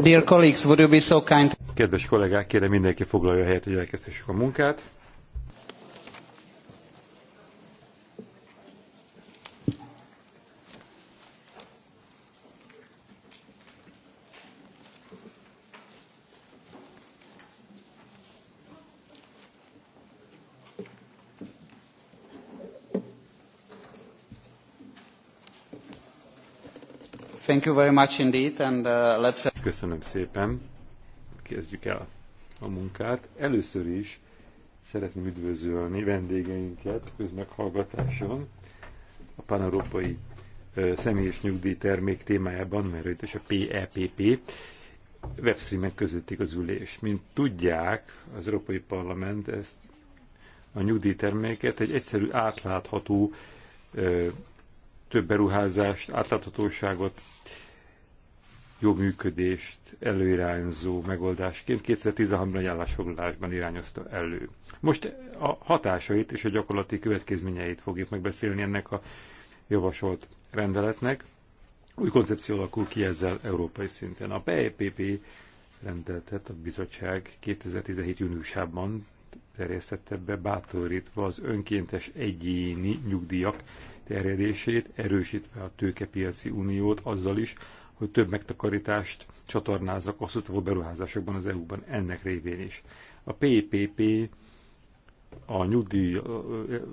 Dear colleagues, would you be so kind? Kedves kollégák, kérem mindenki foglalja a helyet, hogy elkezdhessük a munkát. Thank you very much indeed, and uh, let's Köszönöm szépen. Kezdjük el a munkát. Először is szeretném üdvözölni vendégeinket közmeghallgatáson a paneurópai személyes nyugdíj termék témájában, mert itt és a PEPP e webstreamek közöttik az ülés. Mint tudják, az Európai Parlament ezt a nyugdíjterméket egy egyszerű, átlátható több beruházást, átláthatóságot jó működést előirányzó megoldásként 2013-ban egy állásfoglalásban irányozta elő. Most a hatásait és a gyakorlati következményeit fogjuk megbeszélni ennek a javasolt rendeletnek. Új koncepció alakul ki ezzel európai szinten. A PEPP rendeletet a bizottság 2017. júniusában terjesztette be, bátorítva az önkéntes egyéni nyugdíjak terjedését, erősítve a tőkepiaci uniót azzal is, hogy több megtakarítást csatornázzak a hosszú beruházásokban az EU-ban ennek révén is. A PPP a nyugdíj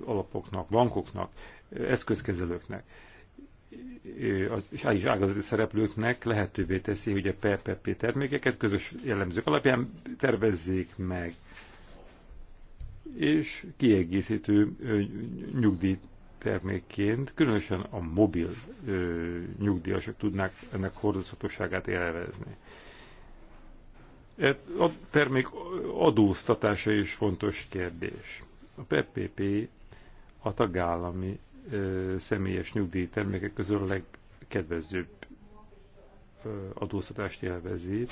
alapoknak, bankoknak, eszközkezelőknek az is ágazati szereplőknek lehetővé teszi, hogy a PPP termékeket közös jellemzők alapján tervezzék meg és kiegészítő nyugdíj termékként különösen a mobil ö, nyugdíjasok tudnák ennek hordozhatóságát élvezni. E, a termék adóztatása is fontos kérdés. A PPP a tagállami ö, személyes nyugdíj termékek közül a legkedvezőbb ö, adóztatást élvezi.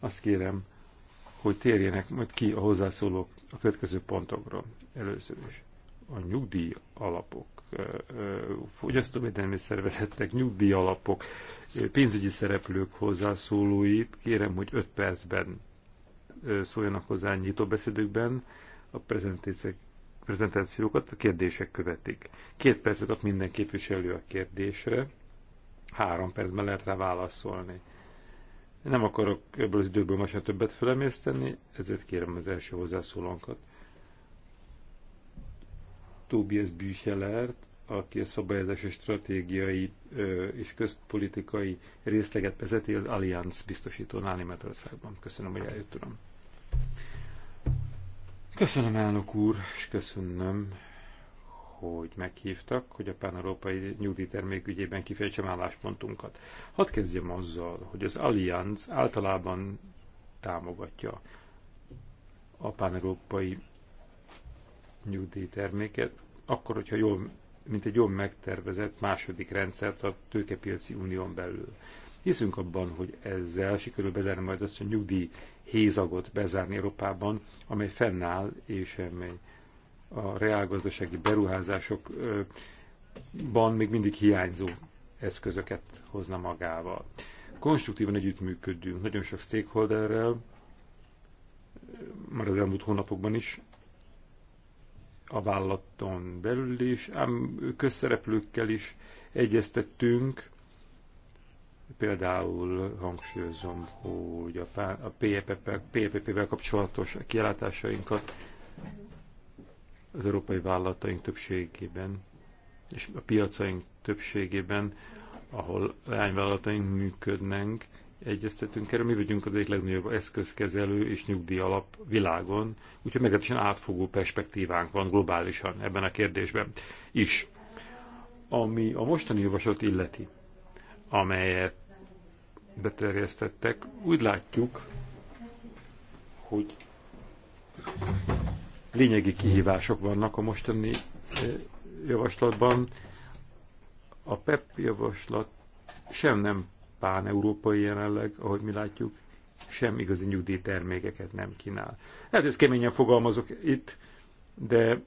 Azt kérem, hogy térjenek majd ki a hozzászólók a következő pontokra először is. A nyugdíj alapok, fogyasztóvédelmi szervezetek, nyugdíj alapok, pénzügyi szereplők hozzászólóit kérem, hogy 5 percben szóljanak hozzá nyitó beszédükben, a prezentációkat a kérdések követik. Két percet kap minden képviselő a kérdésre, három percben lehet rá válaszolni nem akarok ebből az időből most már többet felemészteni, ezért kérem az első hozzászólónkat. Tobias Büchelert, aki a szabályozási stratégiai ö, és közpolitikai részleget vezeti az Allianz biztosítónál Németországban. Köszönöm, hogy eljött, uram. Köszönöm, elnök úr, és köszönöm hogy meghívtak, hogy a pán-európai nyugdíjtermék ügyében kifejtsem álláspontunkat. Hadd kezdjem azzal, hogy az Allianz általában támogatja a pán-európai nyugdíjterméket, akkor, hogyha jól, mint egy jól megtervezett második rendszert a tőkepiaci unión belül. Hiszünk abban, hogy ezzel sikerül bezárni majd azt, hogy nyugdíj hézagot bezárni Európában, amely fennáll, és amely a reálgazdasági beruházásokban még mindig hiányzó eszközöket hozna magával. Konstruktívan együttműködünk nagyon sok stakeholderrel, már az elmúlt hónapokban is, a vállalaton belül is, ám közszereplőkkel is egyeztettünk, például hangsúlyozom, hogy a PPP-vel e e kapcsolatos kilátásainkat az európai vállalataink többségében, és a piacaink többségében, ahol leányvállalataink működnek, egyeztetünk erre Mi vagyunk az egyik legnagyobb eszközkezelő és nyugdíj alap világon, úgyhogy meglehetősen átfogó perspektívánk van globálisan ebben a kérdésben is. Ami a mostani javaslat illeti, amelyet beterjesztettek, úgy látjuk, hogy Lényegi kihívások vannak a mostani eh, javaslatban. A PEP e javaslat sem nem pán-európai jelenleg, ahogy mi látjuk, sem igazi nyugdíjtermékeket nem kínál. Lehet, hogy keményen fogalmazok itt, de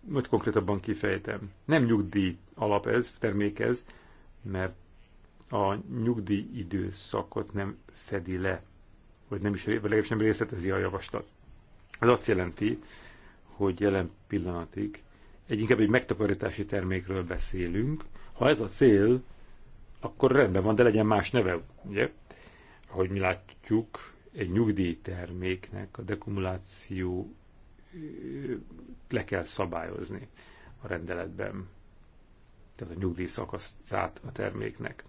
most konkrétabban kifejtem. Nem nyugdíj alap ez, termék ez, mert a nyugdíj időszakot nem fedi le, vagy nem is, vagy legalábbis nem részletezi a javaslat. Ez azt jelenti, hogy jelen pillanatig egy inkább egy megtakarítási termékről beszélünk. Ha ez a cél, akkor rendben van, de legyen más neve, ugye? Ahogy mi látjuk, egy nyugdíjterméknek a dekumuláció le kell szabályozni a rendeletben. Tehát a nyugdíj szakasztát a terméknek.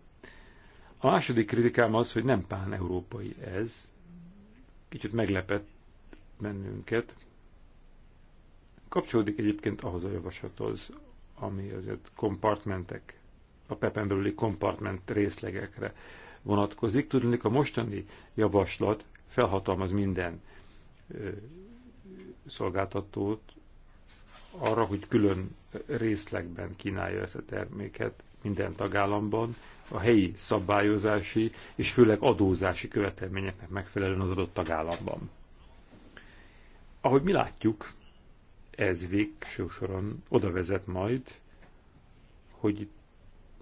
A második kritikám az, hogy nem pán-európai ez. Kicsit meglepett bennünket, Kapcsolódik egyébként ahhoz a javaslathoz, ami azért kompartmentek, a pepen belüli kompartment részlegekre vonatkozik. Tudnék, a mostani javaslat felhatalmaz minden ö, szolgáltatót arra, hogy külön részlegben kínálja ezt a terméket minden tagállamban, a helyi szabályozási és főleg adózási követelményeknek megfelelően az adott tagállamban. Ahogy mi látjuk, ez végső soron oda vezet majd, hogy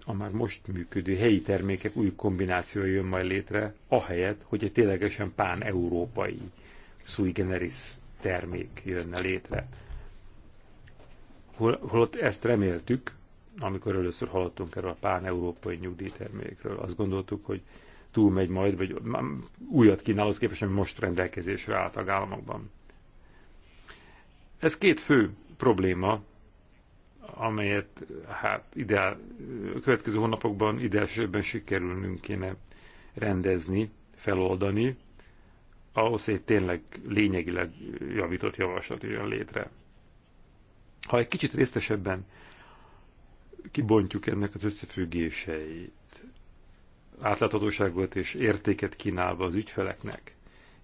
a már most működő helyi termékek új kombinációja jön majd létre, ahelyett, hogy egy ténylegesen pán-európai sui generis termék jönne létre. Hol, holott ezt reméltük, amikor először hallottunk erről a pán-európai nyugdíjtermékről. Azt gondoltuk, hogy túlmegy majd, vagy újat kínál, az képest, ami most rendelkezésre áll a tagállamokban. Ez két fő probléma, amelyet hát ideál, a következő hónapokban ideálisabban sikerülnünk kéne rendezni, feloldani, ahhoz, hogy tényleg lényegileg javított javaslat jön létre. Ha egy kicsit résztesebben kibontjuk ennek az összefüggéseit, átláthatóságot és értéket kínálva az ügyfeleknek,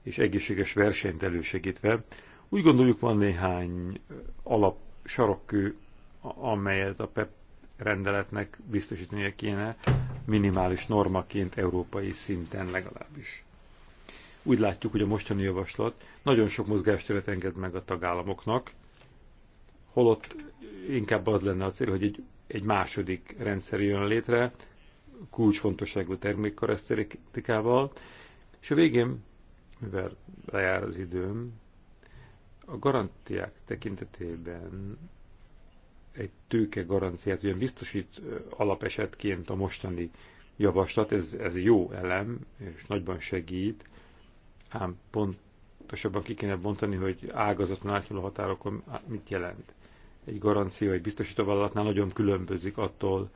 és egészséges versenyt elősegítve, úgy gondoljuk, van néhány alap sarokkő, amelyet a PEP rendeletnek biztosítania kéne, minimális normaként európai szinten legalábbis. Úgy látjuk, hogy a mostani javaslat nagyon sok mozgásteret enged meg a tagállamoknak, holott inkább az lenne a cél, hogy egy, egy második rendszer jön létre, kulcsfontosságú termékkaraszteritikával, és a végén, mivel lejár az időm, a garantiák tekintetében egy tőke garanciát ugyan biztosít alapesetként a mostani javaslat, ez, ez jó elem, és nagyban segít, ám pontosabban ki kéne bontani, hogy ágazaton átnyúló határokon mit jelent. Egy garancia egy vállalatnál nagyon különbözik attól,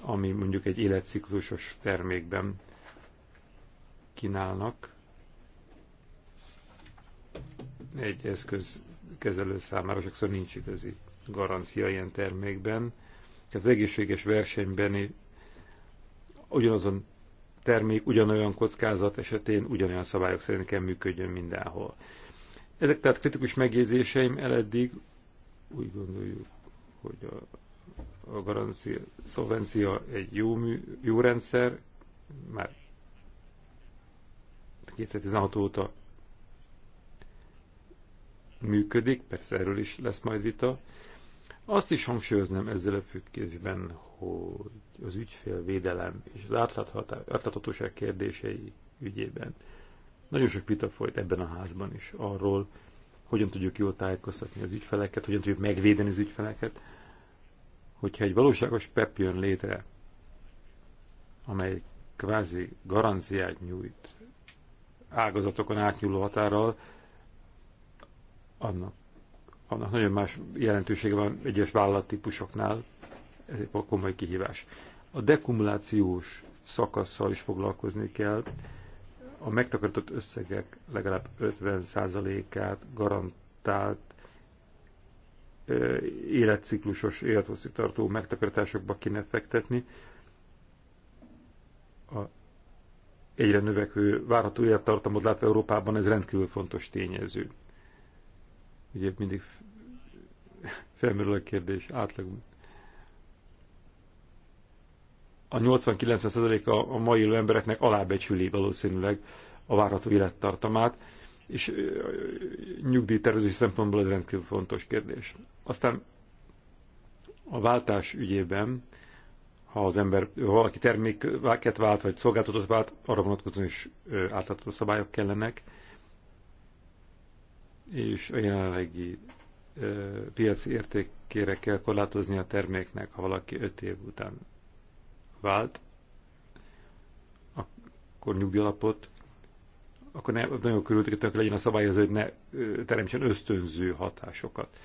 ami mondjuk egy életciklusos termékben kínálnak egy eszköz kezelő számára sokszor nincs igazi garancia ilyen termékben. Az egészséges versenyben ugyanazon termék ugyanolyan kockázat esetén ugyanolyan szabályok szerint kell működjön mindenhol. Ezek tehát kritikus megjegyzéseim eleddig úgy gondoljuk, hogy a, a garancia, szolvencia egy jó, mű, jó rendszer, már 2016 óta működik, persze erről is lesz majd vita. Azt is hangsúlyoznám ezzel a függésben, hogy az ügyfélvédelem és az átláthatóság kérdései ügyében nagyon sok vita folyt ebben a házban is arról, hogyan tudjuk jól tájékoztatni az ügyfeleket, hogyan tudjuk megvédeni az ügyfeleket, hogyha egy valóságos PEP jön létre, amely kvázi garanciát nyújt ágazatokon átnyúló határral, annak, annak nagyon más jelentősége van egyes vállalattípusoknál, ez egy komoly kihívás. A dekumulációs szakaszsal is foglalkozni kell. A megtakarított összegek legalább 50%-át garantált életciklusos, élethosszígtartó megtakarításokba kéne fektetni. A egyre növekvő várható élettartamot látva Európában ez rendkívül fontos tényező. Ugye mindig felmerül a kérdés átlag. A 80-90%-a a mai élő embereknek alábecsüli valószínűleg a várható élettartamát, és nyugdíjtervezési szempontból ez rendkívül fontos kérdés. Aztán a váltás ügyében, ha az ember, ha valaki terméket vált, vagy szolgáltatót vált, arra vonatkozóan is átlátható szabályok kellenek és a jelenlegi ö, piaci értékére kell korlátozni a terméknek, ha valaki 5 év után vált, akkor nyugdíjalapot, akkor ne, nagyon körültekintőnek legyen a szabályozó, hogy ne ö, teremtsen ösztönző hatásokat.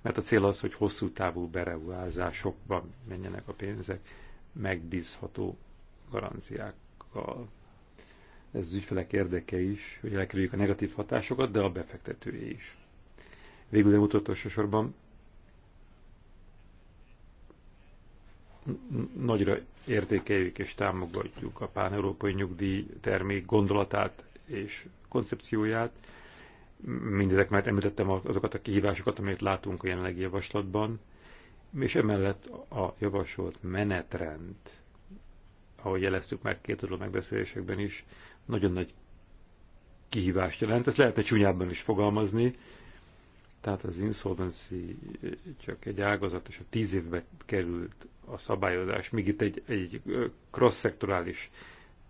Mert a cél az, hogy hosszú távú beruházásokban menjenek a pénzek megbízható garanciákkal ez az ügyfelek érdeke is, hogy elkerüljük a negatív hatásokat, de a befektetője is. Végül, de utolsó sorban nagyra értékeljük és támogatjuk a pán-európai nyugdíj termék gondolatát és koncepcióját. Mindezek mert említettem azokat a kihívásokat, amelyet látunk a jelenlegi javaslatban, és emellett a javasolt menetrend, ahogy jeleztük már két adó megbeszélésekben is, nagyon nagy kihívást jelent. Ezt lehetne csúnyábban is fogalmazni. Tehát az insolvency csak egy ágazat, és a tíz évbe került a szabályozás, míg itt egy, egy cross-szektorális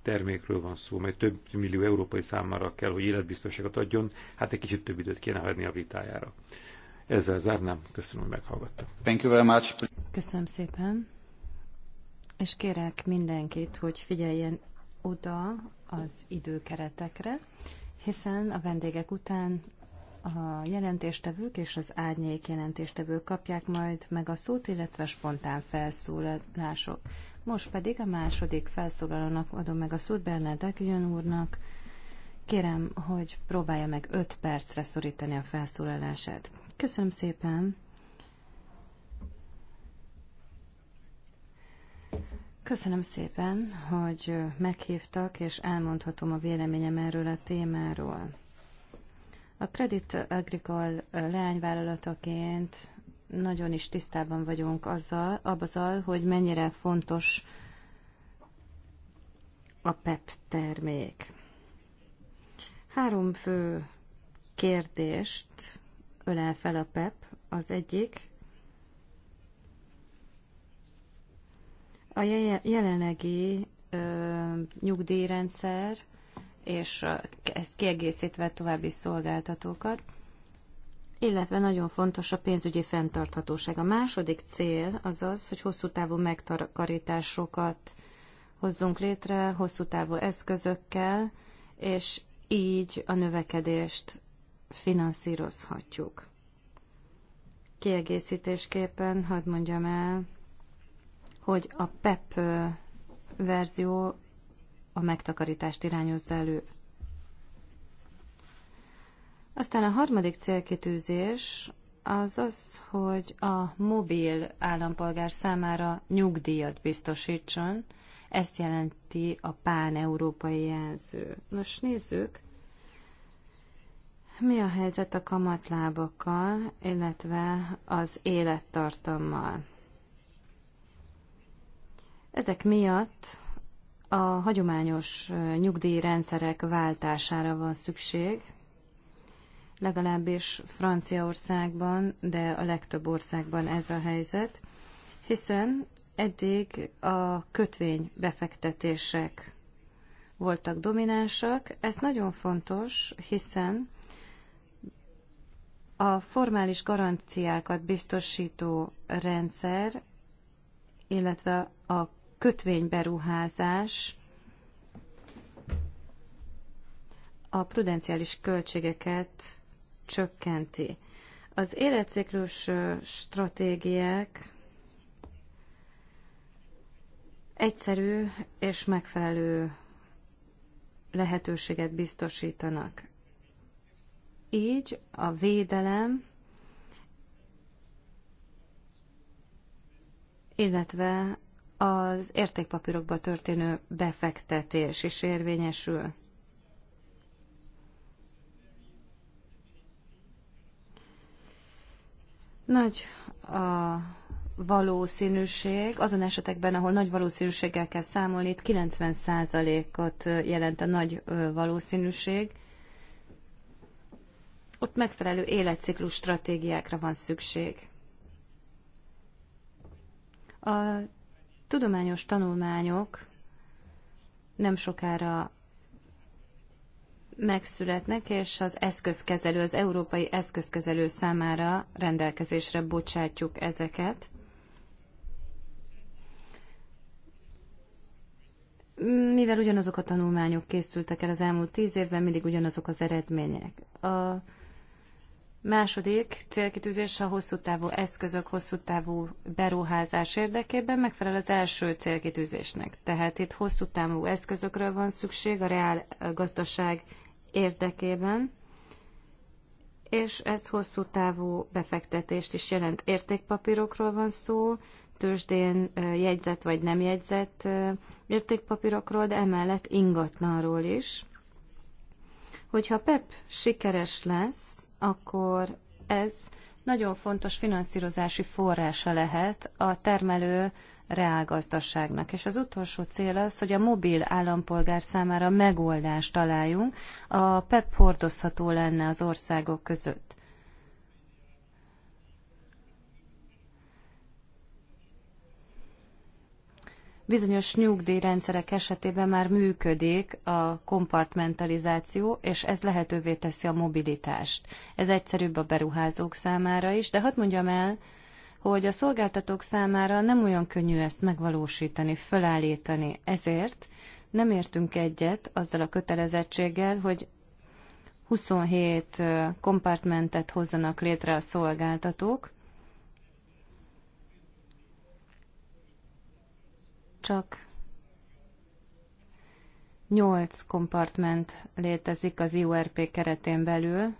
termékről van szó, mely több millió európai számára kell, hogy életbiztonságot adjon, hát egy kicsit több időt kéne hagyni a vitájára. Ezzel zárnám. Köszönöm, hogy meghallgattak. Thank you very much. Köszönöm szépen. És kérek mindenkit, hogy figyeljen oda az időkeretekre, hiszen a vendégek után a jelentéstevők és az árnyék jelentéstevők kapják majd meg a szót, illetve spontán felszólalások. Most pedig a második felszólalónak adom meg a szót Bernard Jön úrnak. Kérem, hogy próbálja meg 5 percre szorítani a felszólalását. Köszönöm szépen! Köszönöm szépen, hogy meghívtak, és elmondhatom a véleményem erről a témáról. A Credit Agricole leányvállalataként nagyon is tisztában vagyunk azzal, abazal, hogy mennyire fontos a PEP e termék. Három fő kérdést ölel fel a PEP. E Az egyik A jelenlegi ö, nyugdíjrendszer, és ezt kiegészítve további szolgáltatókat, illetve nagyon fontos a pénzügyi fenntarthatóság. A második cél az az, hogy hosszú távú megtakarításokat hozzunk létre, hosszú távú eszközökkel, és így a növekedést finanszírozhatjuk. Kiegészítésképpen hadd mondjam el, hogy a PEP e verzió a megtakarítást irányozza elő. Aztán a harmadik célkitűzés az az, hogy a mobil állampolgár számára nyugdíjat biztosítson, ezt jelenti a pán-európai jelző. Nos, nézzük, mi a helyzet a kamatlábakkal, illetve az élettartammal. Ezek miatt a hagyományos nyugdíjrendszerek váltására van szükség, legalábbis Franciaországban, de a legtöbb országban ez a helyzet, hiszen eddig a kötvény befektetések voltak dominánsak. Ez nagyon fontos, hiszen a formális garanciákat biztosító rendszer, illetve a kötvényberuházás a prudenciális költségeket csökkenti. Az életciklus stratégiák egyszerű és megfelelő lehetőséget biztosítanak. Így a védelem, illetve az értékpapírokba történő befektetés is érvényesül. Nagy a valószínűség, azon esetekben, ahol nagy valószínűséggel kell számolni, itt 90%-ot jelent a nagy valószínűség. Ott megfelelő életciklus stratégiákra van szükség. A tudományos tanulmányok nem sokára megszületnek, és az eszközkezelő, az európai eszközkezelő számára rendelkezésre bocsátjuk ezeket. Mivel ugyanazok a tanulmányok készültek el az elmúlt tíz évben, mindig ugyanazok az eredmények. A Második célkitűzés a hosszú távú eszközök, hosszú távú beruházás érdekében megfelel az első célkitűzésnek. Tehát itt hosszú távú eszközökről van szükség a reál eh, gazdaság érdekében, és ez hosszú távú befektetést is jelent. Értékpapírokról van szó, tőzsdén eh, jegyzett vagy nem jegyzett eh, értékpapírokról, de emellett ingatlanról is. Hogyha PEP sikeres lesz, akkor ez nagyon fontos finanszírozási forrása lehet a termelő reálgazdaságnak. És az utolsó cél az, hogy a mobil állampolgár számára megoldást találjunk, a PEP hordozható lenne az országok között. Bizonyos nyugdíjrendszerek esetében már működik a kompartmentalizáció, és ez lehetővé teszi a mobilitást. Ez egyszerűbb a beruházók számára is, de hadd mondjam el, hogy a szolgáltatók számára nem olyan könnyű ezt megvalósítani, fölállítani. Ezért nem értünk egyet azzal a kötelezettséggel, hogy 27 kompartmentet hozzanak létre a szolgáltatók, csak 8 kompartment létezik az IORP keretén belül.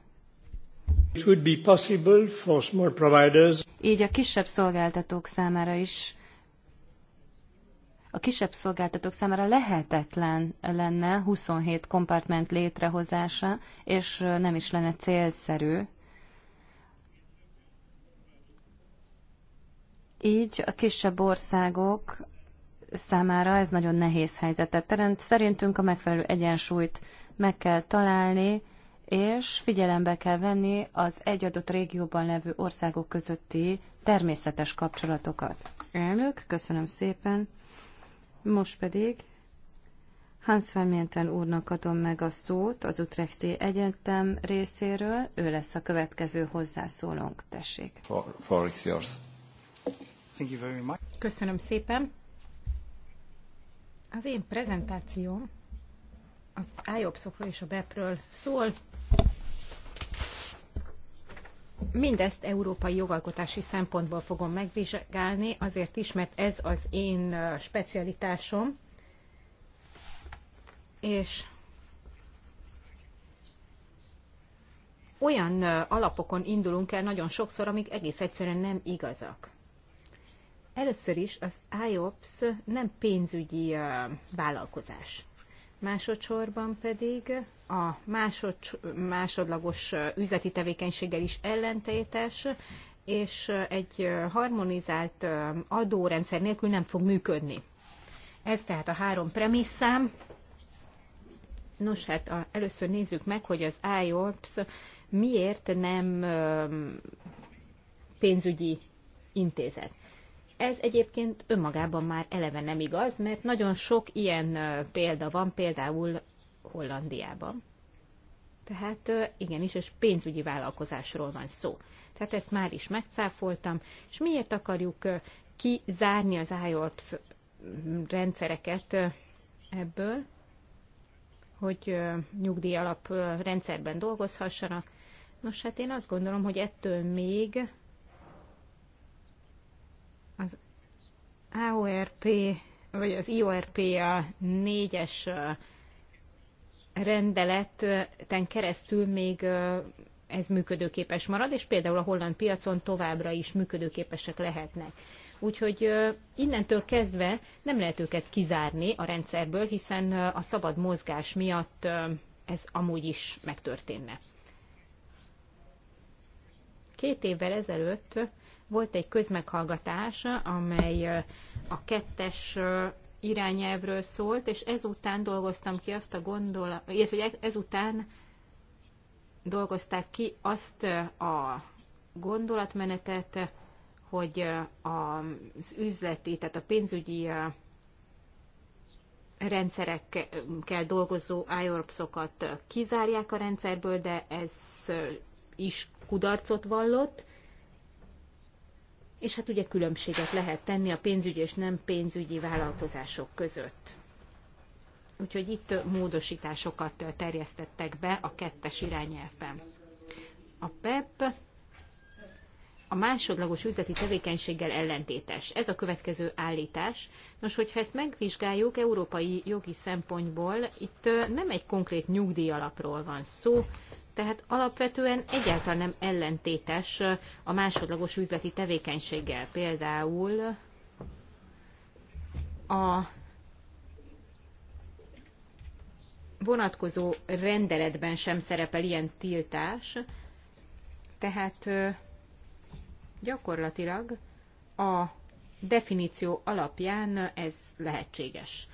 It would be possible for small providers. Így a kisebb szolgáltatók számára is a kisebb szolgáltatók számára lehetetlen lenne 27 kompartment létrehozása, és nem is lenne célszerű. Így a kisebb országok számára ez nagyon nehéz helyzetet teremt. Szerintünk a megfelelő egyensúlyt meg kell találni, és figyelembe kell venni az egy adott régióban levő országok közötti természetes kapcsolatokat. Elnök, köszönöm szépen. Most pedig Hans Vermienten úrnak adom meg a szót az Utrechti Egyetem részéről. Ő lesz a következő hozzászólónk. Tessék. For, for Köszönöm szépen. Az én prezentációm az IOPS-okról és a bep szól. Mindezt európai jogalkotási szempontból fogom megvizsgálni, azért is, mert ez az én specialitásom. És olyan alapokon indulunk el nagyon sokszor, amik egész egyszerűen nem igazak. Először is az IOPS nem pénzügyi vállalkozás. Másodszorban pedig a másod, másodlagos üzleti tevékenységgel is ellentétes, és egy harmonizált adórendszer nélkül nem fog működni. Ez tehát a három premisszám. Nos, hát a, először nézzük meg, hogy az IOPS miért nem pénzügyi intézet. Ez egyébként önmagában már eleve nem igaz, mert nagyon sok ilyen példa van, például Hollandiában. Tehát igenis, és pénzügyi vállalkozásról van szó. Tehát ezt már is megcáfoltam. És miért akarjuk kizárni az IORPS rendszereket ebből, hogy nyugdíj alap rendszerben dolgozhassanak? Nos, hát én azt gondolom, hogy ettől még AORP, vagy az IORP a négyes rendeleten keresztül még ez működőképes marad, és például a holland piacon továbbra is működőképesek lehetnek. Úgyhogy innentől kezdve nem lehet őket kizárni a rendszerből, hiszen a szabad mozgás miatt ez amúgy is megtörténne. Két évvel ezelőtt volt egy közmeghallgatás, amely a kettes irányelvről szólt, és ezután dolgoztam ki azt a gondolat, illetve e-, ezután dolgozták ki azt a gondolatmenetet, hogy az üzleti, tehát a pénzügyi rendszerekkel dolgozó IORPS-okat kizárják a rendszerből, de ez is kudarcot vallott és hát ugye különbséget lehet tenni a pénzügyi és nem pénzügyi vállalkozások között. Úgyhogy itt módosításokat terjesztettek be a kettes irányelvben. A PEP a másodlagos üzleti tevékenységgel ellentétes. Ez a következő állítás. Nos, hogyha ezt megvizsgáljuk európai jogi szempontból, itt nem egy konkrét nyugdíjalapról van szó, tehát alapvetően egyáltalán nem ellentétes uh, a másodlagos üzleti tevékenységgel. Például a vonatkozó rendeletben sem szerepel ilyen tiltás, tehát uh, gyakorlatilag a definíció alapján ez lehetséges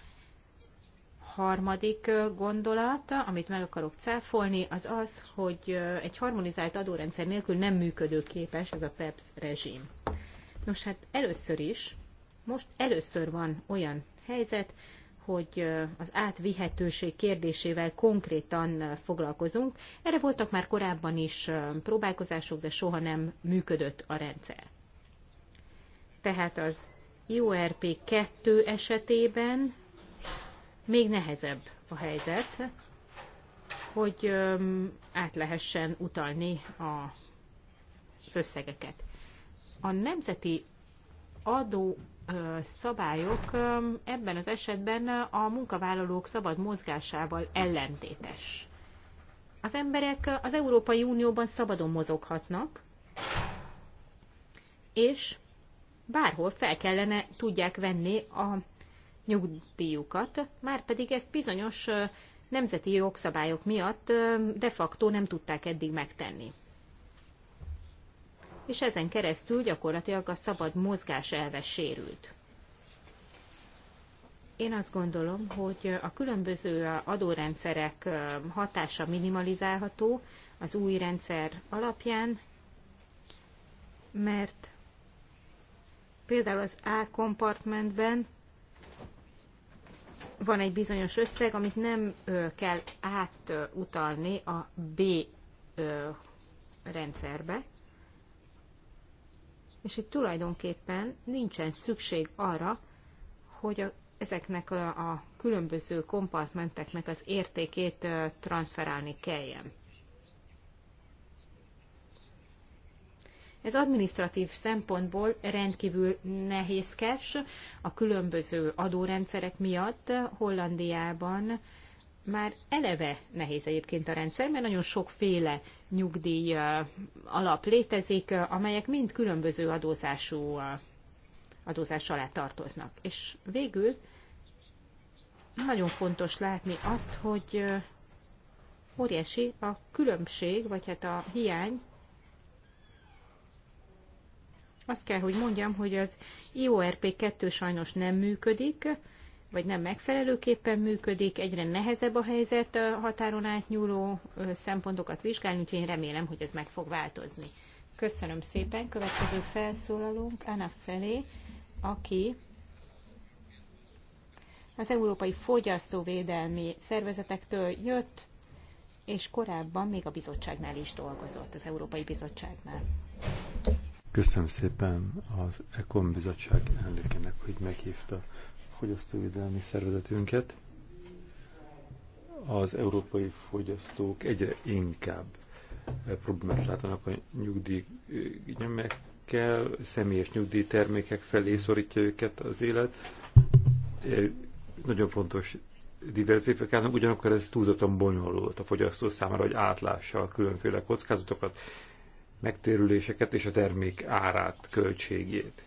harmadik gondolat, amit meg akarok cáfolni, az az, hogy egy harmonizált adórendszer nélkül nem működőképes ez a PEPS rezsim. Nos, hát először is, most először van olyan helyzet, hogy az átvihetőség kérdésével konkrétan foglalkozunk. Erre voltak már korábban is próbálkozások, de soha nem működött a rendszer. Tehát az IORP 2 esetében még nehezebb a helyzet, hogy át lehessen utalni az összegeket. A nemzeti adó szabályok ebben az esetben a munkavállalók szabad mozgásával ellentétes. Az emberek az Európai Unióban szabadon mozoghatnak, és bárhol fel kellene tudják venni a nyugdíjukat, már pedig ezt bizonyos nemzeti jogszabályok miatt de facto nem tudták eddig megtenni. És ezen keresztül gyakorlatilag a szabad mozgás elve sérült. Én azt gondolom, hogy a különböző adórendszerek hatása minimalizálható az új rendszer alapján, mert például az A kompartmentben van egy bizonyos összeg, amit nem kell átutalni a B rendszerbe, és itt tulajdonképpen nincsen szükség arra, hogy a, ezeknek a, a különböző kompartmenteknek az értékét transferálni kelljen. Ez administratív szempontból rendkívül nehézkes a különböző adórendszerek miatt Hollandiában már eleve nehéz egyébként a rendszer, mert nagyon sokféle nyugdíj alap létezik, amelyek mind különböző adózású adózás alá tartoznak. És végül nagyon fontos látni azt, hogy óriási a különbség, vagy hát a hiány azt kell, hogy mondjam, hogy az IORP2 sajnos nem működik, vagy nem megfelelőképpen működik, egyre nehezebb a helyzet a határon átnyúló szempontokat vizsgálni, úgyhogy én remélem, hogy ez meg fog változni. Köszönöm szépen. Következő felszólalunk Anna felé, aki az Európai Fogyasztóvédelmi Szervezetektől jött, és korábban még a bizottságnál is dolgozott, az Európai Bizottságnál. Köszönöm szépen az Ekon Bizottság elnökének, hogy meghívta a fogyasztóvédelmi szervezetünket. Az európai fogyasztók egyre inkább problémát látanak a nyugdíj nyomekkel, személyes nyugdíjtermékek felé szorítja őket az élet. E, nagyon fontos diverzifikálnak, ugyanakkor ez túlzottan bonyolult a fogyasztó számára, hogy átlássa a különféle kockázatokat, megtérüléseket és a termék árát, költségét.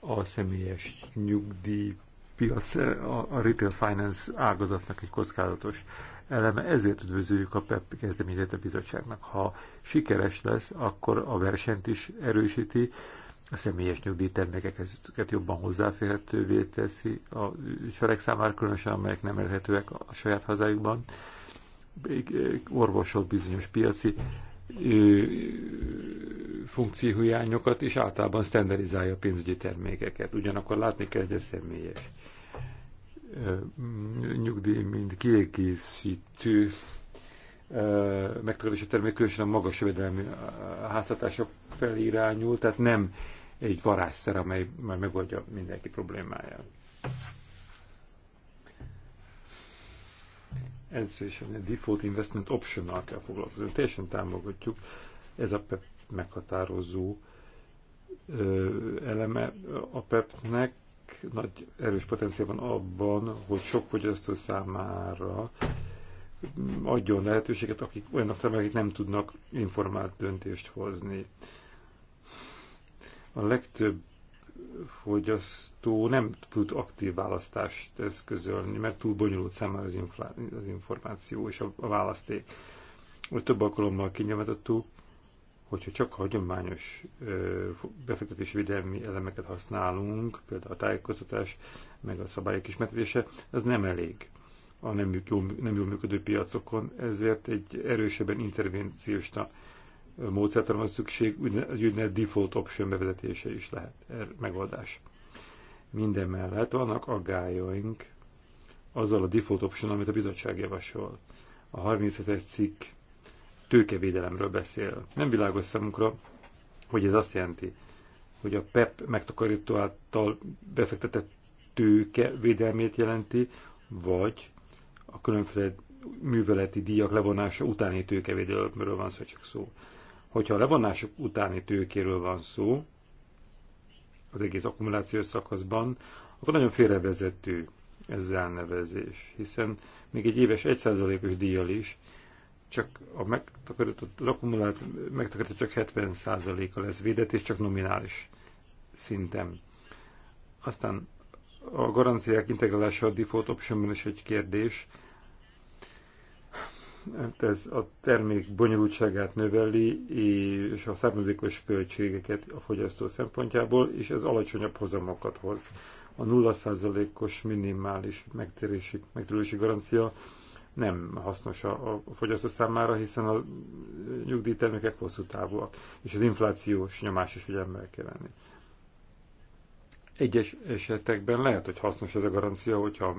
A személyes nyugdíj piac, a retail finance ágazatnak egy kockázatos eleme, ezért üdvözöljük a PEP kezdeményezést a bizottságnak. Ha sikeres lesz, akkor a versenyt is erősíti, a személyes nyugdíj termékeket jobban hozzáférhetővé teszi a ügyfelek számára, különösen amelyek nem elérhetőek a saját hazájukban. orvosok bizonyos piaci funkcióhiányokat, és általában standardizálja a pénzügyi termékeket. Ugyanakkor látni kell, hogy a személyes nyugdíj, mint kiegészítő megtakarítási termék különösen a magas jövedelmi háztartások felé irányul, tehát nem egy varázsszer, amely már megoldja mindenki problémáját. Először a Default Investment optional kell foglalkozni. Teljesen támogatjuk. Ez a PEP e meghatározó ö, eleme a PEP-nek. Nagy erős potenciál van abban, hogy sok fogyasztó számára adjon lehetőséget, akik olyanok, akik nem tudnak informált döntést hozni. A legtöbb fogyasztó nem tud aktív választást eszközölni, mert túl bonyolult számára az, az információ és a, a választék. Úgy több alkalommal kinyilvánítottuk, hogyha csak hagyományos befektetési védelmi elemeket használunk, például a tájékoztatás, meg a szabályok ismertetése, az nem elég a nem nem jól működő piacokon, ezért egy erősebben intervenciós módszertre van szükség, az úgynevezett default option bevezetése is lehet er, megoldás. Minden mellett vannak aggályaink azzal a default option, amit a bizottság javasol. A 37-es cikk tőkevédelemről beszél. Nem világos számunkra, hogy ez azt jelenti, hogy a PEP megtakarító által befektetett tőke védelmét jelenti, vagy a különféle műveleti díjak levonása utáni tőkevédelemről van szó, csak szó. Hogyha a levonások utáni tőkéről van szó, az egész akkumulációs szakaszban, akkor nagyon félrevezető ez elnevezés, hiszen még egy éves 1%-os díjjal is csak a megtakarított, az akkumulált megtakarított csak 70%-a lesz védett, és csak nominális szinten. Aztán a garanciák integrálása a default optionban is egy kérdés, Hát ez a termék bonyolultságát növeli, és a származékos költségeket a fogyasztó szempontjából, és ez alacsonyabb hozamokat hoz. A 0%-os minimális megtérési, megtérülési garancia nem hasznos a, a fogyasztó számára, hiszen a nyugdíjtermékek hosszú távúak, és az inflációs nyomás is figyelemmel kell lenni. Egyes esetekben lehet, hogy hasznos ez a garancia, hogyha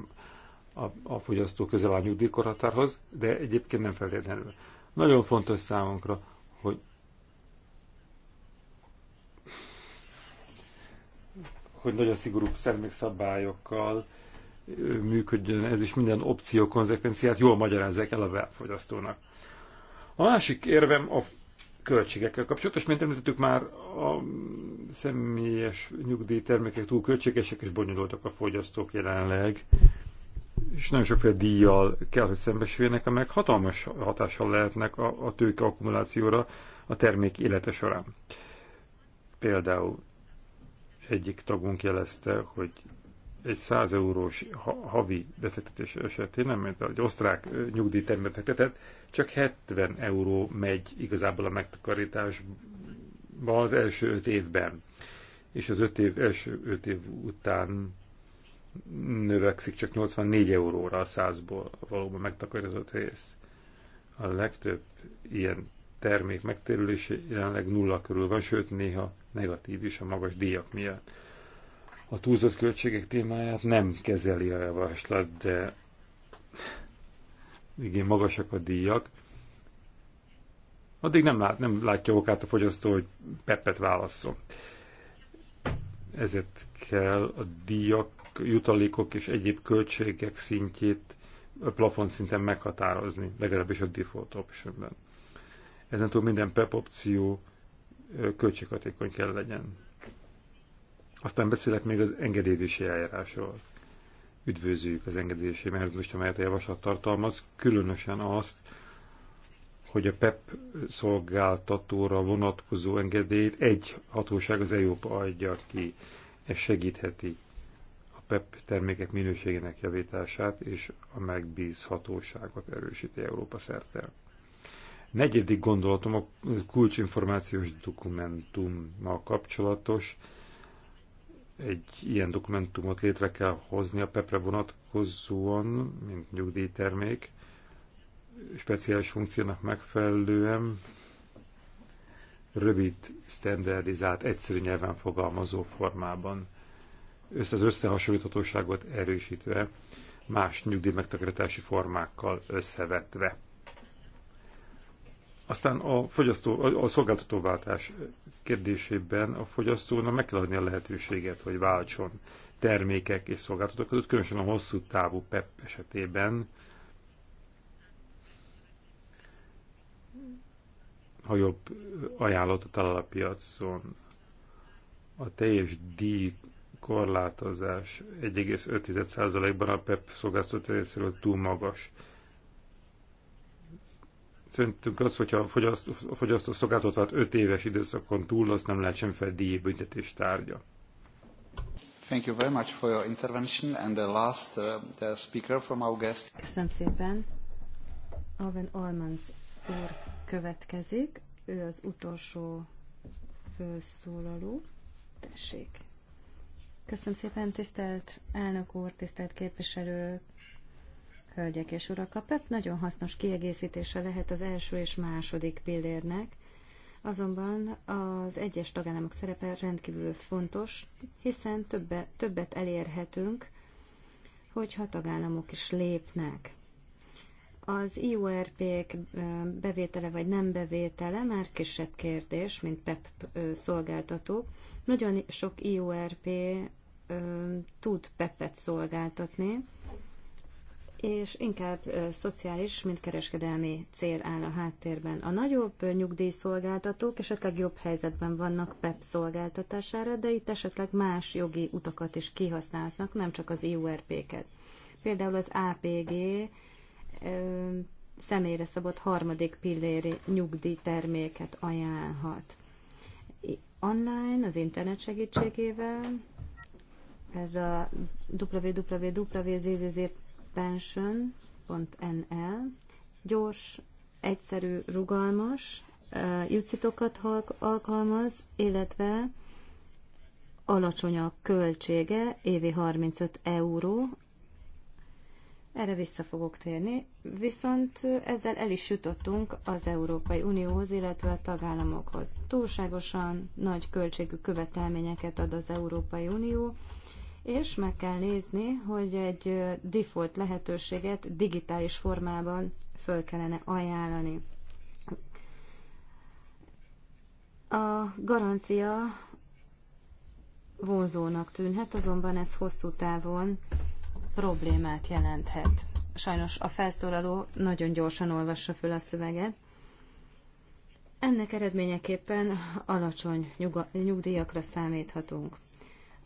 a, a fogyasztó közel a nyugdíjkorhatárhoz, de egyébként nem feltétlenül. Nagyon fontos számunkra, hogy hogy nagyon szigorú szabályokkal működjön, ez is minden opció konzekvenciát jól magyarázzák el a fogyasztónak. A másik érvem a költségekkel kapcsolatos, mint említettük már, a személyes nyugdíjtermékek túl költségesek és bonyolultak a fogyasztók jelenleg és nagyon sokféle díjjal kell, hogy szembesüljenek, amelyek hatalmas hatással lehetnek a, a tőke akkumulációra a termék élete során. Például egyik tagunk jelezte, hogy egy 100 eurós havi befektetés esetén, nem, mint egy osztrák nyugdíj fektetett, csak 70 euró megy igazából a megtakarításba az első 5 évben. És az 5 év, első 5 év után növekszik csak 84 euróra a százból valóban megtakarított rész. A legtöbb ilyen termék megtérülése jelenleg nulla körül van, sőt néha negatív is a magas díjak miatt. A túlzott költségek témáját nem kezeli a javaslat, de igen, magasak a díjak. Addig nem, lát, nem látja okát a fogyasztó, hogy peppet válaszol. Ezért kell a díjak jutalékok és egyéb költségek szintjét plafon szinten meghatározni, legalábbis a default optionben. Ezen túl minden PEP opció költséghatékony kell legyen. Aztán beszélek még az engedélyzési eljárásról. Üdvözlőjük az engedélyési mechanizmust, amelyet a javaslat tartalmaz, különösen azt, hogy a PEP szolgáltatóra vonatkozó engedélyt egy hatóság az EUPA adja ki. Ez segítheti PEP termékek minőségének javítását és a megbízhatóságot erősíti Európa szerte. Negyedik gondolatom a kulcsinformációs dokumentummal kapcsolatos. Egy ilyen dokumentumot létre kell hozni a PEP-re vonatkozóan, mint nyugdíjtermék, speciális funkciónak megfelelően, rövid, standardizált, egyszerű nyelven fogalmazó formában össze az összehasonlíthatóságot erősítve, más nyugdíj megtakarítási formákkal összevetve. Aztán a, fogyasztó, a szolgáltatóváltás kérdésében a fogyasztónak meg kell adni a lehetőséget, hogy váltson termékek és szolgáltatók között, különösen a hosszú távú PEP e esetében, ha jobb ajánlatot talál a piacon. A teljes díj korlátozás 1,5%-ban a PEP szolgáltató részéről túl magas. Szerintünk az, hogyha a fogyasztó, fogyasztó szolgáltatóat 5 éves időszakon túl, azt nem lehet fel díjbüntetés tárgya. Thank you very much for your intervention and the last uh, the speaker from our guest. Köszönöm szépen. Alvin Ormans úr következik. Ő az utolsó felszólaló. Tessék. Köszönöm szépen, tisztelt elnök úr, tisztelt képviselő, hölgyek és urak. A PEP nagyon hasznos kiegészítése lehet az első és második pillérnek, azonban az egyes tagállamok szerepe rendkívül fontos, hiszen többe, többet elérhetünk, hogyha tagállamok is lépnek. Az IORP-k bevétele vagy nem bevétele már kisebb kérdés, mint PEP szolgáltató. Nagyon sok IORP tud pepet szolgáltatni, és inkább szociális, mint kereskedelmi cél áll a háttérben. A nagyobb nyugdíjszolgáltatók esetleg jobb helyzetben vannak PEP szolgáltatására, de itt esetleg más jogi utakat is kihasználhatnak, nem csak az IURP-ket. Például az APG személyre szabott harmadik pilléri nyugdíjterméket ajánlhat. Online, az internet segítségével ez a www.zzzpension.nl gyors, egyszerű, rugalmas jutszitokat alkalmaz, illetve alacsony a költsége, évi 35 euró. Erre vissza fogok térni, viszont ezzel el is jutottunk az Európai Unióhoz, illetve a tagállamokhoz. Túlságosan nagy költségű követelményeket ad az Európai Unió, és meg kell nézni, hogy egy default lehetőséget digitális formában föl kellene ajánlani. A garancia vonzónak tűnhet, azonban ez hosszú távon problémát jelenthet. Sajnos a felszólaló nagyon gyorsan olvassa föl a szöveget. Ennek eredményeképpen alacsony nyugdíjakra számíthatunk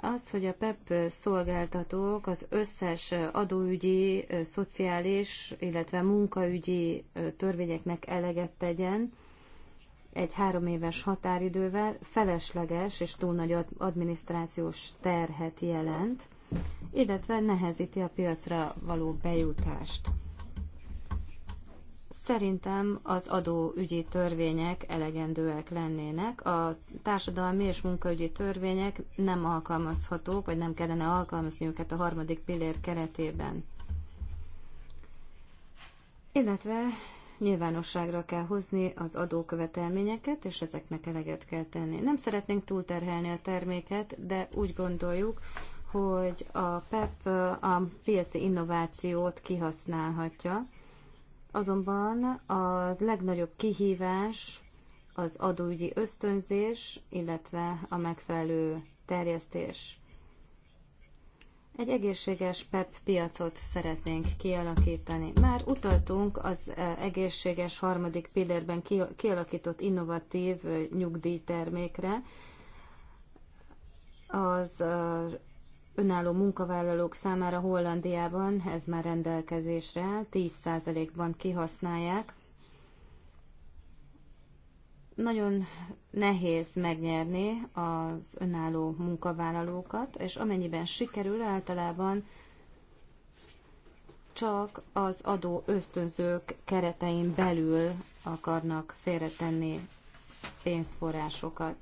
az, hogy a PEP e szolgáltatók az összes adóügyi, szociális, illetve munkaügyi törvényeknek eleget tegyen egy három éves határidővel, felesleges és túl nagy adminisztrációs terhet jelent, illetve nehezíti a piacra való bejutást. Szerintem az adóügyi törvények elegendőek lennének. A társadalmi és munkaügyi törvények nem alkalmazhatók, vagy nem kellene alkalmazni őket a harmadik pillér keretében. Illetve nyilvánosságra kell hozni az adókövetelményeket, és ezeknek eleget kell tenni. Nem szeretnénk túlterhelni a terméket, de úgy gondoljuk, hogy a PEP e a piaci innovációt kihasználhatja, Azonban a legnagyobb kihívás az adóügyi ösztönzés, illetve a megfelelő terjesztés. Egy egészséges PEP piacot szeretnénk kialakítani. Már utaltunk az e, egészséges harmadik pillérben kialakított innovatív e, nyugdíjtermékre, az e, önálló munkavállalók számára Hollandiában ez már rendelkezésre áll, 10%-ban kihasználják. Nagyon nehéz megnyerni az önálló munkavállalókat, és amennyiben sikerül, általában csak az adó ösztönzők keretein belül akarnak félretenni pénzforrásokat.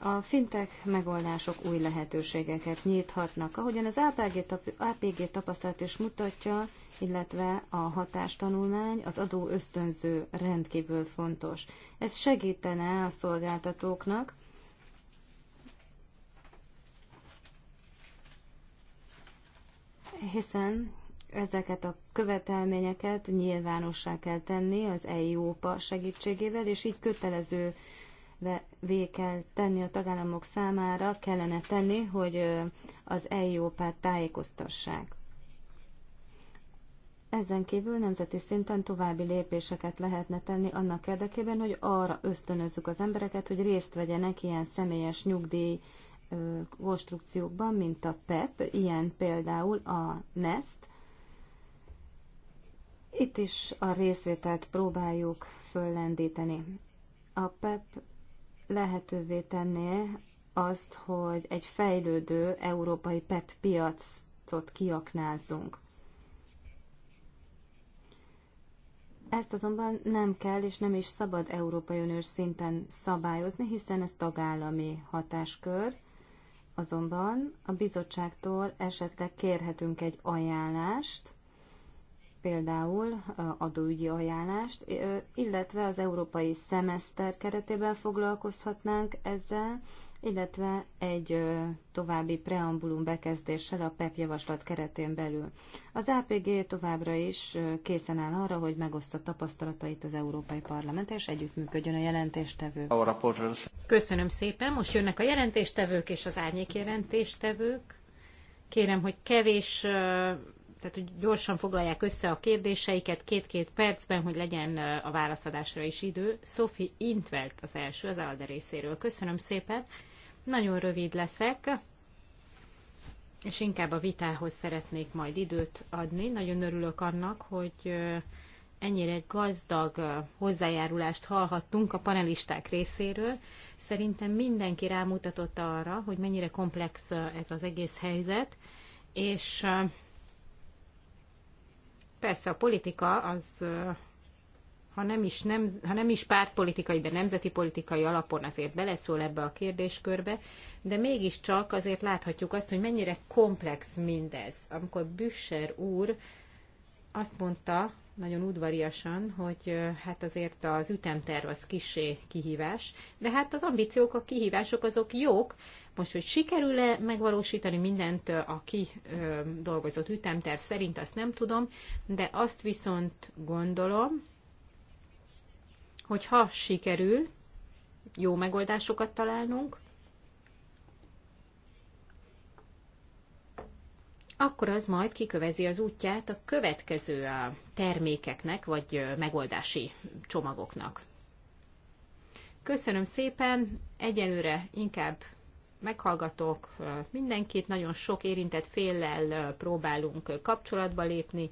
A fintek megoldások új lehetőségeket nyithatnak. Ahogyan az APG, APG tapasztalat is mutatja, illetve a hatástanulmány, az adó ösztönző rendkívül fontos. Ez segítene a szolgáltatóknak, hiszen ezeket a követelményeket nyilvánossá kell tenni az EIOPA segítségével, és így kötelező vé kell tenni a tagállamok számára, kellene tenni, hogy az eiop t tájékoztassák. Ezen kívül nemzeti szinten további lépéseket lehetne tenni annak érdekében, hogy arra ösztönözzük az embereket, hogy részt vegyenek ilyen személyes nyugdíj konstrukciókban, mint a PEP, e ilyen például a NEST. Itt is a részvételt próbáljuk föllendíteni. A PEP e lehetővé tenné azt, hogy egy fejlődő európai PET piacot kiaknázzunk. Ezt azonban nem kell és nem is szabad Európai Uniós szinten szabályozni, hiszen ez tagállami hatáskör. Azonban a bizottságtól esetleg kérhetünk egy ajánlást, például adóügyi ajánlást, illetve az európai szemeszter keretében foglalkozhatnánk ezzel, illetve egy további preambulum bekezdéssel a PEP javaslat keretén belül. Az APG továbbra is készen áll arra, hogy megoszta tapasztalatait az Európai Parlament, és együttműködjön a jelentéstevő. Köszönöm szépen, most jönnek a jelentéstevők és az árnyék jelentéstevők. Kérem, hogy kevés tehát hogy gyorsan foglalják össze a kérdéseiket két-két percben, hogy legyen a válaszadásra is idő. Sophie Intvelt az első, az ALDE részéről. Köszönöm szépen. Nagyon rövid leszek, és inkább a vitához szeretnék majd időt adni. Nagyon örülök annak, hogy ennyire gazdag hozzájárulást hallhattunk a panelisták részéről. Szerintem mindenki rámutatott arra, hogy mennyire komplex ez az egész helyzet, és Persze a politika az, ha nem is, nem, ha nem is pártpolitikai, de nemzeti politikai alapon azért beleszól ebbe a kérdéskörbe, de mégiscsak azért láthatjuk azt, hogy mennyire komplex mindez. Amikor Büsser úr azt mondta, nagyon udvariasan, hogy hát azért az ütemterv az kisé kihívás, de hát az ambíciók, a kihívások azok jók. Most, hogy sikerül-e megvalósítani mindent a kidolgozott ütemterv szerint, azt nem tudom, de azt viszont gondolom, hogy ha sikerül jó megoldásokat találnunk, akkor az majd kikövezi az útját a következő termékeknek, vagy megoldási csomagoknak. Köszönöm szépen, egyelőre inkább meghallgatok mindenkit, nagyon sok érintett féllel próbálunk kapcsolatba lépni,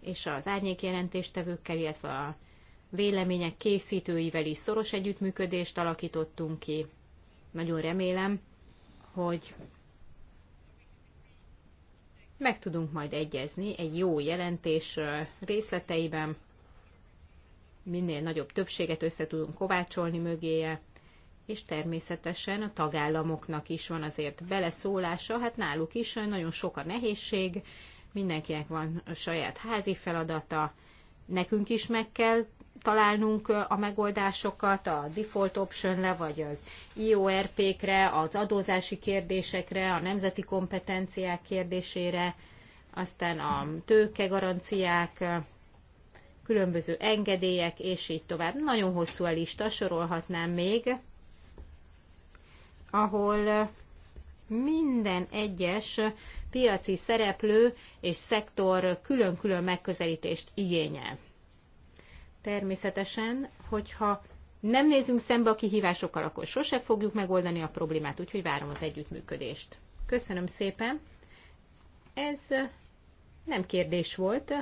és az árnyékjelentéstevőkkel, illetve a vélemények készítőivel is szoros együttműködést alakítottunk ki. Nagyon remélem, hogy meg tudunk majd egyezni egy jó jelentés részleteiben, minél nagyobb többséget össze tudunk kovácsolni mögéje, és természetesen a tagállamoknak is van azért beleszólása, hát náluk is nagyon sok a nehézség, mindenkinek van a saját házi feladata, nekünk is meg kell találnunk a megoldásokat a default option-re, vagy az IORP-kre, az adózási kérdésekre, a nemzeti kompetenciák kérdésére, aztán a tőkegaranciák, különböző engedélyek, és így tovább. Nagyon hosszú a lista, sorolhatnám még, ahol minden egyes piaci szereplő és szektor külön-külön megközelítést igényel természetesen, hogyha nem nézünk szembe a kihívásokkal, akkor sose fogjuk megoldani a problémát, úgyhogy várom az együttműködést. Köszönöm szépen. Ez nem kérdés volt,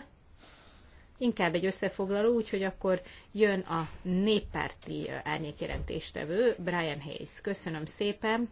inkább egy összefoglaló, úgyhogy akkor jön a néppárti árnyékjelentéstevő, Brian Hayes. Köszönöm szépen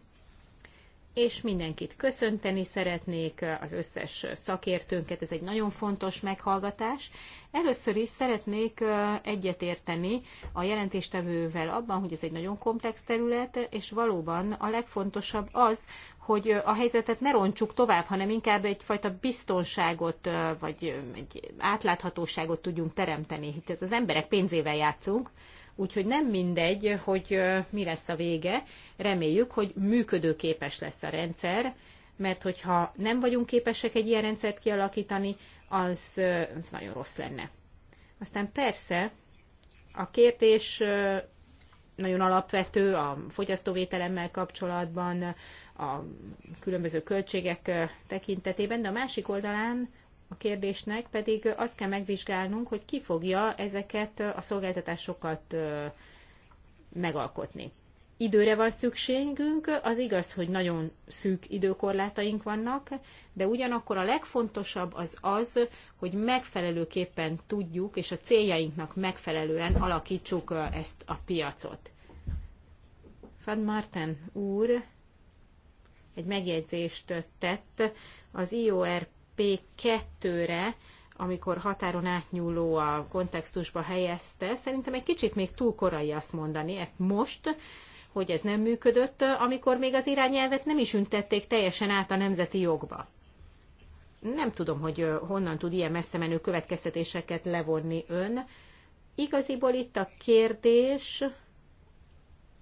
és mindenkit köszönteni szeretnék, az összes szakértőnket, ez egy nagyon fontos meghallgatás. Először is szeretnék egyetérteni a jelentéstevővel abban, hogy ez egy nagyon komplex terület, és valóban a legfontosabb az, hogy a helyzetet ne roncsuk tovább, hanem inkább egyfajta biztonságot, vagy egy átláthatóságot tudjunk teremteni. Itt az emberek pénzével játszunk, úgyhogy nem mindegy, hogy mi lesz a vége. Reméljük, hogy működőképes lesz a rendszer, mert hogyha nem vagyunk képesek egy ilyen rendszert kialakítani, az, az nagyon rossz lenne. Aztán persze a kérdés nagyon alapvető a fogyasztóvételemmel kapcsolatban, a különböző költségek tekintetében, de a másik oldalán a kérdésnek, pedig azt kell megvizsgálnunk, hogy ki fogja ezeket a szolgáltatásokat megalkotni. Időre van szükségünk, az igaz, hogy nagyon szűk időkorlátaink vannak, de ugyanakkor a legfontosabb az az, hogy megfelelőképpen tudjuk, és a céljainknak megfelelően alakítsuk ezt a piacot. Fad Marten úr egy megjegyzést tett az IOR P2-re, amikor határon átnyúló a kontextusba helyezte, szerintem egy kicsit még túl korai azt mondani, ezt most, hogy ez nem működött, amikor még az irányelvet nem is üntették teljesen át a nemzeti jogba. Nem tudom, hogy honnan tud ilyen messze menő következtetéseket levonni ön. Igaziból itt a kérdés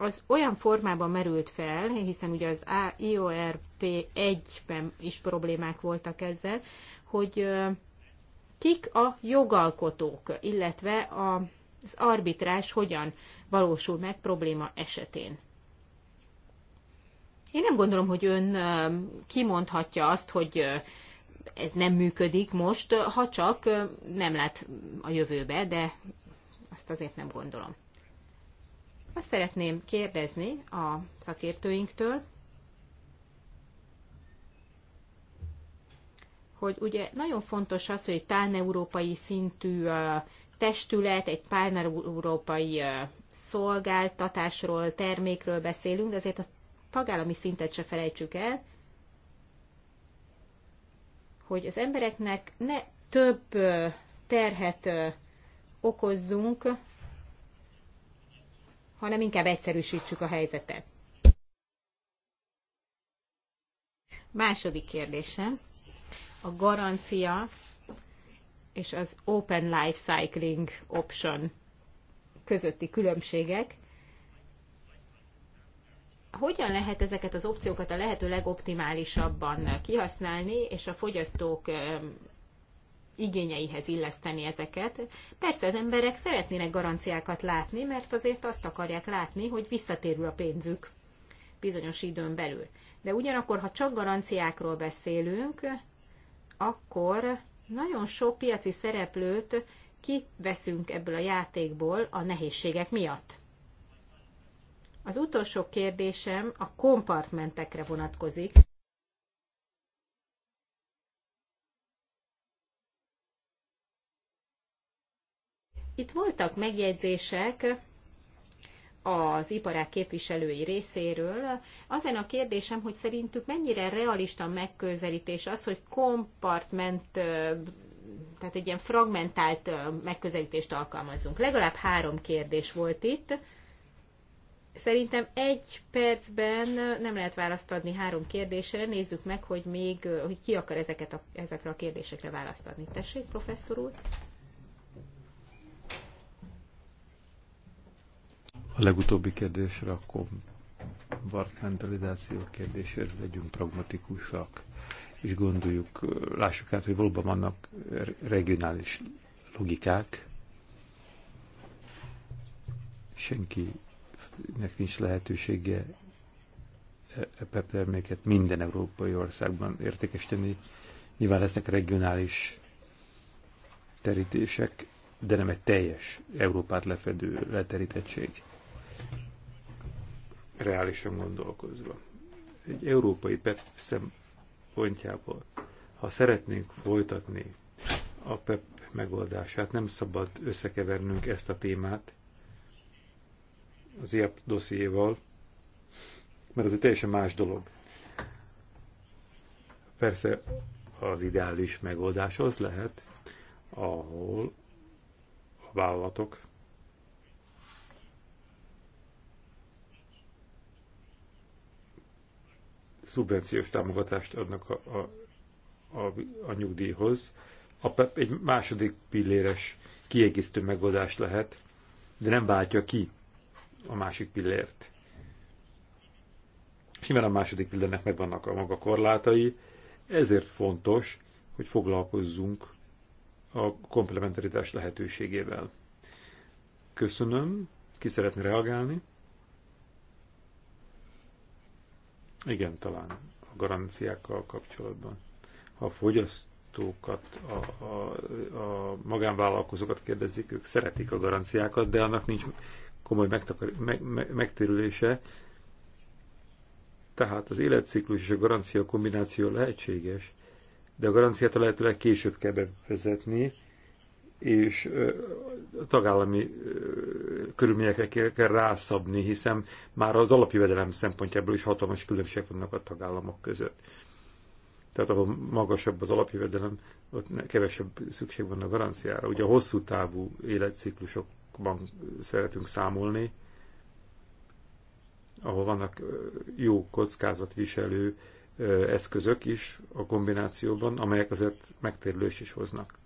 az olyan formában merült fel, hiszen ugye az IORP1-ben is problémák voltak ezzel, hogy kik a jogalkotók, illetve az arbitrás hogyan valósul meg probléma esetén. Én nem gondolom, hogy ön kimondhatja azt, hogy ez nem működik most, ha csak nem lát a jövőbe, de azt azért nem gondolom. Azt szeretném kérdezni a szakértőinktől, hogy ugye nagyon fontos az, hogy egy pán-európai szintű testület, egy pán-európai szolgáltatásról, termékről beszélünk, de azért a tagállami szintet se felejtsük el, hogy az embereknek ne több terhet okozzunk, hanem inkább egyszerűsítsük a helyzetet. Második kérdésem. A garancia és az Open Life Cycling Option közötti különbségek. Hogyan lehet ezeket az opciókat a lehető legoptimálisabban kihasználni, és a fogyasztók igényeihez illeszteni ezeket. Persze az emberek szeretnének garanciákat látni, mert azért azt akarják látni, hogy visszatérül a pénzük bizonyos időn belül. De ugyanakkor, ha csak garanciákról beszélünk, akkor nagyon sok piaci szereplőt kiveszünk ebből a játékból a nehézségek miatt. Az utolsó kérdésem a kompartmentekre vonatkozik. Itt voltak megjegyzések az iparák képviselői részéről. Azon a kérdésem, hogy szerintük mennyire realista megközelítés az, hogy kompartment, tehát egy ilyen fragmentált megközelítést alkalmazzunk. Legalább három kérdés volt itt. Szerintem egy percben nem lehet választ adni három kérdésre. Nézzük meg, hogy még hogy ki akar ezeket a, ezekre a kérdésekre választ adni. Tessék, professzor úr! A legutóbbi kérdésre akkor mentalizáció kérdésére legyünk pragmatikusak, és gondoljuk, lássuk át, hogy valóban vannak regionális logikák. Senkinek nincs lehetősége e PEP terméket minden európai országban értékesíteni. Nyilván lesznek regionális terítések, de nem egy teljes Európát lefedő leterítettség reálisan gondolkozva. Egy európai PEP szempontjából, ha szeretnénk folytatni a PEP megoldását, nem szabad összekevernünk ezt a témát az IAP dossziéval, mert ez egy teljesen más dolog. Persze az ideális megoldás az lehet, ahol a vállalatok szubvenciós támogatást adnak a, a, a, a nyugdíjhoz. A PEP e egy második pilléres kiegészítő megoldás lehet, de nem váltja ki a másik pillért. Simán a második pillérnek megvannak a maga korlátai, ezért fontos, hogy foglalkozzunk a komplementaritás lehetőségével. Köszönöm, ki szeretne reagálni? Igen, talán a garanciákkal kapcsolatban. Ha a fogyasztókat, a, a, a magánvállalkozókat kérdezik, ők szeretik a garanciákat, de annak nincs komoly megtakar, meg, me, megtérülése. Tehát az életciklus és a garancia kombináció lehetséges, de a garanciát a lehető legkésőbb kell bevezetni, és tagállami körülményekre kell, rászabni, hiszen már az alapjövedelem szempontjából is hatalmas különbségek vannak a tagállamok között. Tehát ahol magasabb az alapjövedelem, ott kevesebb szükség van a garanciára. Ugye a hosszú távú életciklusokban szeretünk számolni, ahol vannak jó kockázatviselő eszközök is a kombinációban, amelyek azért megtérülést is hoznak.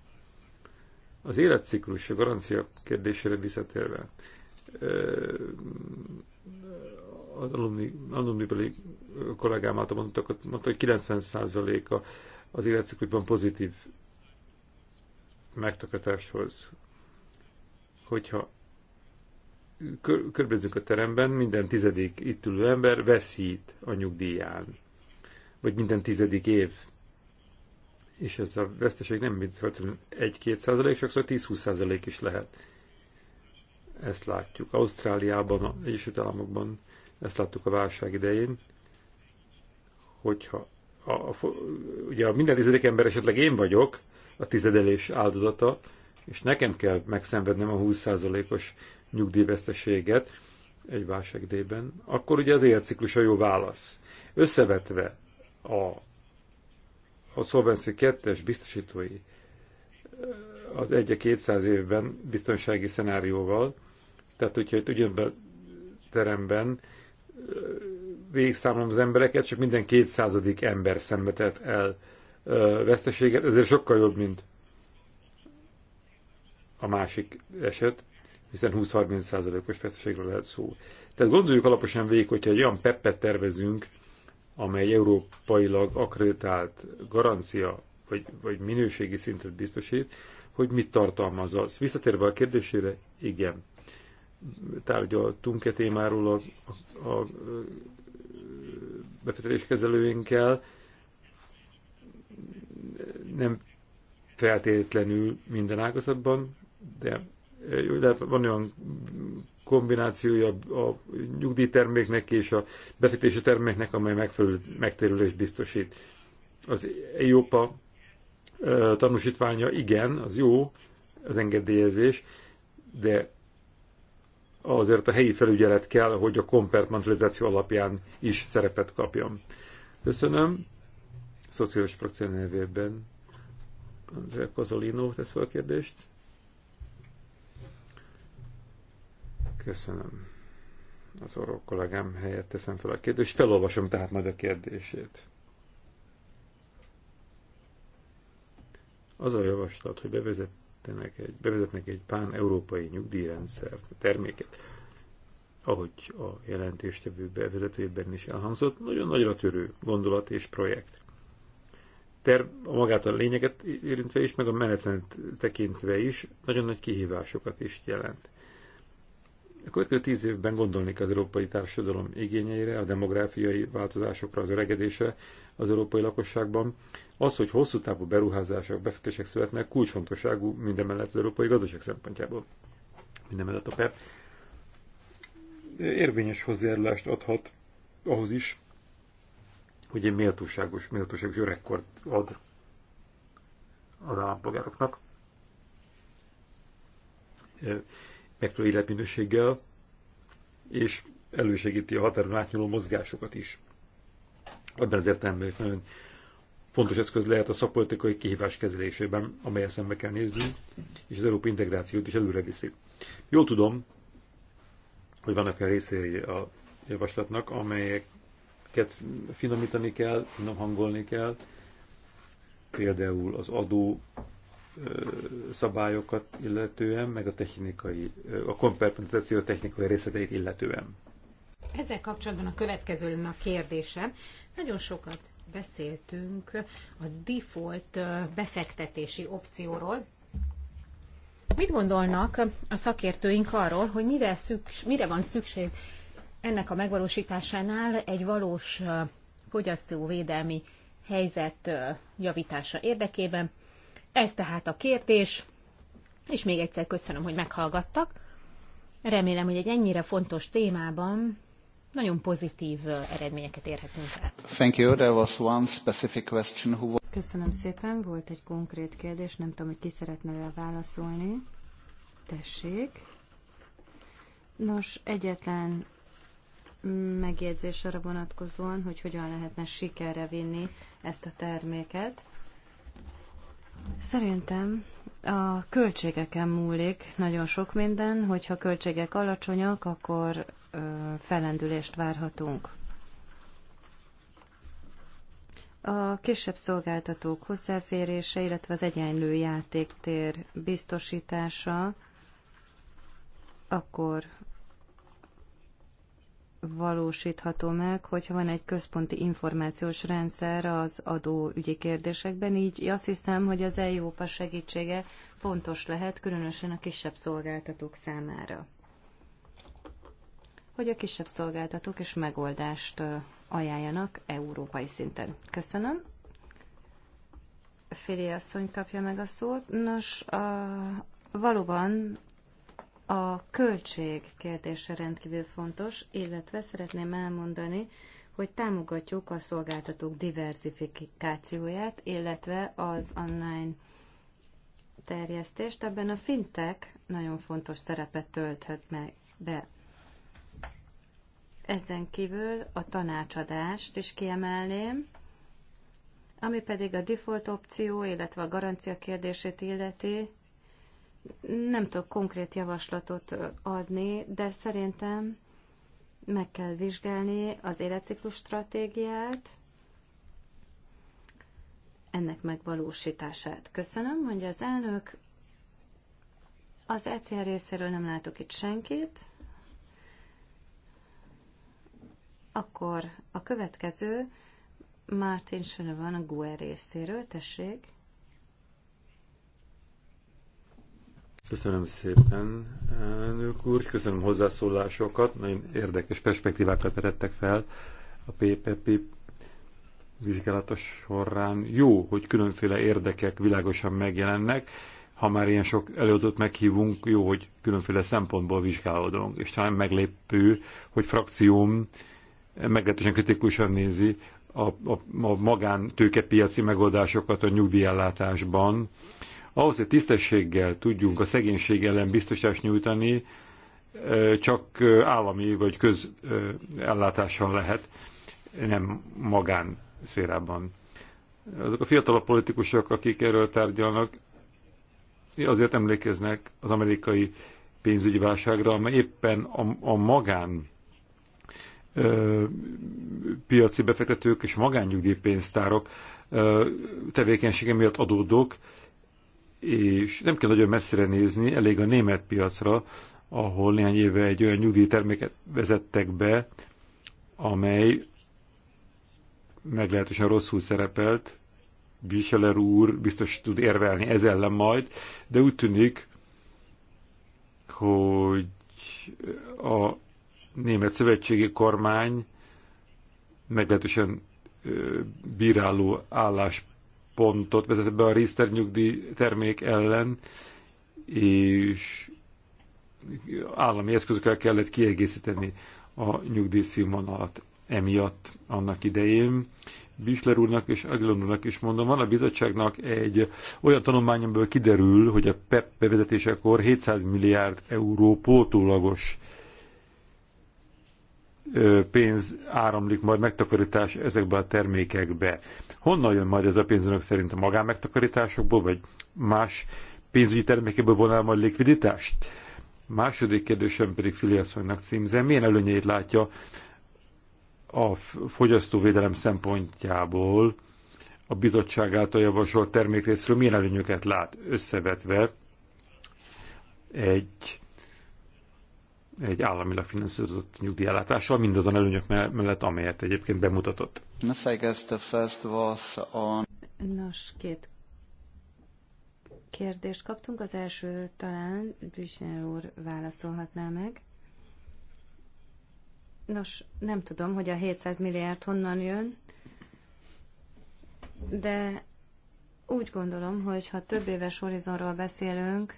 Az életciklus, a garancia kérdésére visszatérve, az alumni, alumnibeli kollégám által mondtak, mondta, hogy 90%-a az életciklusban pozitív megtakatáshoz. Hogyha körbezünk a teremben, minden tizedik itt ülő ember veszít a nyugdíján. Vagy minden tizedik év és ez a veszteség nem mind feltétlenül 1-2 százalék, sokszor 10-20 százalék is lehet. Ezt látjuk. Ausztráliában, Egyesült Államokban ezt láttuk a válság idején, hogyha a, a, ugye a minden tizedik ember esetleg én vagyok, a tizedelés áldozata, és nekem kell megszenvednem a 20%-os nyugdíjveszteséget egy válságidében, akkor ugye az életciklus a jó válasz. Összevetve a a Solvency 2-es biztosítói az egy 200 évben biztonsági szenárióval, tehát hogyha itt ugyanabban teremben végigszámolom az embereket, csak minden kétszázadik ember szenvedett el veszteséget, ezért sokkal jobb, mint a másik eset, hiszen 20-30 százalékos veszteségről lehet szó. Tehát gondoljuk alaposan végig, hogyha egy olyan peppet tervezünk, amely európailag akreditált garancia vagy, vagy minőségi szintet biztosít, hogy mit tartalmaz az. Visszatérve a kérdésére, igen. Tárgyaltunk-e témáról a, a, a befektetéskezelőinkkel? Nem feltétlenül minden ágazatban, de de van olyan kombinációja a nyugdíjterméknek és a befektetési terméknek, amely megfelelő megtérülést biztosít. Az EIOPA tanúsítványa igen, az jó, az engedélyezés, de azért a helyi felügyelet kell, hogy a kompertmentalizáció alapján is szerepet kapjon. Köszönöm. Szociális frakció nevében Andrea Kozolino tesz fel a kérdést. Köszönöm. Az orró kollégám helyett teszem fel a kérdést, felolvasom tehát majd a kérdését. Az a javaslat, hogy bevezetnek egy, bevezetnek egy pán-európai nyugdíjrendszert, terméket, ahogy a jelentéstevő bevezetőjében is elhangzott, nagyon nagyra törő gondolat és projekt. Ter a magát a lényeget érintve is, meg a menetlen tekintve is nagyon nagy kihívásokat is jelent. A következő tíz évben gondolni kell az európai társadalom igényeire, a demográfiai változásokra, az öregedésre az európai lakosságban. Az, hogy hosszú távú beruházások, befektetések születnek, kulcsfontosságú mindemellett az európai gazdaság szempontjából. Mindemellett a PEP e érvényes hozzájárulást adhat ahhoz is, hogy egy méltóságos, méltóságos öregkort ad az állampolgároknak megfelelő életminőséggel, és elősegíti a határon átnyúló mozgásokat is. Ebben az értelemben nagyon fontos eszköz lehet a szakpolitikai kihívás kezelésében, amelyet szembe kell néznünk, és az európai integrációt is előre viszi. Jól tudom, hogy vannak olyan részei a javaslatnak, amelyeket finomítani kell, finom hangolni kell, például az adó szabályokat illetően, meg a technikai, a komperpontáció technikai részleteit illetően. Ezzel kapcsolatban a következő lenne a kérdésem. Nagyon sokat beszéltünk a default befektetési opcióról. Mit gondolnak a szakértőink arról, hogy mire, szüks, mire van szükség ennek a megvalósításánál egy valós fogyasztóvédelmi helyzet javítása érdekében, ez tehát a kérdés, és még egyszer köszönöm, hogy meghallgattak. Remélem, hogy egy ennyire fontos témában nagyon pozitív eredményeket érhetünk el. Thank you. There was one specific question who Köszönöm szépen. Volt egy konkrét kérdés, nem tudom, hogy ki szeretne rá válaszolni. Tessék. Nos, egyetlen megjegyzés arra vonatkozóan, hogy hogyan lehetne sikerre vinni ezt a terméket. Szerintem a költségeken múlik nagyon sok minden, hogyha költségek alacsonyak, akkor ö, felendülést várhatunk. A kisebb szolgáltatók hozzáférése, illetve az egyenlő játéktér biztosítása akkor valósítható meg, hogyha van egy központi információs rendszer az adóügyi kérdésekben, így azt hiszem, hogy az EIOPA segítsége fontos lehet, különösen a kisebb szolgáltatók számára. Hogy a kisebb szolgáltatók is megoldást ajánljanak európai szinten. Köszönöm. Féli asszony kapja meg a szót. Nos, a, valóban a költség kérdése rendkívül fontos, illetve szeretném elmondani, hogy támogatjuk a szolgáltatók diversifikációját, illetve az online terjesztést. Ebben a fintech nagyon fontos szerepet tölthet meg be. Ezen kívül a tanácsadást is kiemelném, ami pedig a default opció, illetve a garancia kérdését illeti, nem tudok konkrét javaslatot adni, de szerintem meg kell vizsgálni az életciklus stratégiát, ennek megvalósítását. Köszönöm, mondja az elnök. Az ECR részéről nem látok itt senkit. Akkor a következő Martin Sönö van a GUE részéről, tessék. Köszönöm szépen, elnök úr, köszönöm hozzászólásokat, nagyon érdekes perspektívákat vetettek fel a PPP vizsgálata során. Jó, hogy különféle érdekek világosan megjelennek, ha már ilyen sok előadót meghívunk, jó, hogy különféle szempontból vizsgálódunk. És talán meglépő, hogy frakcióm meglehetősen kritikusan nézi a, a, a magántőkepiaci megoldásokat a nyugdíjellátásban, ahhoz, hogy tisztességgel tudjunk a szegénység ellen biztosást nyújtani, csak állami vagy közellátással lehet, nem magán szférában. Azok a fiatalabb politikusok, akik erről tárgyalnak, azért emlékeznek az amerikai pénzügyi válságra, amely éppen a, a magán ö, piaci befektetők és magánnyugdíjpénztárok ö, tevékenysége miatt adódók, és nem kell nagyon messzire nézni, elég a német piacra, ahol néhány éve egy olyan nyugdíjterméket vezettek be, amely meglehetősen rosszul szerepelt, Bicheler úr biztos tud érvelni ez ellen majd, de úgy tűnik, hogy a német szövetségi kormány meglehetősen bíráló állás pontot vezetett be a részternyugdíj termék ellen, és állami eszközökkel kellett kiegészíteni a nyugdíjszínvonalat emiatt annak idején. Bichler úrnak és Aguilon úrnak is mondom, van a bizottságnak egy olyan tanulmány, amiből kiderül, hogy a PEP e bevezetésekor 700 milliárd euró pótólagos pénz áramlik majd megtakarítás ezekbe a termékekbe. Honnan jön majd ez a pénz önök szerint? A magánmegtakarításokból, vagy más pénzügyi termékekből vonál majd likviditást? Második kérdésem pedig Filiaszonynak címzem. Milyen előnyeit látja a fogyasztóvédelem szempontjából a bizottság által javasolt termékrészről? Milyen előnyöket lát összevetve egy egy államilag finanszírozott nyugdíjállátással, mindazon előnyök mellett, amelyet egyébként bemutatott. Nos, két kérdést kaptunk. Az első talán Büchner úr válaszolhatná meg. Nos, nem tudom, hogy a 700 milliárd honnan jön, de úgy gondolom, hogy ha több éves horizonról beszélünk,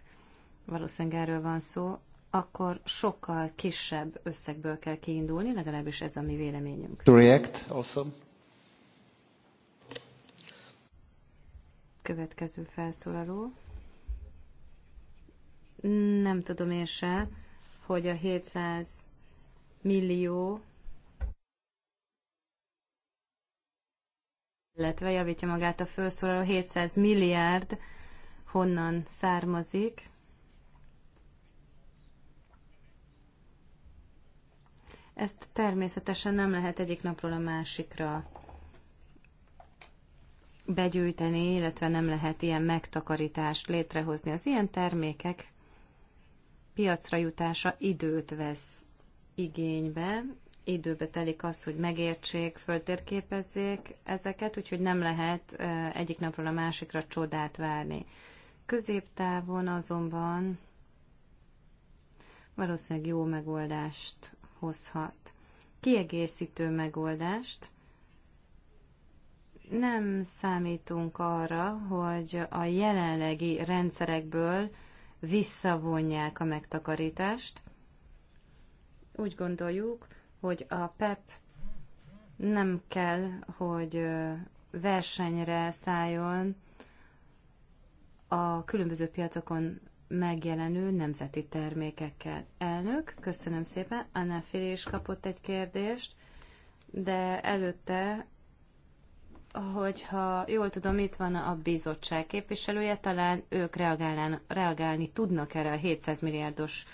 valószínűleg erről van szó, akkor sokkal kisebb összegből kell kiindulni, legalábbis ez a mi véleményünk. To react also. Következő felszólaló. Nem tudom én se, hogy a 700 millió illetve javítja magát a felszólaló 700 milliárd honnan származik. Ezt természetesen nem lehet egyik napról a másikra begyűjteni, illetve nem lehet ilyen megtakarítást létrehozni. Az ilyen termékek piacra jutása időt vesz igénybe, időbe telik az, hogy megértsék, föltérképezzék ezeket, úgyhogy nem lehet egyik napról a másikra csodát várni. Középtávon azonban valószínűleg jó megoldást hozhat. Kiegészítő megoldást. Nem számítunk arra, hogy a jelenlegi rendszerekből visszavonják a megtakarítást. Úgy gondoljuk, hogy a PEP e nem kell, hogy versenyre szálljon a különböző piacokon megjelenő nemzeti termékekkel. Elnök, köszönöm szépen. Anna Féli is kapott egy kérdést, de előtte, hogyha jól tudom, itt van a bizottság képviselője, talán ők reagálni tudnak erre a 700 milliárdos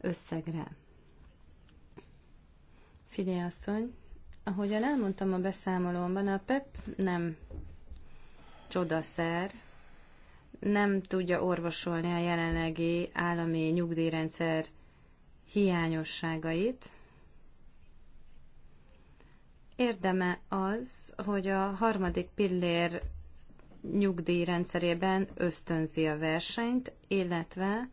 összegre. Fili asszony, ahogyan elmondtam a beszámolómban, a PEP nem csodaszer, nem tudja orvosolni a jelenlegi állami nyugdíjrendszer hiányosságait. Érdeme az, hogy a harmadik pillér nyugdíjrendszerében ösztönzi a versenyt, illetve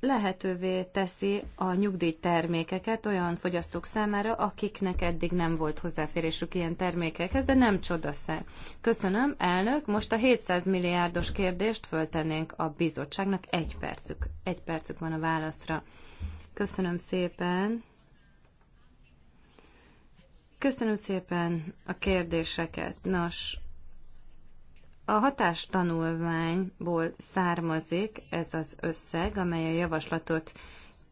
lehetővé teszi a nyugdíjtermékeket olyan fogyasztók számára, akiknek eddig nem volt hozzáférésük ilyen termékekhez, de nem csodaszer. Köszönöm, elnök, most a 700 milliárdos kérdést föltennénk a bizottságnak. Egy percük, egy percük van a válaszra. Köszönöm szépen. Köszönöm szépen a kérdéseket. Nos, a hatástanulmányból származik ez az összeg, amely a javaslatot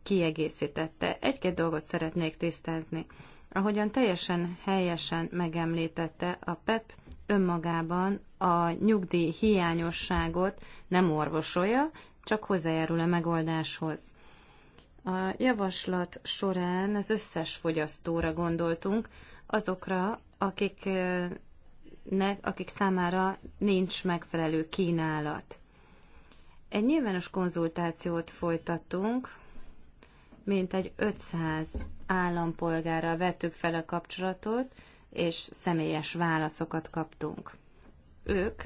kiegészítette. Egy-két dolgot szeretnék tisztázni. Ahogyan teljesen helyesen megemlítette, a PEP önmagában a nyugdíj hiányosságot nem orvosolja, csak hozzájárul a megoldáshoz. A javaslat során az összes fogyasztóra gondoltunk, azokra, akik nek, akik számára nincs megfelelő kínálat. Egy nyilvános konzultációt folytattunk, mint egy 500 állampolgára vettük fel a kapcsolatot, és személyes válaszokat kaptunk. Ők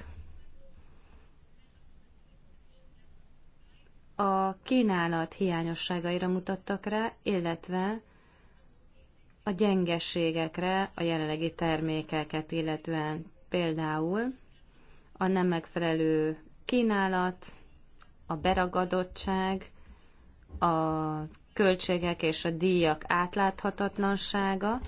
a kínálat hiányosságaira mutattak rá, illetve a gyengességekre a jelenlegi termékeket illetően például a nem megfelelő kínálat, a beragadottság, a költségek és a díjak átláthatatlansága.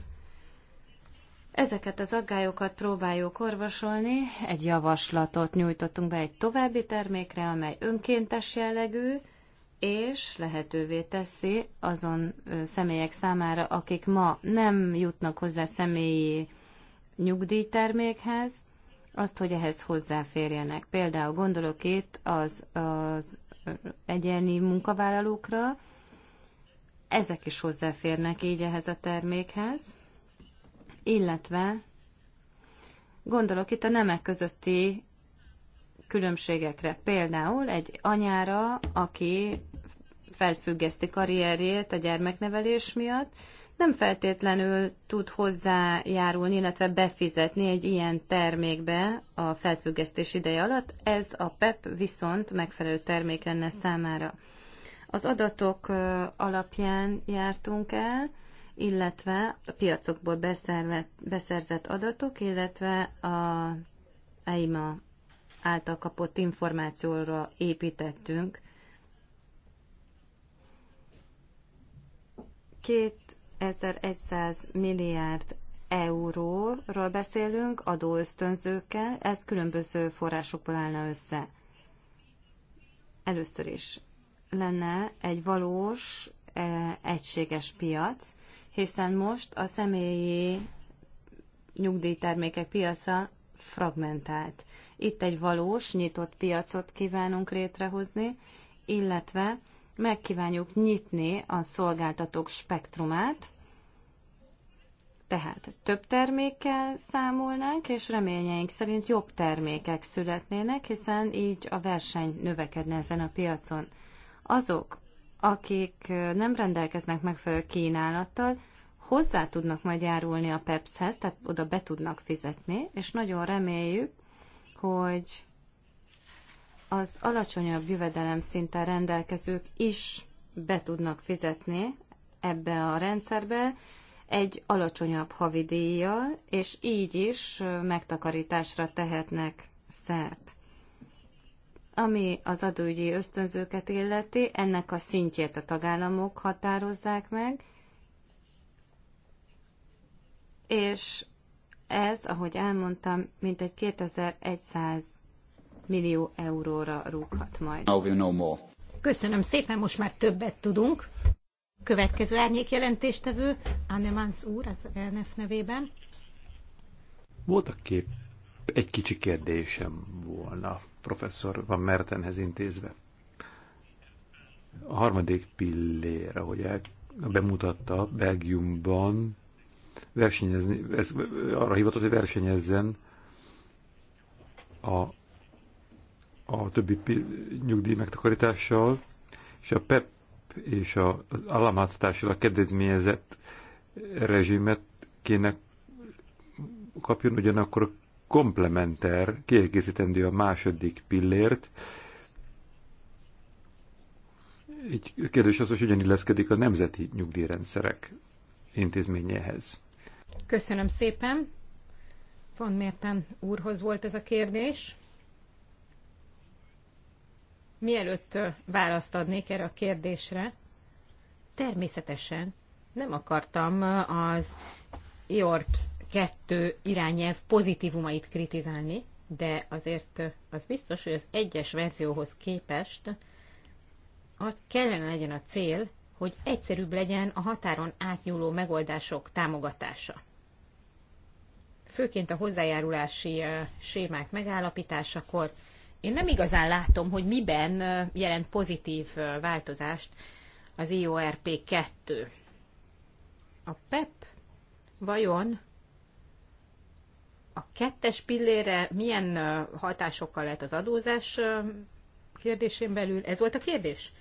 Ezeket az aggályokat próbáljuk orvosolni. Egy javaslatot nyújtottunk be egy további termékre, amely önkéntes jellegű, és lehetővé teszi azon személyek számára, akik ma nem jutnak hozzá személyi nyugdíjtermékhez, azt, hogy ehhez hozzáférjenek. Például gondolok itt az, az egyéni munkavállalókra, ezek is hozzáférnek így ehhez a termékhez, illetve gondolok itt a nemek közötti különbségekre. Például egy anyára, aki felfüggeszti karrierjét a gyermeknevelés miatt, nem feltétlenül tud hozzájárulni, illetve befizetni egy ilyen termékbe a felfüggesztés ideje alatt. Ez a PEP e viszont megfelelő termék lenne számára. Az adatok alapján jártunk el, illetve a piacokból beszerzett adatok, illetve a EIMA által kapott információra építettünk. Két 1100 milliárd euróról beszélünk, adóösztönzőkkel, ez különböző forrásokból állna össze. Először is lenne egy valós, e, egységes piac, hiszen most a személyi nyugdíjtermékek piaca fragmentált. Itt egy valós, nyitott piacot kívánunk létrehozni, illetve megkívánjuk nyitni a szolgáltatók spektrumát, tehát több termékkel számolnánk, és reményeink szerint jobb termékek születnének, hiszen így a verseny növekedne ezen a piacon. Azok, akik nem rendelkeznek megfelelő kínálattal, hozzá tudnak majd járulni a PEPS-hez, tehát oda be tudnak fizetni, és nagyon reméljük, hogy az alacsonyabb jövedelem szinten rendelkezők is be tudnak fizetni ebbe a rendszerbe egy alacsonyabb havidíjjal, és így is megtakarításra tehetnek szert. Ami az adóügyi ösztönzőket illeti, ennek a szintjét a tagállamok határozzák meg, és ez, ahogy elmondtam, mintegy 2100 millió euróra rúghat majd. Now we know more. Köszönöm szépen, most már többet tudunk. Következő árnyékjelentéstevő, jelentéstevő, Annemans úr, az ELNEF nevében. Voltak kép, egy kicsi kérdésem volna professzor Van Mertenhez intézve. A harmadik pillér, ahogy el, bemutatta Belgiumban, versenyezni, ez arra hivatott, hogy versenyezzen a, a többi nyugdíj megtakarítással, és a PEP és a, az államháztatással a kedvezményezett rezsimet kéne kapjon, ugyanakkor komplementer, kiegészítendő a második pillért. Így a kérdés az, hogy hogyan illeszkedik a nemzeti nyugdíjrendszerek intézményéhez. Köszönöm szépen. Van Mérten úrhoz volt ez a kérdés. Mielőtt választ adnék erre a kérdésre, természetesen nem akartam az IORPS 2 irányelv pozitívumait kritizálni, de azért az biztos, hogy az egyes verzióhoz képest az kellene legyen a cél, hogy egyszerűbb legyen a határon átnyúló megoldások támogatása főként a hozzájárulási sémák megállapításakor. Én nem igazán látom, hogy miben jelent pozitív változást az IORP 2. A PEP e vajon a kettes pillére milyen hatásokkal lehet az adózás kérdésén belül? Ez volt a kérdés?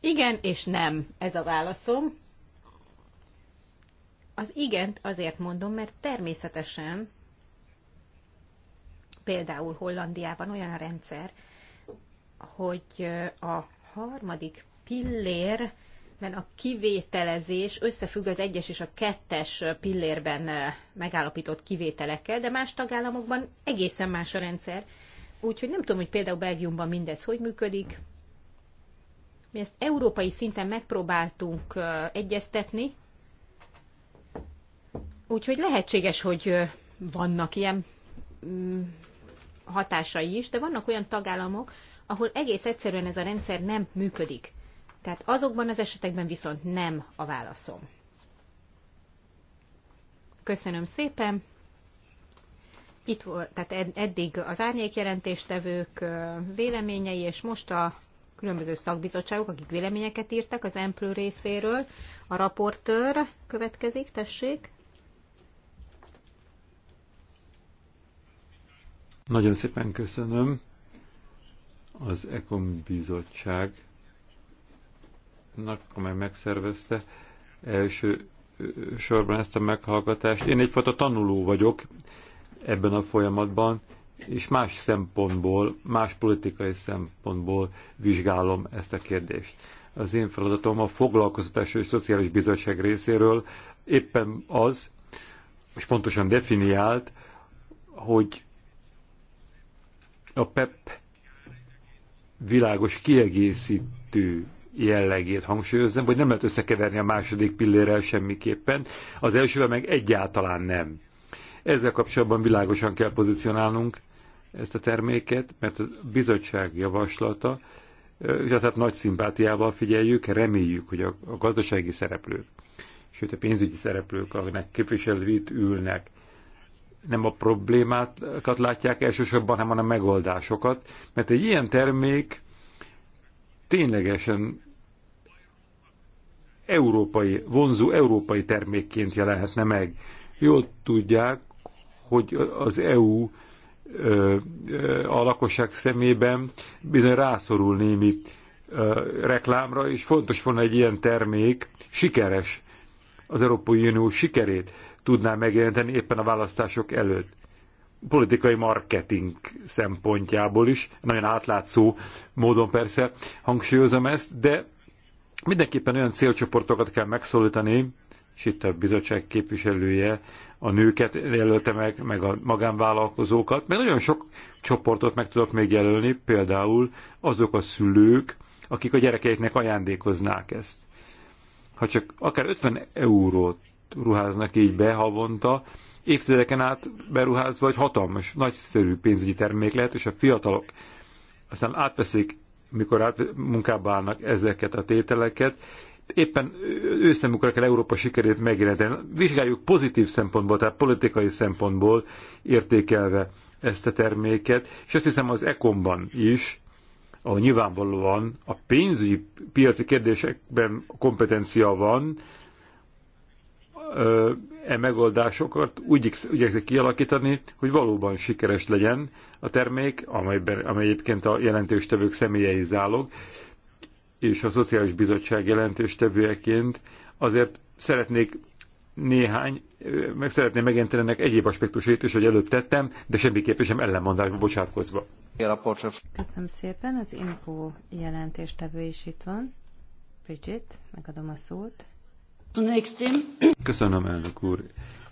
Igen és nem, ez a válaszom. Az igent azért mondom, mert természetesen például Hollandiában olyan a rendszer, hogy a harmadik pillér, mert a kivételezés összefügg az egyes és a kettes pillérben megállapított kivételekkel, de más tagállamokban egészen más a rendszer. Úgyhogy nem tudom, hogy például Belgiumban mindez hogy működik. Mi ezt európai szinten megpróbáltunk egyeztetni, Úgyhogy lehetséges, hogy vannak ilyen mm, hatásai is, de vannak olyan tagállamok, ahol egész egyszerűen ez a rendszer nem működik. Tehát azokban az esetekben viszont nem a válaszom. Köszönöm szépen! Itt volt, tehát eddig az árnyékjelentéstevők véleményei, és most a különböző szakbizottságok, akik véleményeket írtak az Emplő részéről. A raportőr következik, tessék. Nagyon szépen köszönöm. Az Ekom bizottságnak, amely megszervezte első sorban ezt a meghallgatást. Én egyfajta tanuló vagyok ebben a folyamatban, és más szempontból, más politikai szempontból vizsgálom ezt a kérdést. Az én feladatom a Foglalkoztatás és Szociális Bizottság részéről éppen az, és pontosan definiált, hogy a PEP világos kiegészítő jellegét hangsúlyozom, hogy nem lehet összekeverni a második pillérrel semmiképpen, az elsővel meg egyáltalán nem. Ezzel kapcsolatban világosan kell pozícionálnunk ezt a terméket, mert a bizottság javaslata, tehát nagy szimpátiával figyeljük, reméljük, hogy a, a gazdasági szereplők, sőt a pénzügyi szereplők, akinek képviselőit ülnek, nem a problémákat látják elsősorban, hanem a megoldásokat, mert egy ilyen termék ténylegesen európai, vonzó európai termékként jelenhetne meg. Jól tudják, hogy az EU a lakosság szemében bizony rászorul némi reklámra, és fontos volna egy ilyen termék sikeres, az Európai Unió sikerét tudná megjelenteni éppen a választások előtt. Politikai marketing szempontjából is, nagyon átlátszó módon persze hangsúlyozom ezt, de mindenképpen olyan célcsoportokat kell megszólítani, és itt a bizottság képviselője a nőket jelölte meg, meg a magánvállalkozókat, mert nagyon sok csoportot meg tudok még jelölni, például azok a szülők, akik a gyerekeiknek ajándékoznák ezt. Ha csak akár 50 eurót ruháznak így be havonta, évtizedeken át beruházva egy hatalmas, nagyszerű pénzügyi termék lehet, és a fiatalok aztán átveszik, mikor át, munkába állnak ezeket a tételeket, éppen őszemükre kell Európa sikerét megjelenteni. Vizsgáljuk pozitív szempontból, tehát politikai szempontból értékelve ezt a terméket, és azt hiszem az ECOM-ban is, ahol nyilvánvalóan a pénzügyi piaci kérdésekben kompetencia van, e megoldásokat úgy igyekszik kialakítani, hogy valóban sikeres legyen a termék, amelyben, amely egyébként a jelentéstevők személyei zálog, és a Szociális Bizottság jelentéstevőjeként azért szeretnék néhány, meg szeretném megjelenteni ennek egyéb aspektusait is, hogy előbb tettem, de semmiképp sem ellenmondásba bocsátkozva. Köszönöm szépen, az info jelentéstevő is itt van. Bridget, megadom a szót. Köszönöm, elnök úr.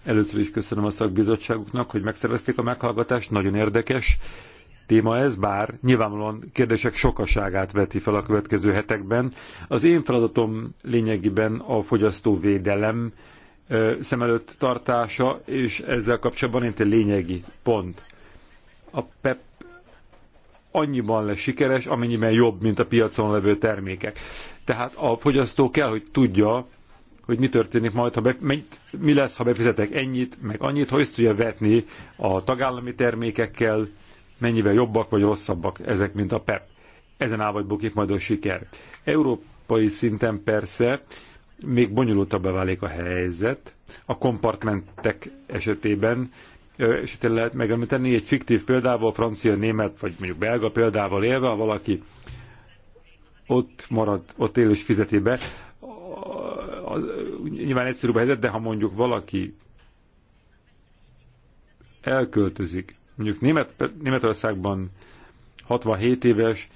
Először is köszönöm a szakbizottságuknak, hogy megszervezték a meghallgatást. Nagyon érdekes téma ez, bár nyilvánvalóan kérdések sokaságát veti fel a következő hetekben. Az én feladatom lényegében a fogyasztóvédelem szem előtt tartása, és ezzel kapcsolatban én egy lényegi pont. A PEP annyiban lesz sikeres, amennyiben jobb, mint a piacon levő termékek. Tehát a fogyasztó kell, hogy tudja, hogy mi történik majd, ha be, mi lesz, ha befizetek ennyit, meg annyit, hogy ezt tudja vetni a tagállami termékekkel, mennyivel jobbak vagy rosszabbak ezek, mint a PEP. E Ezen áll vagy bukik majd a siker. Európai szinten persze még bonyolultabbá válik a helyzet. A kompartmentek esetében és itt lehet megemlíteni egy fiktív példával, francia, német, vagy mondjuk belga példával élve, ha valaki ott marad, ott él és fizeti be, az, nyilván egyszerűbb a helyzet, de ha mondjuk valaki elköltözik, mondjuk Német, Németországban 67 éves,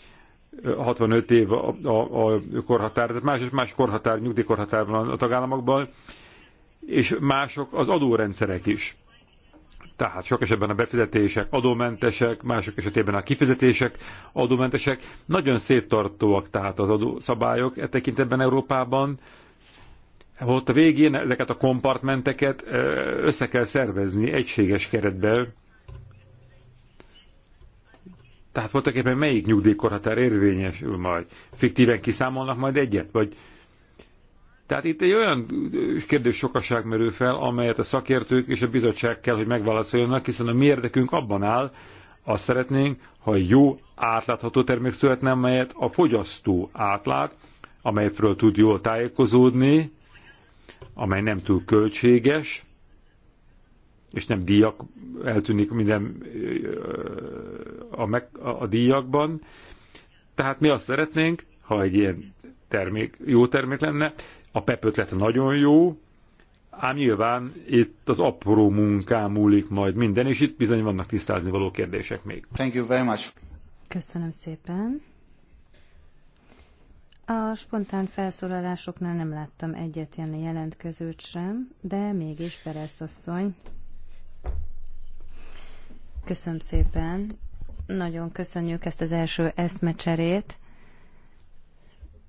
65 év a, a, a korhatár, tehát más és más korhatár, nyugdíjkorhatár van a tagállamokban, és mások az adórendszerek is. Tehát sok esetben a befizetések adómentesek, mások esetében a kifizetések adómentesek. Nagyon széttartóak tehát az adószabályok e tekintetben Európában ott a végén ezeket a kompartmenteket össze kell szervezni egységes keretben. Tehát voltak éppen melyik nyugdíjkorhatár érvényesül majd? Fiktíven kiszámolnak majd egyet? Vagy... Tehát itt egy olyan kérdés sokaság merül fel, amelyet a szakértők és a bizottság kell, hogy megválaszoljanak, hiszen a mi érdekünk abban áll, azt szeretnénk, ha jó, átlátható termék születne, amelyet a fogyasztó átlát, amelyről tud jól tájékozódni, amely nem túl költséges, és nem díjak, eltűnik minden a, meg, a, a díjakban. Tehát mi azt szeretnénk, ha egy ilyen termék, jó termék lenne, a PEP ötlete nagyon jó, ám nyilván itt az apró munkám múlik majd minden, és itt bizony vannak tisztázni való kérdések még. Thank you very much. Köszönöm szépen. A spontán felszólalásoknál nem láttam egyet ilyen jelentkezőt sem, de mégis Perez asszony. Köszönöm szépen. Nagyon köszönjük ezt az első eszmecserét.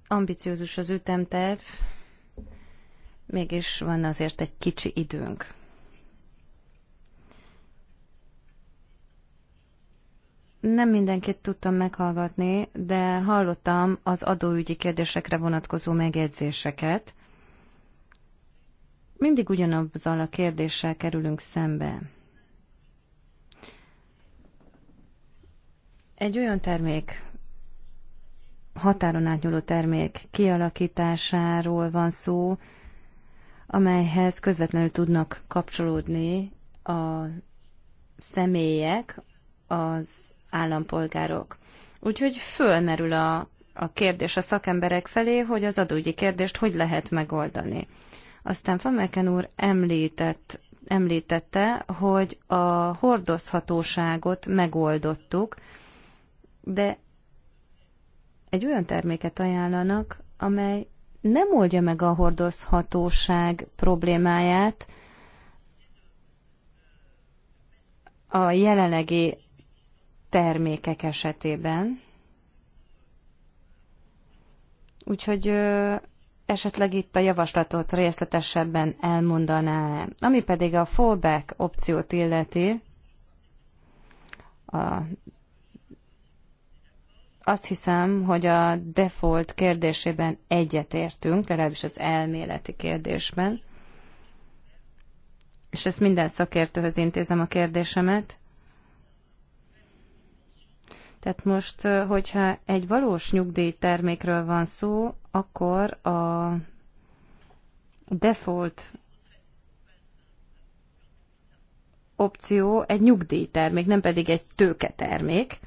Ambiciózus az ütemterv, mégis van azért egy kicsi időnk. Nem mindenkit tudtam meghallgatni, de hallottam az adóügyi kérdésekre vonatkozó megjegyzéseket. Mindig ugyanazzal a kérdéssel kerülünk szembe. Egy olyan termék, határon átnyúló termék kialakításáról van szó, amelyhez közvetlenül tudnak kapcsolódni a személyek, az állampolgárok. Úgyhogy fölmerül a, a kérdés a szakemberek felé, hogy az adógyi kérdést hogy lehet megoldani. Aztán Fameken úr említett, említette, hogy a hordozhatóságot megoldottuk, de egy olyan terméket ajánlanak, amely nem oldja meg a hordozhatóság problémáját a jelenlegi termékek esetében. Úgyhogy ö, esetleg itt a javaslatot részletesebben elmondaná. Ami pedig a fallback opciót illeti, a, azt hiszem, hogy a default kérdésében egyetértünk, legalábbis az elméleti kérdésben. És ezt minden szakértőhöz intézem a kérdésemet. Tehát most, hogyha egy valós nyugdíjtermékről van szó, akkor a default opció egy nyugdíjtermék, nem pedig egy tőketermék.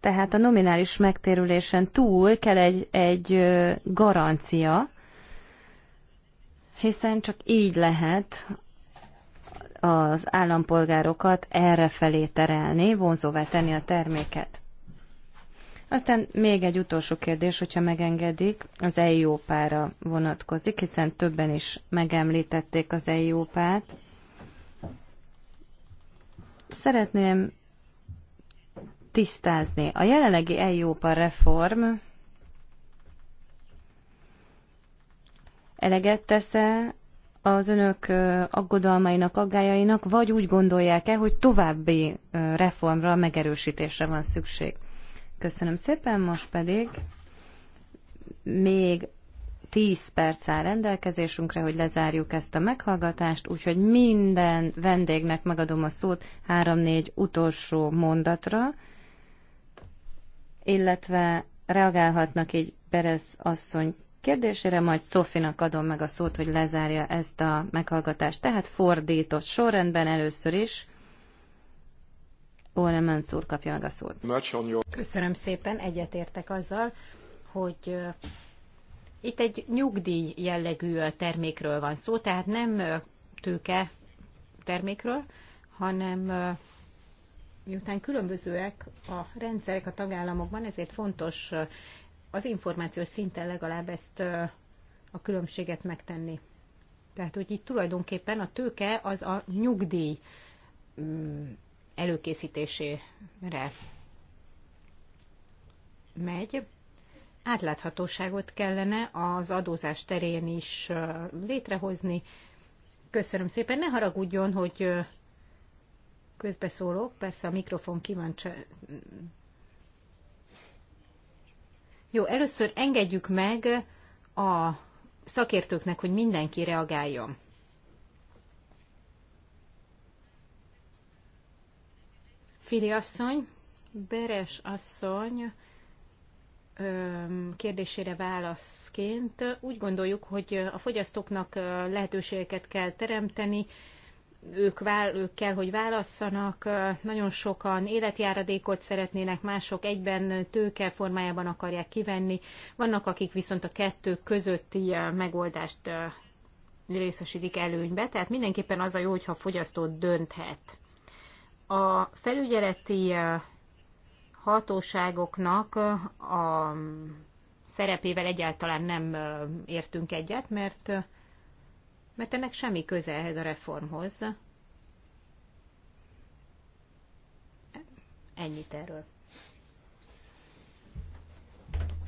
Tehát a nominális megtérülésen túl kell egy, egy garancia, hiszen csak így lehet az állampolgárokat erre felé terelni, vonzóvá tenni a terméket. Aztán még egy utolsó kérdés, hogyha megengedik, az EIOPÁ-ra vonatkozik, hiszen többen is megemlítették az EIOPát. Szeretném tisztázni. A jelenlegi EIOPA reform eleget tesz -e az önök aggodalmainak, aggájainak, vagy úgy gondolják-e, hogy további reformra, megerősítésre van szükség? Köszönöm szépen, most pedig még 10 perc áll rendelkezésünkre, hogy lezárjuk ezt a meghallgatást, úgyhogy minden vendégnek megadom a szót 3-4 utolsó mondatra, illetve reagálhatnak így Berez asszony kérdésére, majd Szofinak adom meg a szót, hogy lezárja ezt a meghallgatást. Tehát fordított sorrendben először is. Ole Mansur kapja meg a szót. Köszönöm szépen, egyetértek azzal, hogy uh, itt egy nyugdíj jellegű uh, termékről van szó, tehát nem uh, tőke termékről, hanem miután különbözőek a rendszerek a tagállamokban, ezért fontos az információs szinten legalább ezt a különbséget megtenni. Tehát, hogy itt tulajdonképpen a tőke az a nyugdíj mm, előkészítésére megy. Átláthatóságot kellene az adózás terén is létrehozni. Köszönöm szépen, ne haragudjon, hogy közbeszólok, persze a mikrofon ki van jó, először engedjük meg a szakértőknek, hogy mindenki reagáljon. Fili asszony, Beres asszony kérdésére válaszként úgy gondoljuk, hogy a fogyasztóknak lehetőségeket kell teremteni, ők, vál, ők kell, hogy válasszanak, nagyon sokan életjáradékot szeretnének, mások egyben tőke formájában akarják kivenni, vannak, akik viszont a kettő közötti megoldást részesítik előnybe, tehát mindenképpen az a jó, hogyha a fogyasztó dönthet. A felügyeleti hatóságoknak a mm, szerepével egyáltalán nem értünk egyet, mert mert ennek semmi köze ehhez a reformhoz. Ennyit erről.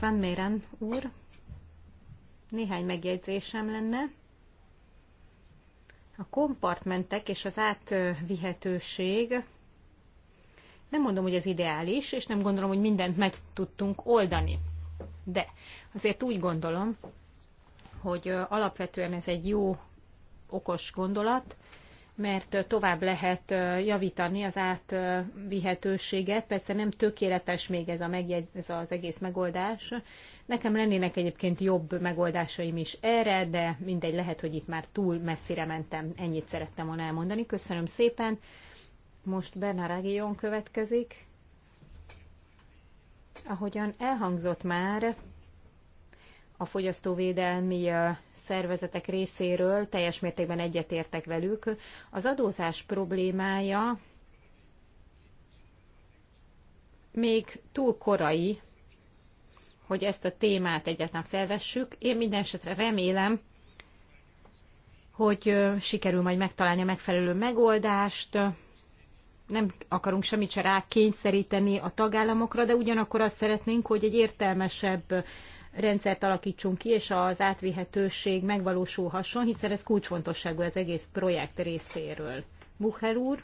Van Méren úr, néhány megjegyzésem lenne. A kompartmentek és az átvihetőség nem mondom, hogy ez ideális, és nem gondolom, hogy mindent meg tudtunk oldani. De azért úgy gondolom, hogy alapvetően ez egy jó okos gondolat, mert tovább lehet javítani az átvihetőséget. Persze nem tökéletes még ez, a megjegy, ez az egész megoldás. Nekem lennének egyébként jobb megoldásaim is erre, de mindegy, lehet, hogy itt már túl messzire mentem. Ennyit szerettem volna elmondani. Köszönöm szépen. Most Bernard Agion következik. Ahogyan elhangzott már, a fogyasztóvédelmi szervezetek részéről teljes mértékben egyetértek velük. Az adózás problémája még túl korai, hogy ezt a témát egyáltalán felvessük. Én minden esetre remélem, hogy sikerül majd megtalálni a megfelelő megoldást. Nem akarunk semmit se rákényszeríteni a tagállamokra, de ugyanakkor azt szeretnénk, hogy egy értelmesebb rendszert alakítsunk ki, és az átvihetőség megvalósulhasson, hiszen ez kulcsfontosságú az egész projekt részéről. Bucher úr?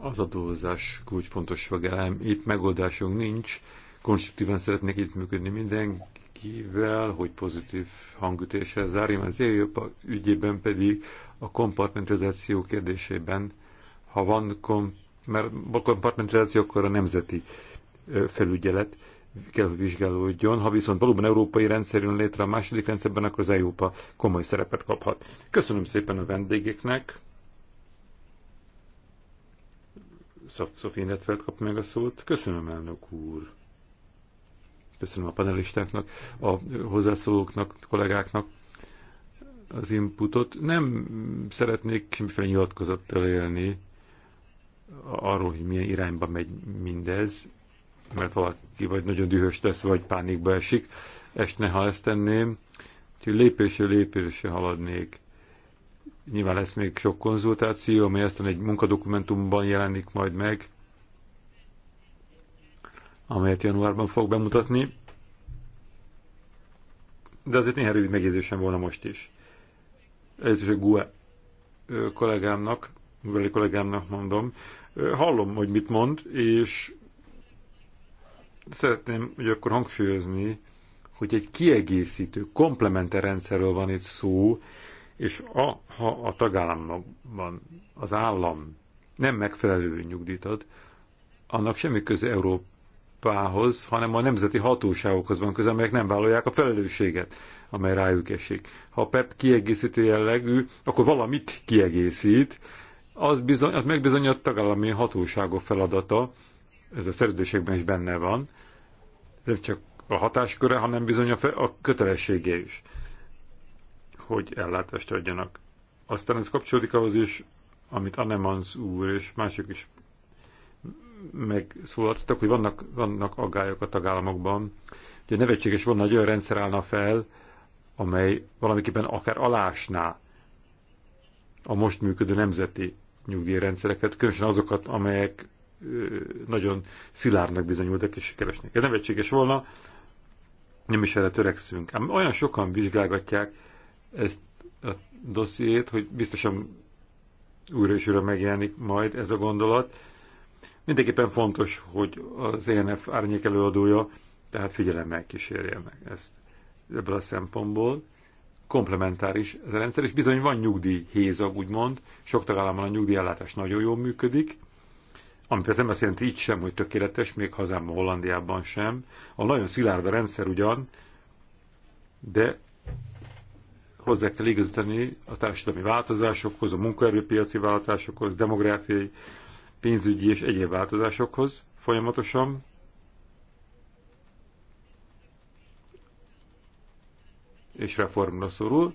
Az adózás kulcsfontosság elem. Itt megoldásunk nincs. Konstruktívan szeretnék itt működni mindenkivel, hogy pozitív hangütéssel zárjam. Az Európa ügyében pedig a kompartmentalizáció kérdésében, ha van kom, mert kompartmentalizáció, akkor a nemzeti felügyelet kell, hogy vizsgálódjon. Ha viszont valóban európai rendszer jön létre a második rendszerben, akkor az Európa komoly szerepet kaphat. Köszönöm szépen a vendégeknek. Sophie Netfeld kap meg a szót. Köszönöm, elnök úr. Köszönöm a panelistáknak, a hozzászólóknak, kollégáknak az inputot. Nem szeretnék semmiféle nyilatkozattal élni arról, hogy milyen irányba megy mindez mert valaki vagy nagyon dühös lesz, vagy pánikba esik, esne, ha ezt tenném. Úgyhogy lépésről lépésre haladnék. Nyilván lesz még sok konzultáció, ami aztán egy munkadokumentumban jelenik majd meg, amelyet januárban fog bemutatni. De azért néhány rövid megjegyzésem volna most is. Ez is a GUE kollégámnak, veli kollégámnak mondom, hallom, hogy mit mond, és Szeretném hogy akkor hangsúlyozni, hogy egy kiegészítő, komplementer rendszerről van itt szó, és a, ha a tagállamban az állam nem megfelelő nyugdíjat ad, annak semmi köze Európához, hanem a nemzeti hatóságokhoz van köze, amelyek nem vállalják a felelősséget, amely rájuk esik. Ha a PEP kiegészítő jellegű, akkor valamit kiegészít, az, bizony, az megbizony a tagállami hatóságok feladata, ez a szerződésekben is benne van, nem csak a hatásköre, hanem bizony a, fe, a kötelessége is, hogy ellátást adjanak. Aztán ez kapcsolódik ahhoz is, amit Annemans úr és mások is megszólaltattak, hogy vannak, vannak aggályok a tagállamokban. Ugye nevetséges volna, hogy olyan rendszer állna fel, amely valamiképpen akár alásná a most működő nemzeti nyugdíjrendszereket, különösen azokat, amelyek nagyon szilárdnak bizonyultak és sikeresnek. Ez nevetséges volna, nem is erre törekszünk. Ám olyan sokan vizsgálgatják ezt a dossziét, hogy biztosan újra és újra megjelenik majd ez a gondolat. Mindenképpen fontos, hogy az ENF árnyék előadója, tehát figyelemmel kísérje meg ezt ebből a szempontból. Komplementáris ez a rendszer, és bizony van nyugdíj hézag, úgymond. Sok tagállamban a nyugdíjellátás nagyon jól működik, ami persze nem azt jelenti így sem, hogy tökéletes, még hazámban, Hollandiában sem. A nagyon szilárd a rendszer ugyan, de hozzá kell igazítani a társadalmi változásokhoz, a munkaerőpiaci változásokhoz, demográfiai, pénzügyi és egyéb változásokhoz folyamatosan. És reformra szorul.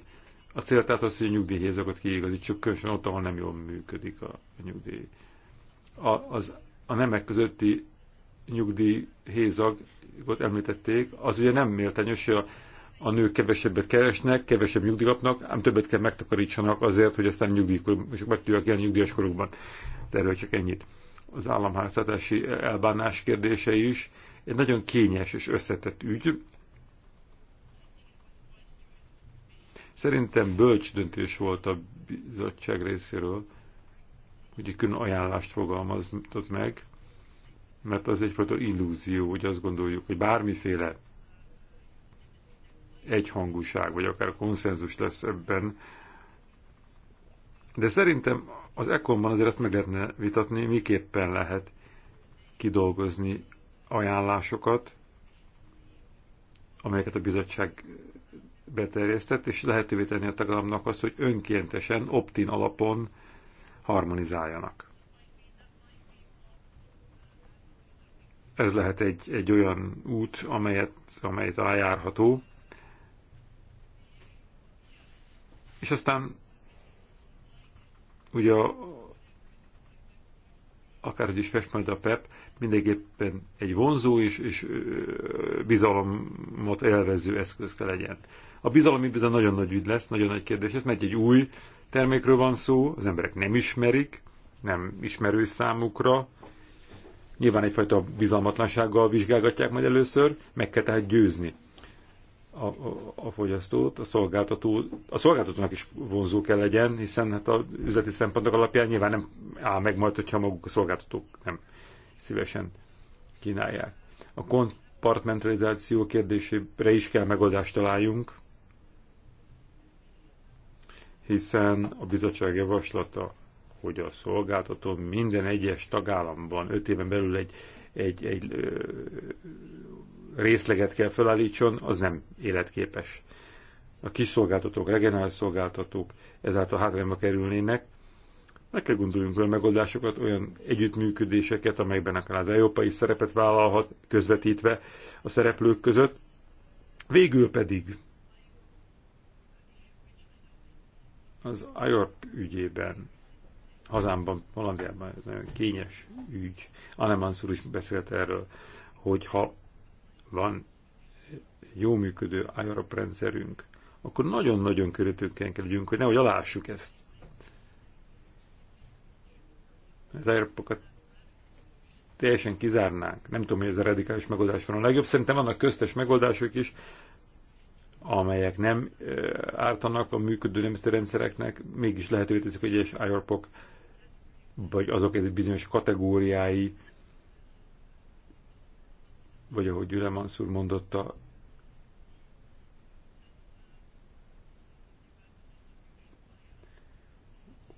A cél tehát az, hogy a nyugdíjhézagot kiigazítsuk, különösen ott, ahol nem jól működik a nyugdíj a, az, a nemek közötti nyugdíj hézagot említették, az ugye nem méltányos, hogy a, a nők kevesebbet keresnek, kevesebb nyugdíj ám többet kell megtakarítsanak azért, hogy aztán nyugdíjkorban, meg tudják élni nyugdíjas korukban. erről csak ennyit. Az államháztartási elbánás kérdése is egy nagyon kényes és összetett ügy. Szerintem bölcs döntés volt a bizottság részéről, hogy egy külön ajánlást fogalmazott meg, mert az egyfajta illúzió, hogy azt gondoljuk, hogy bármiféle egyhangúság, vagy akár konszenzus lesz ebben. De szerintem az ekonban azért ezt meg lehetne vitatni, miképpen lehet kidolgozni ajánlásokat, amelyeket a bizottság beterjesztett, és lehetővé tenni a tagállamnak azt, hogy önkéntesen, optin alapon harmonizáljanak. Ez lehet egy, egy olyan út, amelyet, amely talán járható, és aztán ugye akárhogy is fest majd a PEP, mindenképpen egy vonzó és, és bizalomot elvező eszköz kell legyen. A bizalom bizony nagyon nagy ügy lesz, nagyon nagy kérdés, ez megy egy új termékről van szó, az emberek nem ismerik, nem ismerő számukra, nyilván egyfajta bizalmatlansággal vizsgálgatják majd először, meg kell tehát győzni a, a, a fogyasztót, a szolgáltató, a szolgáltatónak is vonzó kell legyen, hiszen hát az üzleti szempontok alapján nyilván nem áll meg majd, hogyha maguk a szolgáltatók nem szívesen kínálják. A kompartmentalizáció kérdésére is kell megoldást találjunk, hiszen a bizottság javaslata, hogy a szolgáltató minden egyes tagállamban öt éven belül egy, egy, egy ö, részleget kell felállítson, az nem életképes. A kis szolgáltatók, regionális szolgáltatók ezáltal hátrányba kerülnének. Meg kell gondoljunk olyan megoldásokat, olyan együttműködéseket, amelyekben akár az európai szerepet vállalhat, közvetítve a szereplők között. Végül pedig az IORP ügyében, hazámban, Hollandiában ez nagyon kényes ügy, Alemansur is beszélt erről, hogyha van jó működő IORP rendszerünk, akkor nagyon-nagyon körültőkkel kell legyünk, hogy nehogy alássuk ezt. Az iorp teljesen kizárnánk. Nem tudom, hogy ez a radikális megoldás van a legjobb. Szerintem vannak köztes megoldások is, amelyek nem ártanak a működő rendszereknek, mégis lehetővé teszik, hogy egyes IORPok vagy azok ez bizonyos kategóriái, vagy ahogy Gyüle Mansur mondotta,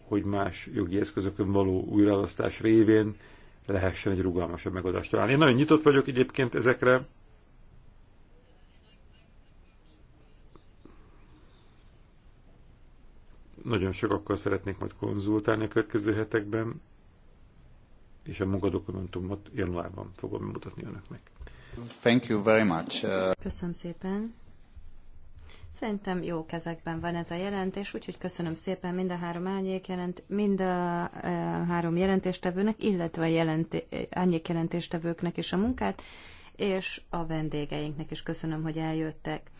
hogy más jogi eszközökön való újraelasztás révén lehessen egy rugalmasabb megoldást találni. Én nagyon nyitott vagyok egyébként ezekre, Nagyon sokakkal szeretnék majd konzultálni a következő hetekben, és a munkadokumentumot januárban fogom mutatni önöknek. Thank you very much. Köszönöm szépen. Szerintem jó kezekben van ez a jelentés, úgyhogy köszönöm szépen mind a három árnyék jelent, mind a e, három jelentéstevőnek, illetve a jelent, árnyék jelentéstevőknek is a munkát, és a vendégeinknek is köszönöm, hogy eljöttek.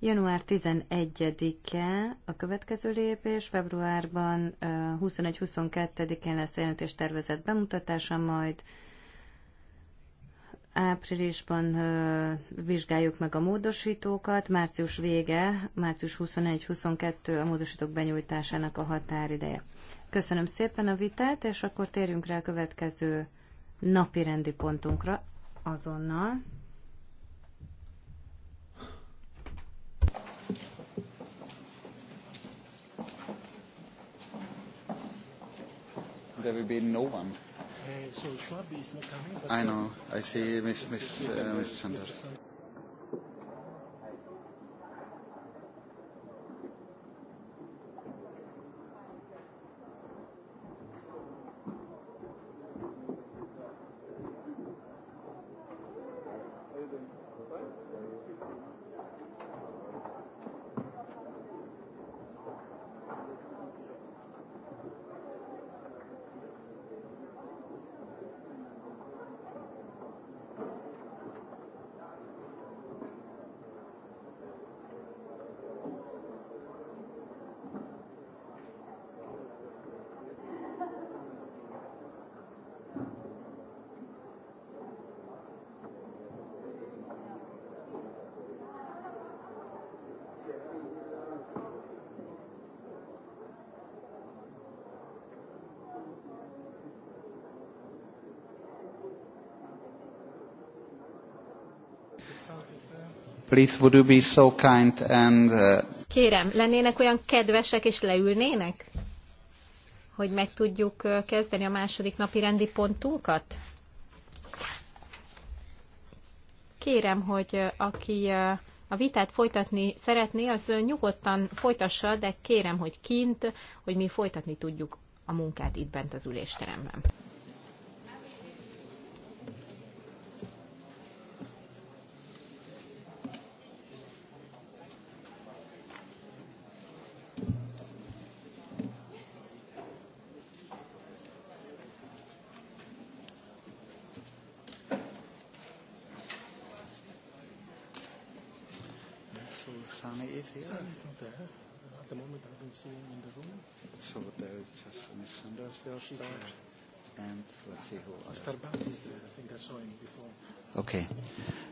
Január 11-e a következő lépés, februárban 21-22-én lesz jelentés tervezett bemutatása, majd áprilisban vizsgáljuk meg a módosítókat, március vége, március 21-22 a módosítók benyújtásának a határideje. Köszönöm szépen a vitát, és akkor térjünk rá a következő napi rendi pontunkra azonnal. there will be no one. Uh, so Schwab is not coming. I uh, know. I see Miss Miss uh, Miss Sanders. please would you be so kind and... Uh... Kérem, lennének olyan kedvesek és leülnének? Hogy meg tudjuk uh, kezdeni a második napi rendi pontunkat? Kérem, hogy uh, aki uh, a vitát folytatni szeretné, az nyugodtan folytassa, de kérem, hogy kint, hogy mi folytatni tudjuk a munkát itt bent az ülésteremben. At the moment, I don't see him in the room. So there is just Sanders and let's see who. is there. I think I saw him before. Okay.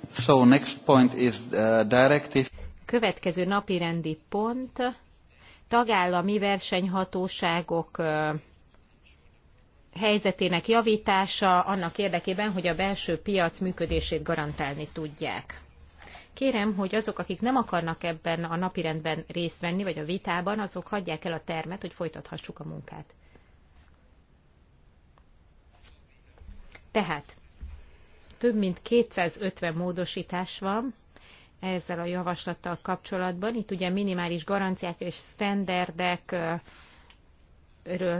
So next point is uh, directive. Következő napi rendi pont tagállami versenyhatóságok helyzetének javítása annak érdekében, hogy a belső piac működését garantálni tudják. Kérem, hogy azok, akik nem akarnak ebben a napirendben részt venni, vagy a vitában, azok hagyják el a termet, hogy folytathassuk a munkát. Tehát több mint 250 módosítás van ezzel a javaslattal kapcsolatban. Itt ugye minimális garanciák és sztenderdekről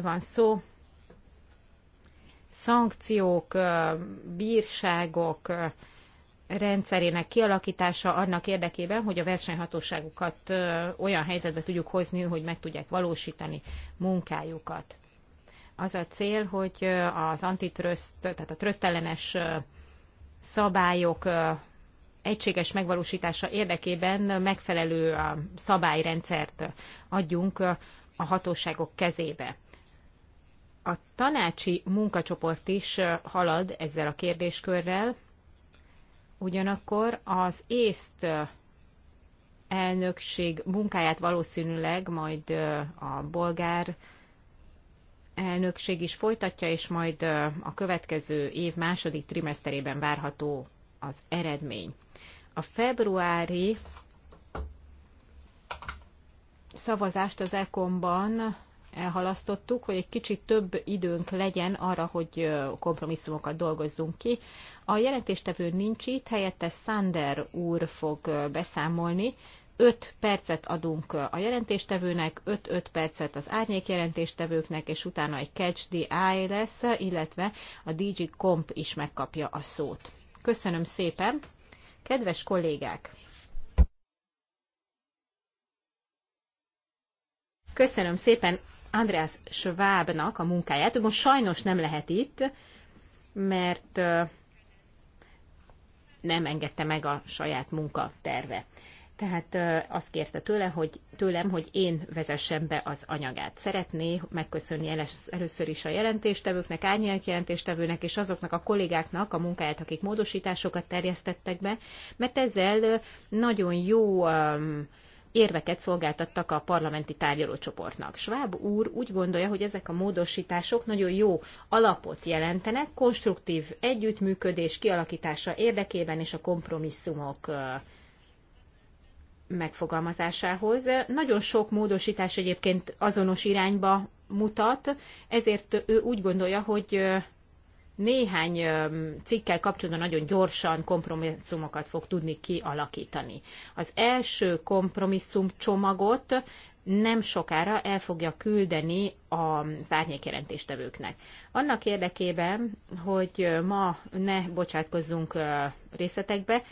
van szó, szankciók, bírságok, rendszerének kialakítása annak érdekében, hogy a versenyhatóságokat olyan helyzetbe tudjuk hozni, hogy meg tudják valósítani munkájukat. Az a cél, hogy az antitröszt, tehát a trösztellenes szabályok egységes megvalósítása érdekében megfelelő szabályrendszert adjunk a hatóságok kezébe. A tanácsi munkacsoport is halad ezzel a kérdéskörrel, Ugyanakkor az észt elnökség munkáját valószínűleg majd a bolgár elnökség is folytatja, és majd a következő év második trimeszterében várható az eredmény. A februári szavazást az ECOM-ban elhalasztottuk, hogy egy kicsit több időnk legyen arra, hogy kompromisszumokat dolgozzunk ki. A jelentéstevő nincs itt, helyette Sander úr fog beszámolni. 5 percet adunk a jelentéstevőnek, 5-5 percet az árnyék jelentéstevőknek, és utána egy catch the eye lesz, illetve a DG Comp is megkapja a szót. Köszönöm szépen! Kedves kollégák! Köszönöm szépen Andreas Schwabnak a munkáját. Ő most sajnos nem lehet itt, mert nem engedte meg a saját munkaterve. Tehát azt kérte tőle, hogy, tőlem, hogy én vezessem be az anyagát. Szeretné megköszönni először is a jelentéstevőknek, árnyék jelentéstevőnek és azoknak a kollégáknak a munkáját, akik módosításokat terjesztettek be, mert ezzel nagyon jó érveket szolgáltattak a parlamenti tárgyalócsoportnak. Schwab úr úgy gondolja, hogy ezek a módosítások nagyon jó alapot jelentenek, konstruktív együttműködés kialakítása érdekében és a kompromisszumok megfogalmazásához. Nagyon sok módosítás egyébként azonos irányba mutat, ezért ő úgy gondolja, hogy néhány cikkel kapcsolatban nagyon gyorsan kompromisszumokat fog tudni kialakítani. Az első kompromisszum csomagot nem sokára el fogja küldeni az árnyékjelentéstevőknek. Annak érdekében, hogy ma ne bocsátkozzunk részletekbe,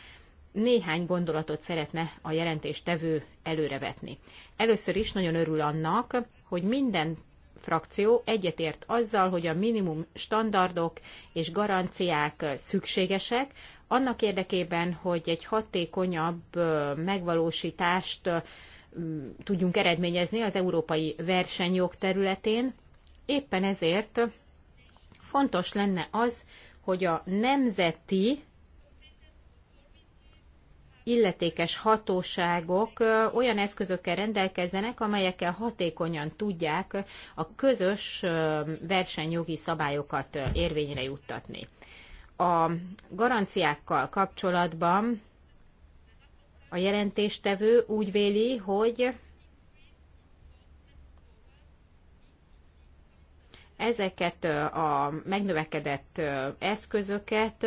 néhány gondolatot szeretne a jelentéstevő előrevetni. Először is nagyon örül annak, hogy minden frakció egyetért azzal, hogy a minimum standardok és garanciák szükségesek, annak érdekében, hogy egy hatékonyabb megvalósítást tudjunk eredményezni az európai versenyjog területén. Éppen ezért fontos lenne az, hogy a nemzeti illetékes hatóságok olyan eszközökkel rendelkezzenek, amelyekkel hatékonyan tudják a közös versenyjogi szabályokat érvényre juttatni. A garanciákkal kapcsolatban a jelentéstevő úgy véli, hogy ezeket a megnövekedett eszközöket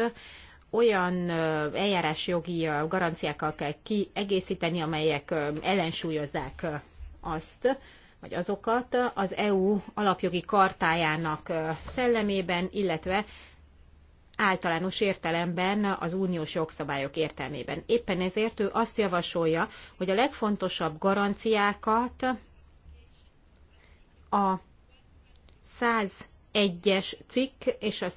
olyan eljárásjogi garanciákkal kell kiegészíteni, amelyek ellensúlyozzák azt, vagy azokat az EU alapjogi kartájának szellemében, illetve általános értelemben az uniós jogszabályok értelmében. Éppen ezért ő azt javasolja, hogy a legfontosabb garanciákat a 101-es cikk és a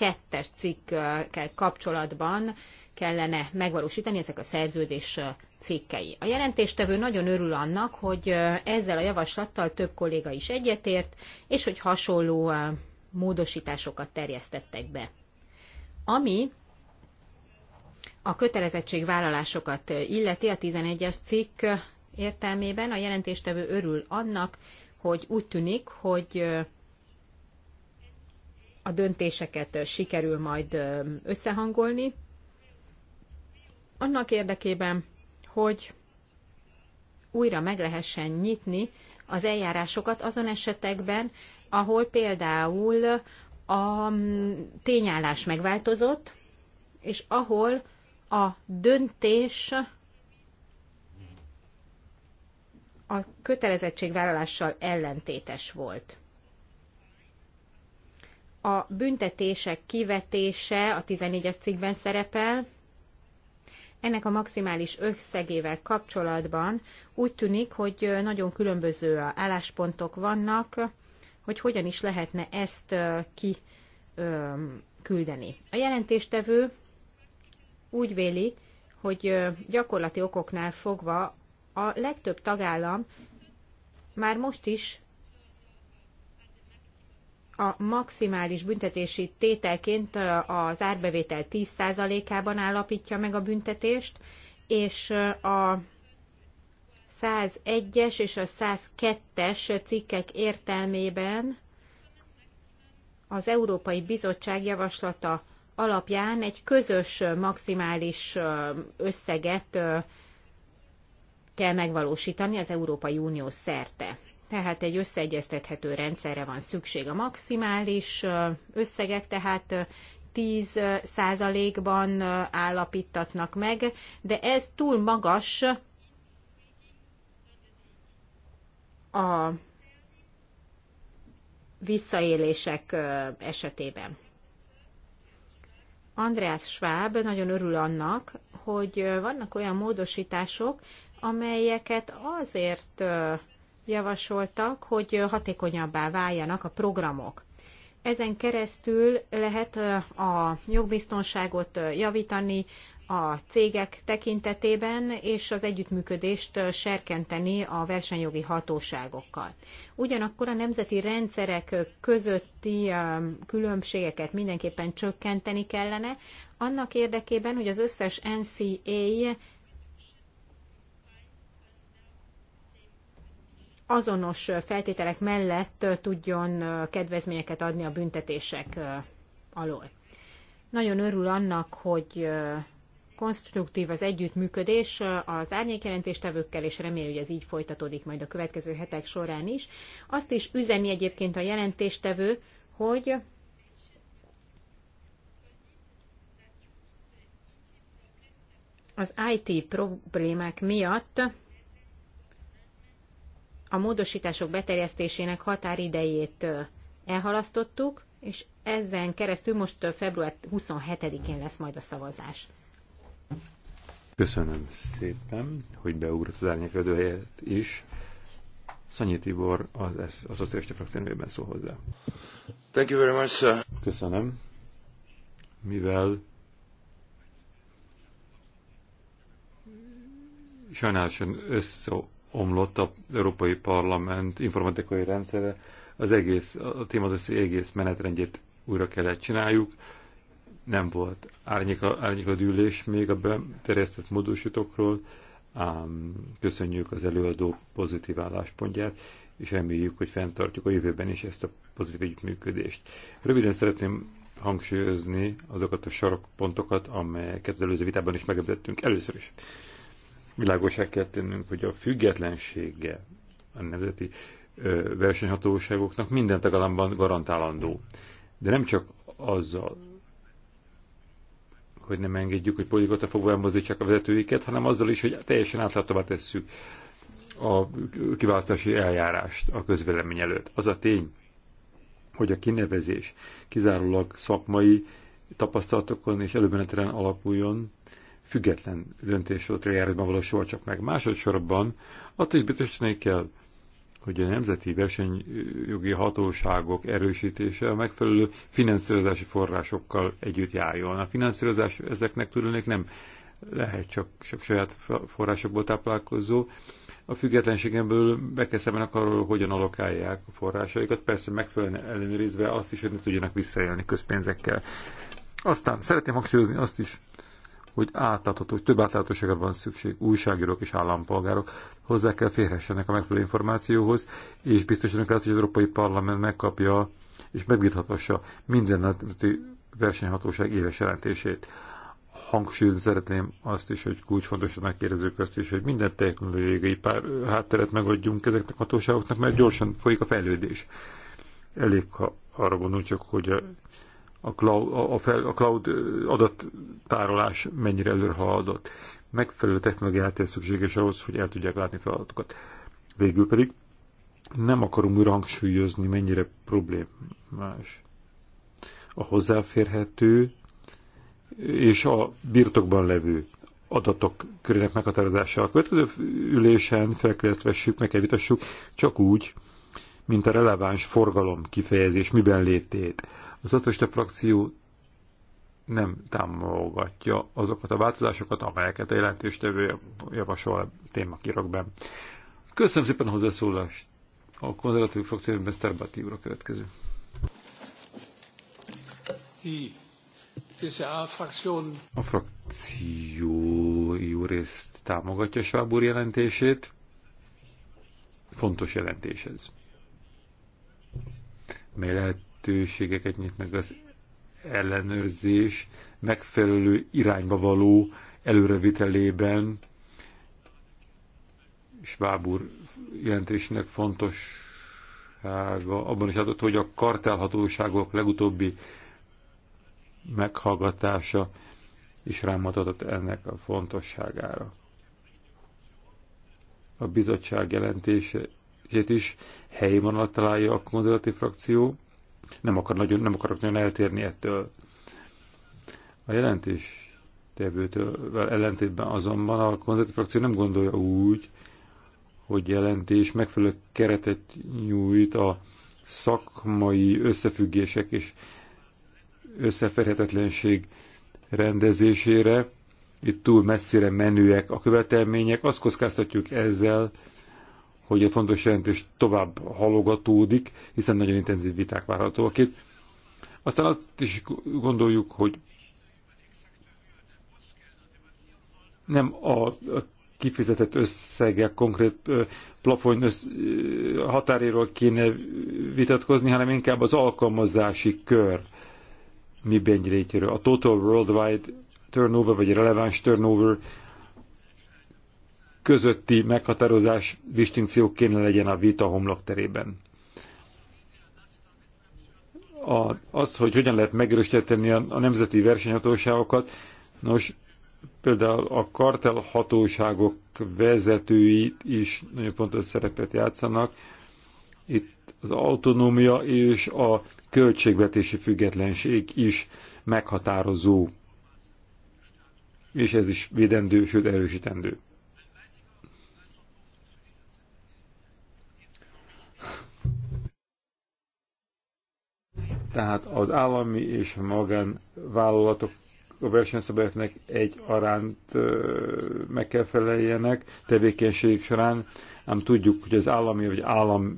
kettes cikkkel kapcsolatban kellene megvalósítani ezek a szerződés cikkei. A jelentéstevő nagyon örül annak, hogy ezzel a javaslattal több kolléga is egyetért, és hogy hasonló módosításokat terjesztettek be. Ami a kötelezettségvállalásokat illeti a 11-es cikk értelmében a jelentéstevő örül annak, hogy úgy tűnik, hogy a döntéseket sikerül majd összehangolni, annak érdekében, hogy újra meg lehessen nyitni az eljárásokat azon esetekben, ahol például a mm, tényállás megváltozott, és ahol a döntés a kötelezettségvállalással ellentétes volt a büntetések kivetése a 14-es cikkben szerepel. Ennek a maximális összegével kapcsolatban úgy tűnik, hogy nagyon különböző álláspontok vannak, hogy hogyan is lehetne ezt kiküldeni. A jelentéstevő úgy véli, hogy gyakorlati okoknál fogva a legtöbb tagállam már most is a maximális büntetési tételként az árbevétel 10%-ában állapítja meg a büntetést, és a 101-es és a 102-es cikkek értelmében az Európai Bizottság javaslata alapján egy közös maximális összeget kell megvalósítani az Európai Unió szerte tehát egy összeegyeztethető rendszerre van szükség. A maximális összegek tehát 10 százalékban állapítatnak meg, de ez túl magas a visszaélések esetében. András Schwab nagyon örül annak, hogy vannak olyan módosítások, amelyeket azért javasoltak, hogy hatékonyabbá váljanak a programok. Ezen keresztül lehet a jogbiztonságot javítani a cégek tekintetében, és az együttműködést serkenteni a versenyjogi hatóságokkal. Ugyanakkor a nemzeti rendszerek közötti különbségeket mindenképpen csökkenteni kellene, annak érdekében, hogy az összes NCA azonos feltételek mellett tudjon kedvezményeket adni a büntetések alól. Nagyon örül annak, hogy konstruktív az együttműködés az árnyékjelentéstevőkkel, és remélem, hogy ez így folytatódik majd a következő hetek során is. Azt is üzeni egyébként a jelentéstevő, hogy az IT problémák miatt a módosítások beterjesztésének határidejét elhalasztottuk, és ezen keresztül most február 27-én lesz majd a szavazás. Köszönöm szépen, hogy beugrott az helyet is. Szanyi Tibor az, az osztályos frakciónőben szól hozzá. Thank you very much, sir. Köszönöm. Mivel sajnálatosan össze omlott a Európai Parlament informatikai rendszere, az egész, a témadoszi egész menetrendjét újra kellett csináljuk. Nem volt árnyéka, árnyékadülés még a beterjesztett módosítókról, ám köszönjük az előadó pozitív álláspontját, és reméljük, hogy fenntartjuk a jövőben is ezt a pozitív együttműködést. Röviden szeretném hangsúlyozni azokat a sarokpontokat, amelyeket az előző vitában is megemlítettünk először is világosá kell tennünk, hogy a függetlensége a nemzeti versenyhatóságoknak minden tagalamban garantálandó. De nem csak azzal, hogy nem engedjük, hogy politikata fogva csak a vezetőiket, hanem azzal is, hogy teljesen átláthatóvá tesszük a kiválasztási eljárást a közvélemény előtt. Az a tény, hogy a kinevezés kizárólag szakmai tapasztalatokon és előbenetelen alapuljon, független döntéshozatali járatban sor, csak meg. Másodszorban attól is biztosítani kell, hogy a nemzeti versenyjogi hatóságok erősítése a megfelelő finanszírozási forrásokkal együtt járjon. A finanszírozás ezeknek tudnék nem lehet csak, csak saját forrásokból táplálkozó. A függetlenségemből bekezdemnek arról, hogyan alokálják a forrásaikat, persze megfelelően ellenőrizve azt is, hogy ne tudjanak visszaélni közpénzekkel. Aztán szeretném hangsúlyozni azt is, hogy átlátható, hogy több átláthatóságra van szükség, újságírók és állampolgárok hozzá kell férhessenek a megfelelő információhoz, és biztosítanak rá, hogy az Európai Parlament megkapja és megvithatossa minden versenyhatóság éves jelentését. Hangsúlyozni szeretném azt is, hogy kulcsfontosnak érezzük azt is, hogy minden technológiai pár hátteret megadjunk ezeknek a hatóságoknak, mert gyorsan folyik a fejlődés. Elég, ha arra gondolunk csak, hogy a a cloud, a, fel, a cloud adattárolás mennyire előre haladott. Megfelelő technológiai ez szükséges ahhoz, hogy el tudják látni feladatokat. Végül pedig nem akarom újra hangsúlyozni, mennyire problémás a hozzáférhető és a birtokban levő adatok körének meghatározása. A következő ülésen felkeresztvessük, meg vitassuk, csak úgy, mint a releváns forgalom kifejezés miben létét. A szocialista frakció nem támogatja azokat a változásokat, amelyeket a jelentéstevő javasol témakirokban. Köszönöm szépen a hozzászólást. A konzervatív frakció frakcióban Sterbati úr a következő. A frakció jó részt támogatja Schwab úr jelentését. Fontos jelentés ez mely lehet lehetőségeket nyit meg az ellenőrzés megfelelő irányba való előrevitelében. Schwab úr jelentésnek fontos abban is adott, hogy a kartelhatóságok legutóbbi meghallgatása is rámutatott ennek a fontosságára. A bizottság jelentését is helyi találja a konzervatív frakció, nem, akar nagyon, nem akarok nagyon eltérni ettől. A jelentés tevőtől ellentétben azonban a konzervatív frakció nem gondolja úgy, hogy jelentés megfelelő keretet nyújt a szakmai összefüggések és összeférhetetlenség rendezésére, itt túl messzire menőek a követelmények, azt kockáztatjuk ezzel, hogy a fontos jelentés tovább halogatódik, hiszen nagyon intenzív viták várhatóak itt. Aztán azt is gondoljuk, hogy nem a kifizetett összegek konkrét plafon össz, határéről kéne vitatkozni, hanem inkább az alkalmazási kör mi bennyi A total worldwide turnover, vagy releváns turnover közötti meghatározás distinció kéne legyen a vita homlokterében. A, az, hogy hogyan lehet megerősíteni a, a nemzeti versenyhatóságokat, nos, például a kartelhatóságok vezetői is nagyon fontos szerepet játszanak. Itt az autonómia és a költségvetési függetlenség is meghatározó, és ez is védendő, sőt erősítendő. Tehát az állami és vállalatok a versenyszabályoknak egy aránt meg kell feleljenek tevékenység során, ám tudjuk, hogy az állami vagy állami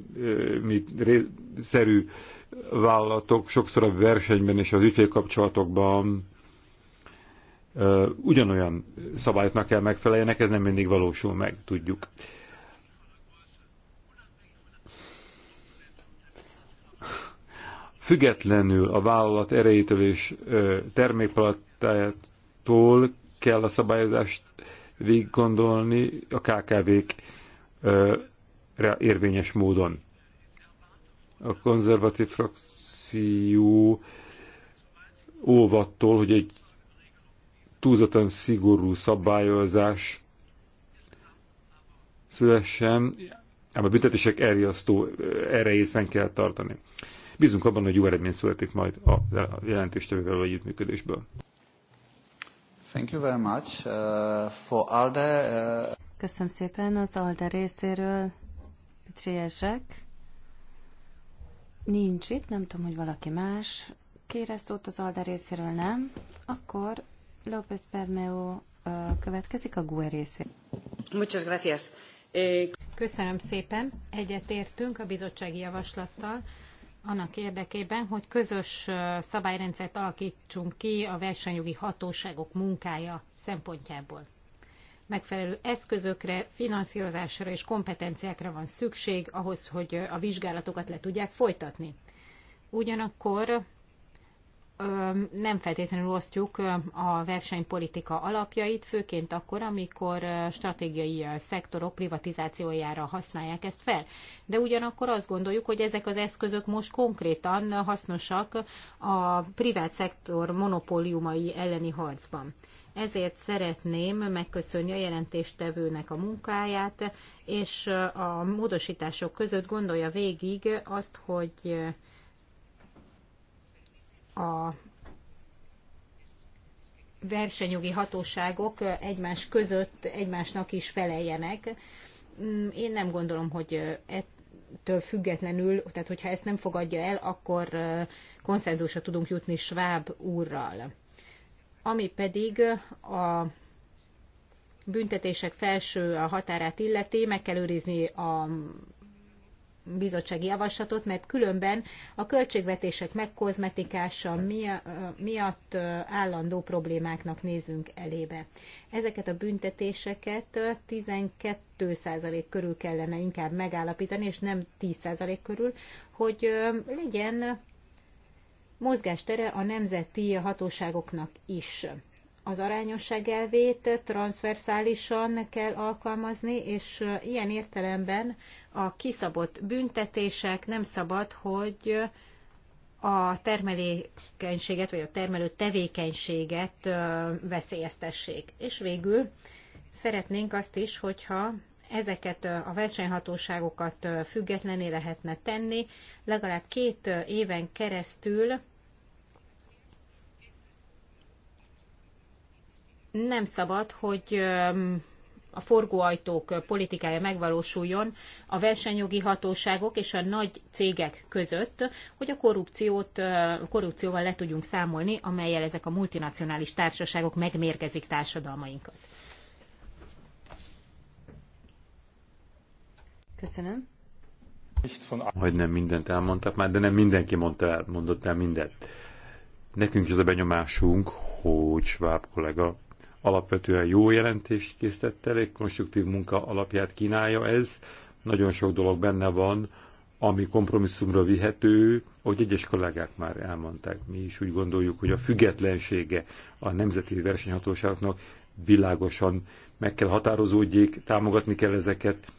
szerű vállalatok sokszor a versenyben és az ügyfélkapcsolatokban ugyanolyan szabályoknak kell megfeleljenek, ez nem mindig valósul meg, tudjuk. függetlenül a vállalat erejétől és termékpalattájától kell a szabályozást végig gondolni a KKV-k érvényes módon. A konzervatív frakció óvattól, hogy egy túlzottan szigorú szabályozás szülessen, ám a büntetések elriasztó erejét fenn kell tartani. Bízunk abban, hogy jó eredmény születik majd a jelentéstevővel együttműködésből. Thank you very much. Uh, for Alde, uh... Köszönöm szépen az Alde részéről. Petriezsek. Nincs itt, nem tudom, hogy valaki más kére szót az Alde részéről, nem? Akkor López uh, következik a GUE részéről. Muchas gracias. Eh, Köszönöm szépen. Egyetértünk a bizottsági javaslattal, annak érdekében, hogy közös szabályrendszert alakítsunk ki a versenyjogi hatóságok munkája szempontjából. Megfelelő eszközökre, finanszírozásra és kompetenciákra van szükség ahhoz, hogy a vizsgálatokat le tudják folytatni. Ugyanakkor nem feltétlenül osztjuk a versenypolitika alapjait, főként akkor, amikor stratégiai szektorok privatizációjára használják ezt fel. De ugyanakkor azt gondoljuk, hogy ezek az eszközök most konkrétan hasznosak a privát szektor monopóliumai elleni harcban. Ezért szeretném megköszönni a jelentéstevőnek a munkáját, és a módosítások között gondolja végig azt, hogy a versenyjogi hatóságok egymás között egymásnak is feleljenek. Mm, én nem gondolom, hogy ettől függetlenül, tehát hogyha ezt nem fogadja el, akkor konszenzusra tudunk jutni Schwab úrral. Ami pedig a büntetések felső a határát illeti, meg kell őrizni a bizottsági javaslatot, mert különben a költségvetések megkozmetikása miatt állandó problémáknak nézünk elébe. Ezeket a büntetéseket 12% körül kellene inkább megállapítani, és nem 10% körül, hogy legyen mozgástere a nemzeti hatóságoknak is. Az arányosság elvét transzverszálisan kell alkalmazni, és ilyen értelemben a kiszabott büntetések, nem szabad, hogy a termelékenységet, vagy a termelő tevékenységet veszélyeztessék. És végül szeretnénk azt is, hogyha ezeket a versenyhatóságokat függetlené lehetne tenni, legalább két éven keresztül nem szabad, hogy a forgóajtók politikája megvalósuljon a versenyjogi hatóságok és a nagy cégek között, hogy a korrupciót, korrupcióval le tudjunk számolni, amelyel ezek a multinacionális társaságok megmérgezik társadalmainkat. Köszönöm. Hogy nem mindent elmondtak már, de nem mindenki mondta el, mondott el mindent. Nekünk is az a benyomásunk, hogy Schwab kollega alapvetően jó jelentést készített el, egy konstruktív munka alapját kínálja ez. Nagyon sok dolog benne van, ami kompromisszumra vihető, hogy egyes kollégák már elmondták. Mi is úgy gondoljuk, hogy a függetlensége a nemzeti versenyhatóságnak világosan meg kell határozódjék, támogatni kell ezeket.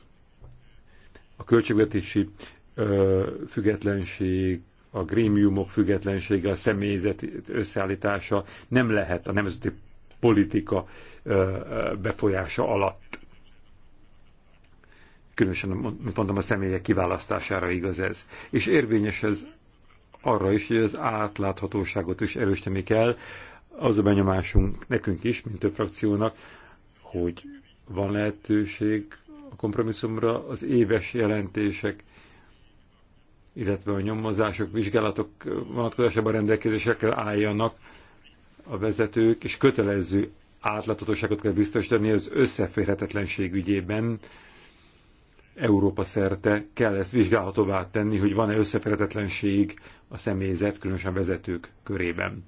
A költségvetési ö, függetlenség, a grémiumok függetlensége, a személyzet összeállítása nem lehet a nemzeti politika befolyása alatt. Különösen, mint mondtam, a személyek kiválasztására igaz ez. És érvényes ez arra is, hogy az átláthatóságot is erősíteni kell. Az a benyomásunk nekünk is, mint több frakciónak, hogy van lehetőség a kompromisszumra az éves jelentések, illetve a nyomozások, vizsgálatok vonatkozásában rendelkezésekkel álljanak a vezetők, és kötelező átláthatóságot kell biztosítani az összeférhetetlenség ügyében. Európa szerte kell ezt vizsgálhatóvá tenni, hogy van-e összeférhetetlenség a személyzet, különösen vezetők körében.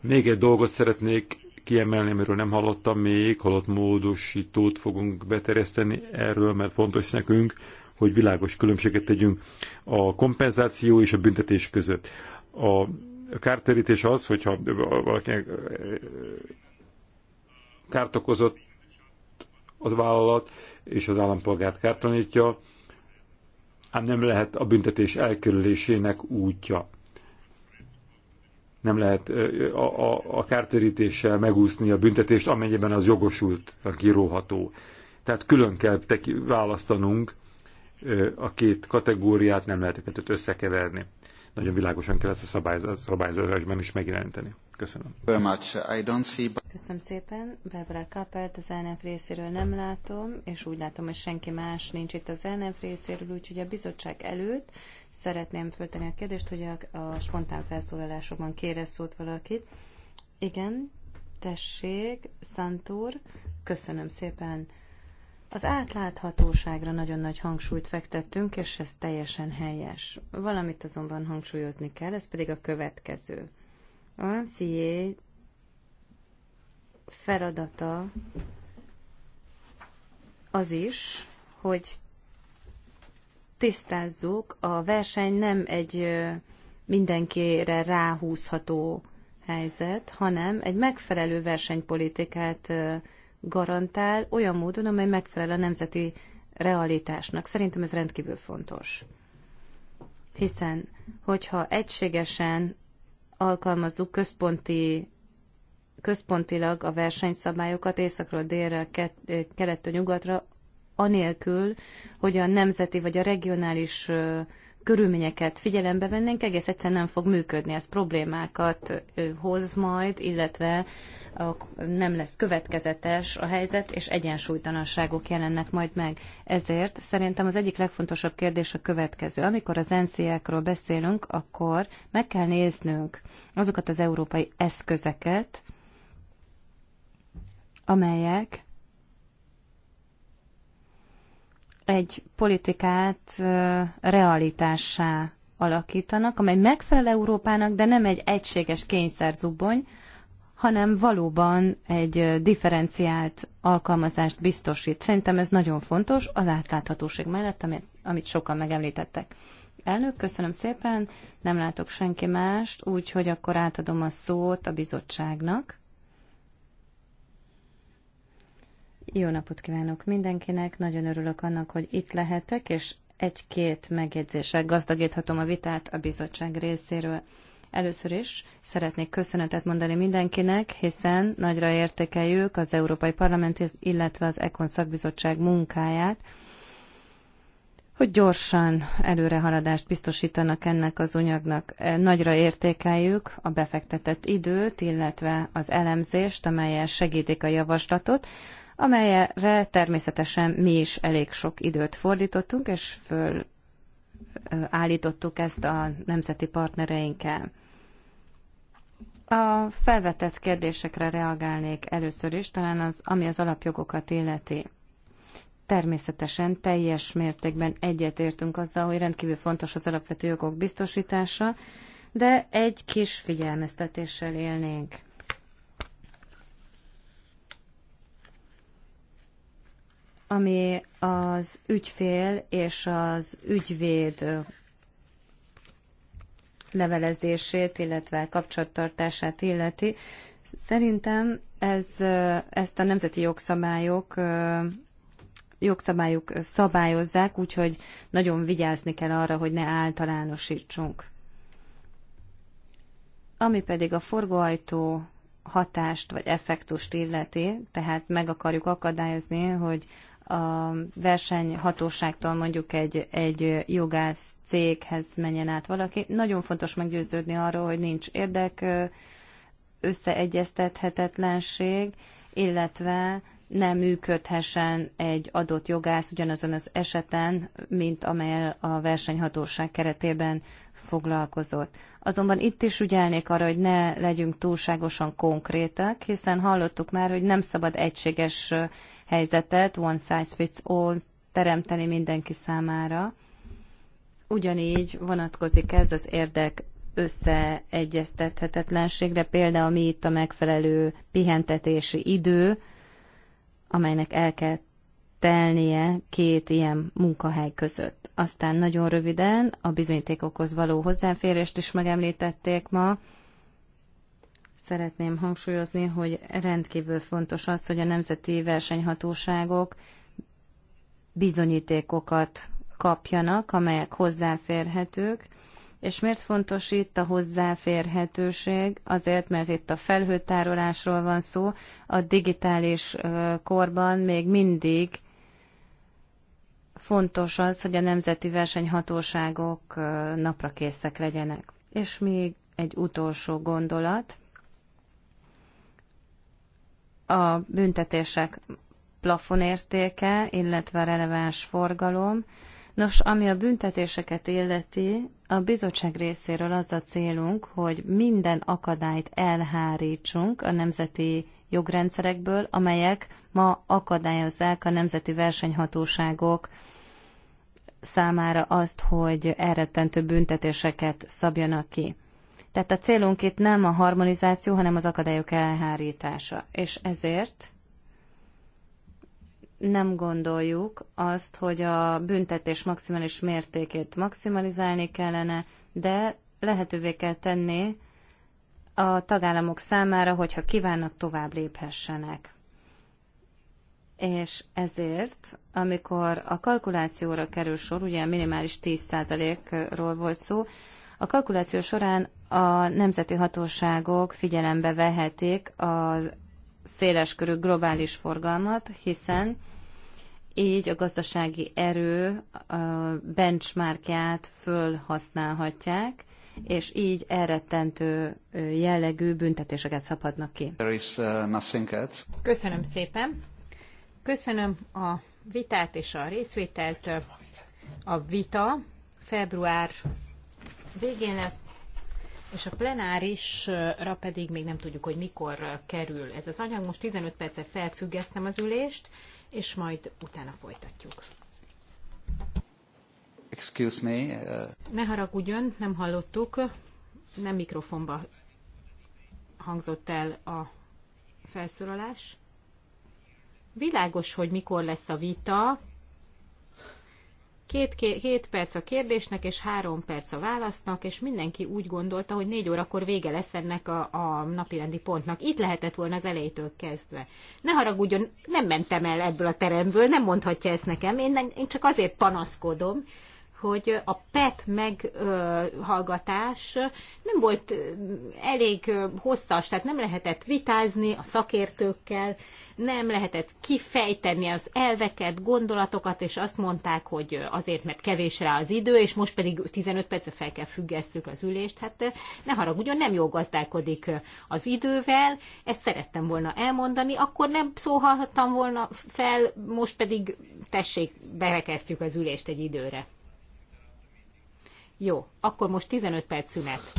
Még egy dolgot szeretnék kiemelni, amiről nem hallottam még, holott módosítót fogunk beterjeszteni erről, mert fontos nekünk, hogy világos különbséget tegyünk a kompenzáció és a büntetés között. A a kártérítés az, hogyha valakinek eh, kárt okozott az vállalat, és az állampolgárt kártanítja, ám nem lehet a büntetés elkerülésének útja. Nem lehet eh, a, a, a kártérítéssel megúszni a büntetést, amennyiben az jogosult, a kiróható. Tehát külön kell teki, választanunk eh, a két kategóriát, nem lehet őket összekeverni nagyon világosan kell ezt a szabályozásban is megjelenteni. Köszönöm. Very much. I don't see... Köszönöm szépen. Barbara Kappelt az elnök részéről nem látom, és úgy látom, hogy senki más nincs itt az elnök részéről, úgyhogy a bizottság előtt szeretném föltenni a kérdést, hogy a, a spontán felszólalásokban kére szót valakit. Igen, tessék, Szantúr, köszönöm szépen. Az átláthatóságra nagyon nagy hangsúlyt fektettünk, és ez teljesen helyes. Valamit azonban hangsúlyozni kell, ez pedig a következő. A feladata az is, hogy tisztázzuk, a verseny nem egy mindenkire ráhúzható helyzet, hanem egy megfelelő versenypolitikát garantál olyan módon, amely megfelel a nemzeti realitásnak. Szerintem ez rendkívül fontos. Hiszen, hogyha egységesen alkalmazzuk központi, központilag a versenyszabályokat északról délre, kelettől nyugatra, anélkül, hogy a nemzeti vagy a regionális körülményeket figyelembe vennénk, egész egyszerűen nem fog működni. Ez problémákat hoz majd, illetve nem lesz következetes a helyzet, és egyensúlytalanságok jelennek majd meg. Ezért szerintem az egyik legfontosabb kérdés a következő. Amikor az NCL-król beszélünk, akkor meg kell néznünk azokat az európai eszközeket, amelyek egy politikát realitássá alakítanak, amely megfelel Európának, de nem egy egységes kényszerzubony, hanem valóban egy differenciált alkalmazást biztosít. Szerintem ez nagyon fontos az átláthatóság mellett, amit, amit sokan megemlítettek. Elnök, köszönöm szépen, nem látok senki mást, úgyhogy akkor átadom a szót a bizottságnak. Jó napot kívánok mindenkinek, nagyon örülök annak, hogy itt lehetek, és egy-két megjegyzéssel gazdagíthatom a vitát a bizottság részéről. Először is szeretnék köszönetet mondani mindenkinek, hiszen nagyra értékeljük az Európai Parlament, illetve az Ekon szakbizottság munkáját, hogy gyorsan előrehaladást biztosítanak ennek az anyagnak. Nagyra értékeljük a befektetett időt, illetve az elemzést, amelyel segítik a javaslatot amelyre természetesen mi is elég sok időt fordítottunk, és föl állítottuk ezt a nemzeti partnereinkkel. A felvetett kérdésekre reagálnék először is, talán az, ami az alapjogokat illeti. Természetesen teljes mértékben egyetértünk azzal, hogy rendkívül fontos az alapvető jogok biztosítása, de egy kis figyelmeztetéssel élnénk. ami az ügyfél és az ügyvéd levelezését, illetve kapcsolattartását illeti. Szerintem ez, ezt a nemzeti jogszabályok jogszabályok szabályozzák, úgyhogy nagyon vigyázni kell arra, hogy ne általánosítsunk. Ami pedig a forgóajtó hatást vagy effektust illeti, tehát meg akarjuk akadályozni, hogy a versenyhatóságtól mondjuk egy, egy jogász céghez menjen át valaki. Nagyon fontos meggyőződni arról, hogy nincs érdek összeegyeztethetetlenség, illetve nem működhessen egy adott jogász ugyanazon az eseten, mint amelyel a versenyhatóság keretében foglalkozott. Azonban itt is ügyelnék arra, hogy ne legyünk túlságosan konkrétak. hiszen hallottuk már, hogy nem szabad egységes helyzetet, one size fits all teremteni mindenki számára. Ugyanígy vonatkozik ez az érdek összeegyeztethetetlenségre, például mi itt a megfelelő pihentetési idő, amelynek el kell telnie két ilyen munkahely között. Aztán nagyon röviden a bizonyítékokhoz való hozzáférést is megemlítették ma. Szeretném hangsúlyozni, hogy rendkívül fontos az, hogy a nemzeti versenyhatóságok bizonyítékokat kapjanak, amelyek hozzáférhetők, és miért fontos itt a hozzáférhetőség? Azért, mert itt a felhőtárolásról van szó, a digitális korban még mindig fontos az, hogy a nemzeti versenyhatóságok napra készek legyenek. És még egy utolsó gondolat. A büntetések plafonértéke, illetve releváns forgalom. Nos, ami a büntetéseket illeti, a bizottság részéről az a célunk, hogy minden akadályt elhárítsunk a nemzeti jogrendszerekből, amelyek ma akadályozzák a nemzeti versenyhatóságok számára azt, hogy elrettentő büntetéseket szabjanak ki. Tehát a célunk itt nem a harmonizáció, hanem az akadályok elhárítása. És ezért nem gondoljuk azt, hogy a büntetés maximális mértékét maximalizálni kellene, de lehetővé kell tenni a tagállamok számára, hogyha kívánnak, tovább léphessenek. És ezért, amikor a kalkulációra kerül sor, ugye minimális 10%-ról volt szó, a kalkuláció során a nemzeti hatóságok figyelembe vehetik a széleskörű globális forgalmat, hiszen így a gazdasági erő benchmarkját fölhasználhatják, és így elrettentő jellegű büntetéseket szabhatnak ki. Uh, Köszönöm szépen. Köszönöm a vitát és a részvételt. A vita február végén lesz, és a plenárisra pedig még nem tudjuk, hogy mikor kerül ez az anyag. Most 15 percet felfüggesztem az ülést, és majd utána folytatjuk. Excuse me. Uh, ne haragudjon, nem hallottuk, nem mikrofonba hangzott el a felszólalás. Világos, hogy mikor lesz a vita. Két, két, két perc a kérdésnek, és három perc a válasznak, és mindenki úgy gondolta, hogy négy órakor vége lesz ennek a, a napirendi pontnak. Itt lehetett volna az elejétől kezdve. Ne haragudjon, nem mentem el ebből a teremből, nem mondhatja ezt nekem, én, én csak azért panaszkodom, hogy a PEP meghallgatás nem volt elég hosszas, tehát nem lehetett vitázni a szakértőkkel, nem lehetett kifejteni az elveket, gondolatokat, és azt mondták, hogy azért, mert kevés rá az idő, és most pedig 15 percre fel kell függesztük az ülést. Hát ne haragudjon, nem jó gazdálkodik az idővel, ezt szerettem volna elmondani, akkor nem szólhattam volna fel, most pedig tessék, berekeztjük az ülést egy időre. Jó, akkor most 15 perc szünet.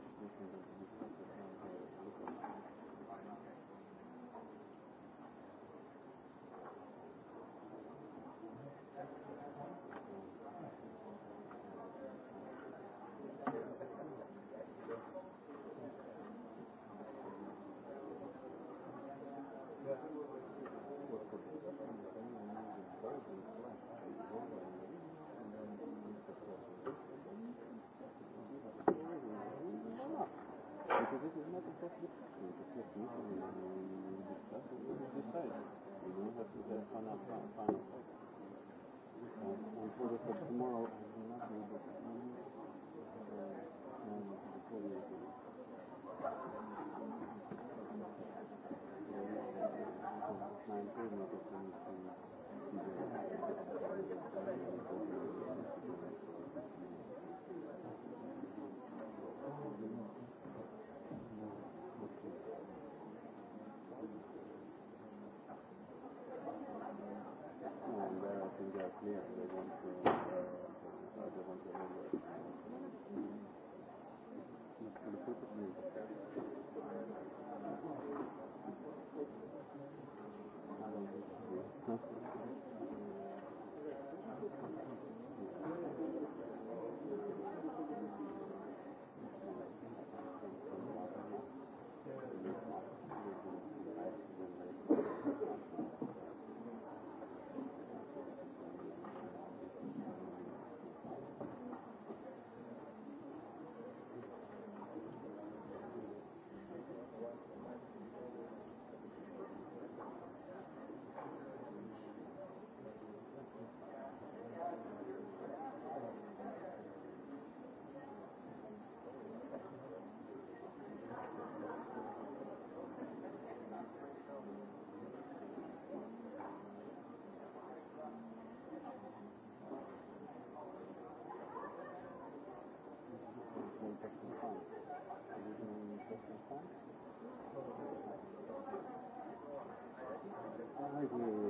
Thank you. improvement of Thank you.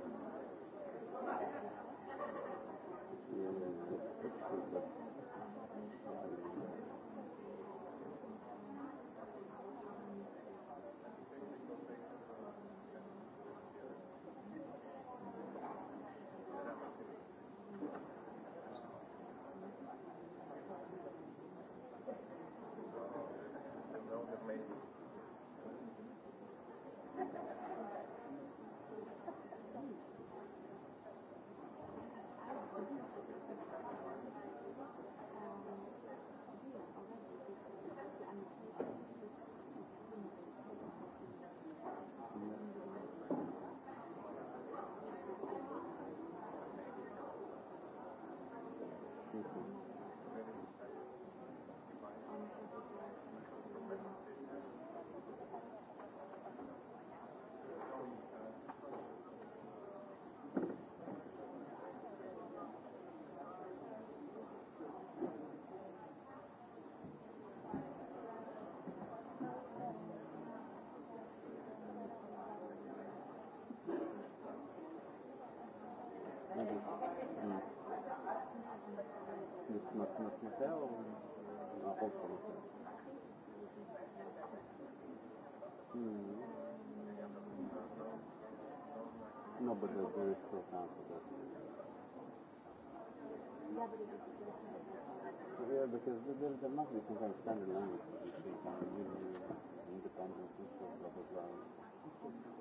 not, not Mattel, a poco Mattel. Mm. No, but there, there is still time for that. Yeah, because there, there must be some kind of standard language for these things, independence, blah, blah, blah.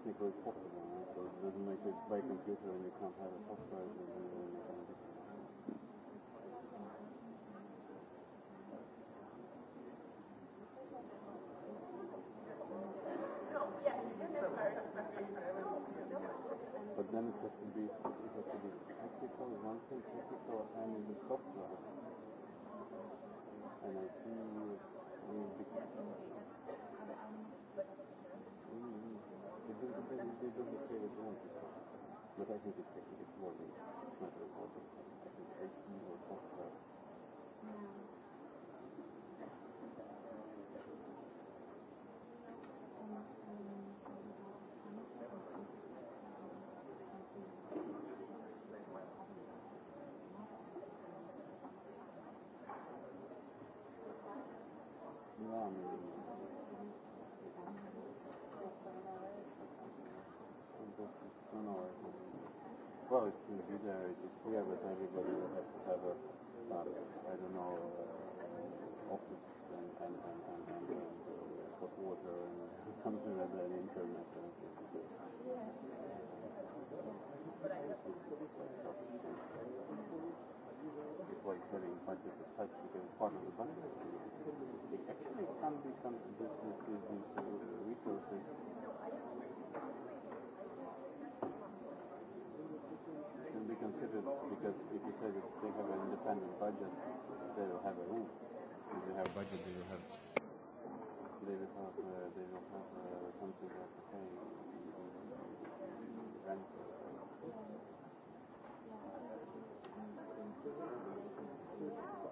technical as possible. So it doesn't make it by computer and you can't have a software. And you make any difference. But then it has to be it has to be technical, one thing technical and in the software. And I see you, you think the thing is they don't play with But I think it's, it's more than it's not important. I think IT water and something like that internet. It's like having a bunch of such because part of the budget. It actually can become this this these uh, resources. Can be considered because if you say that they have an independent budget, they will have a room. If they have a budget, they will have they will have uh, they will have uh, something that okay rent. Yeah. Yeah.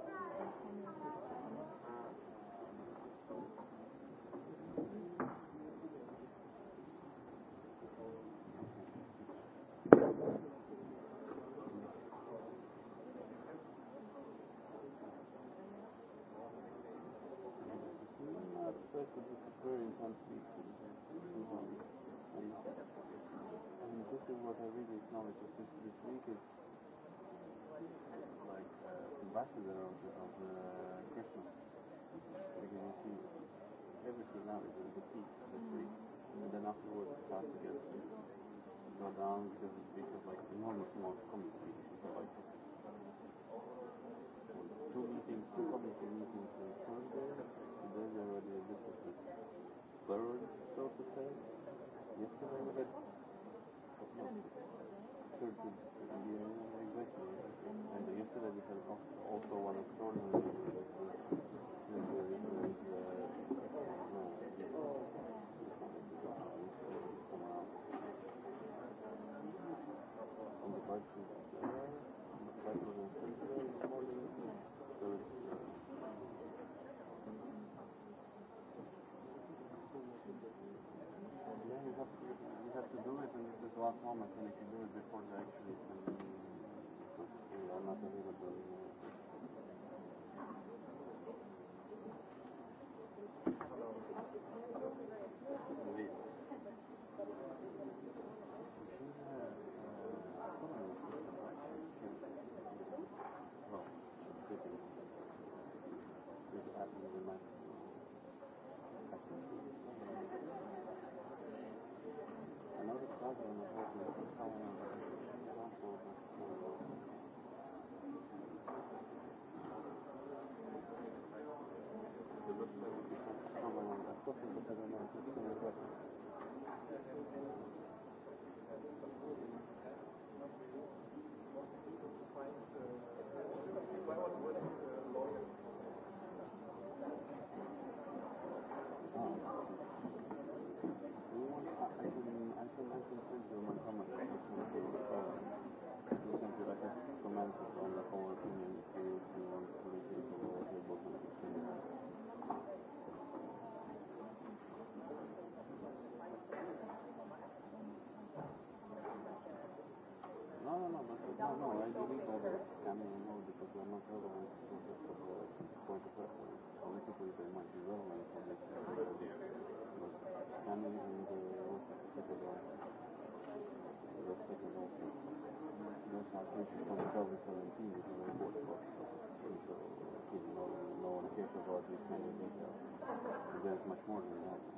last moment and I can do it before the actually because they are not available. much relevance a more than that.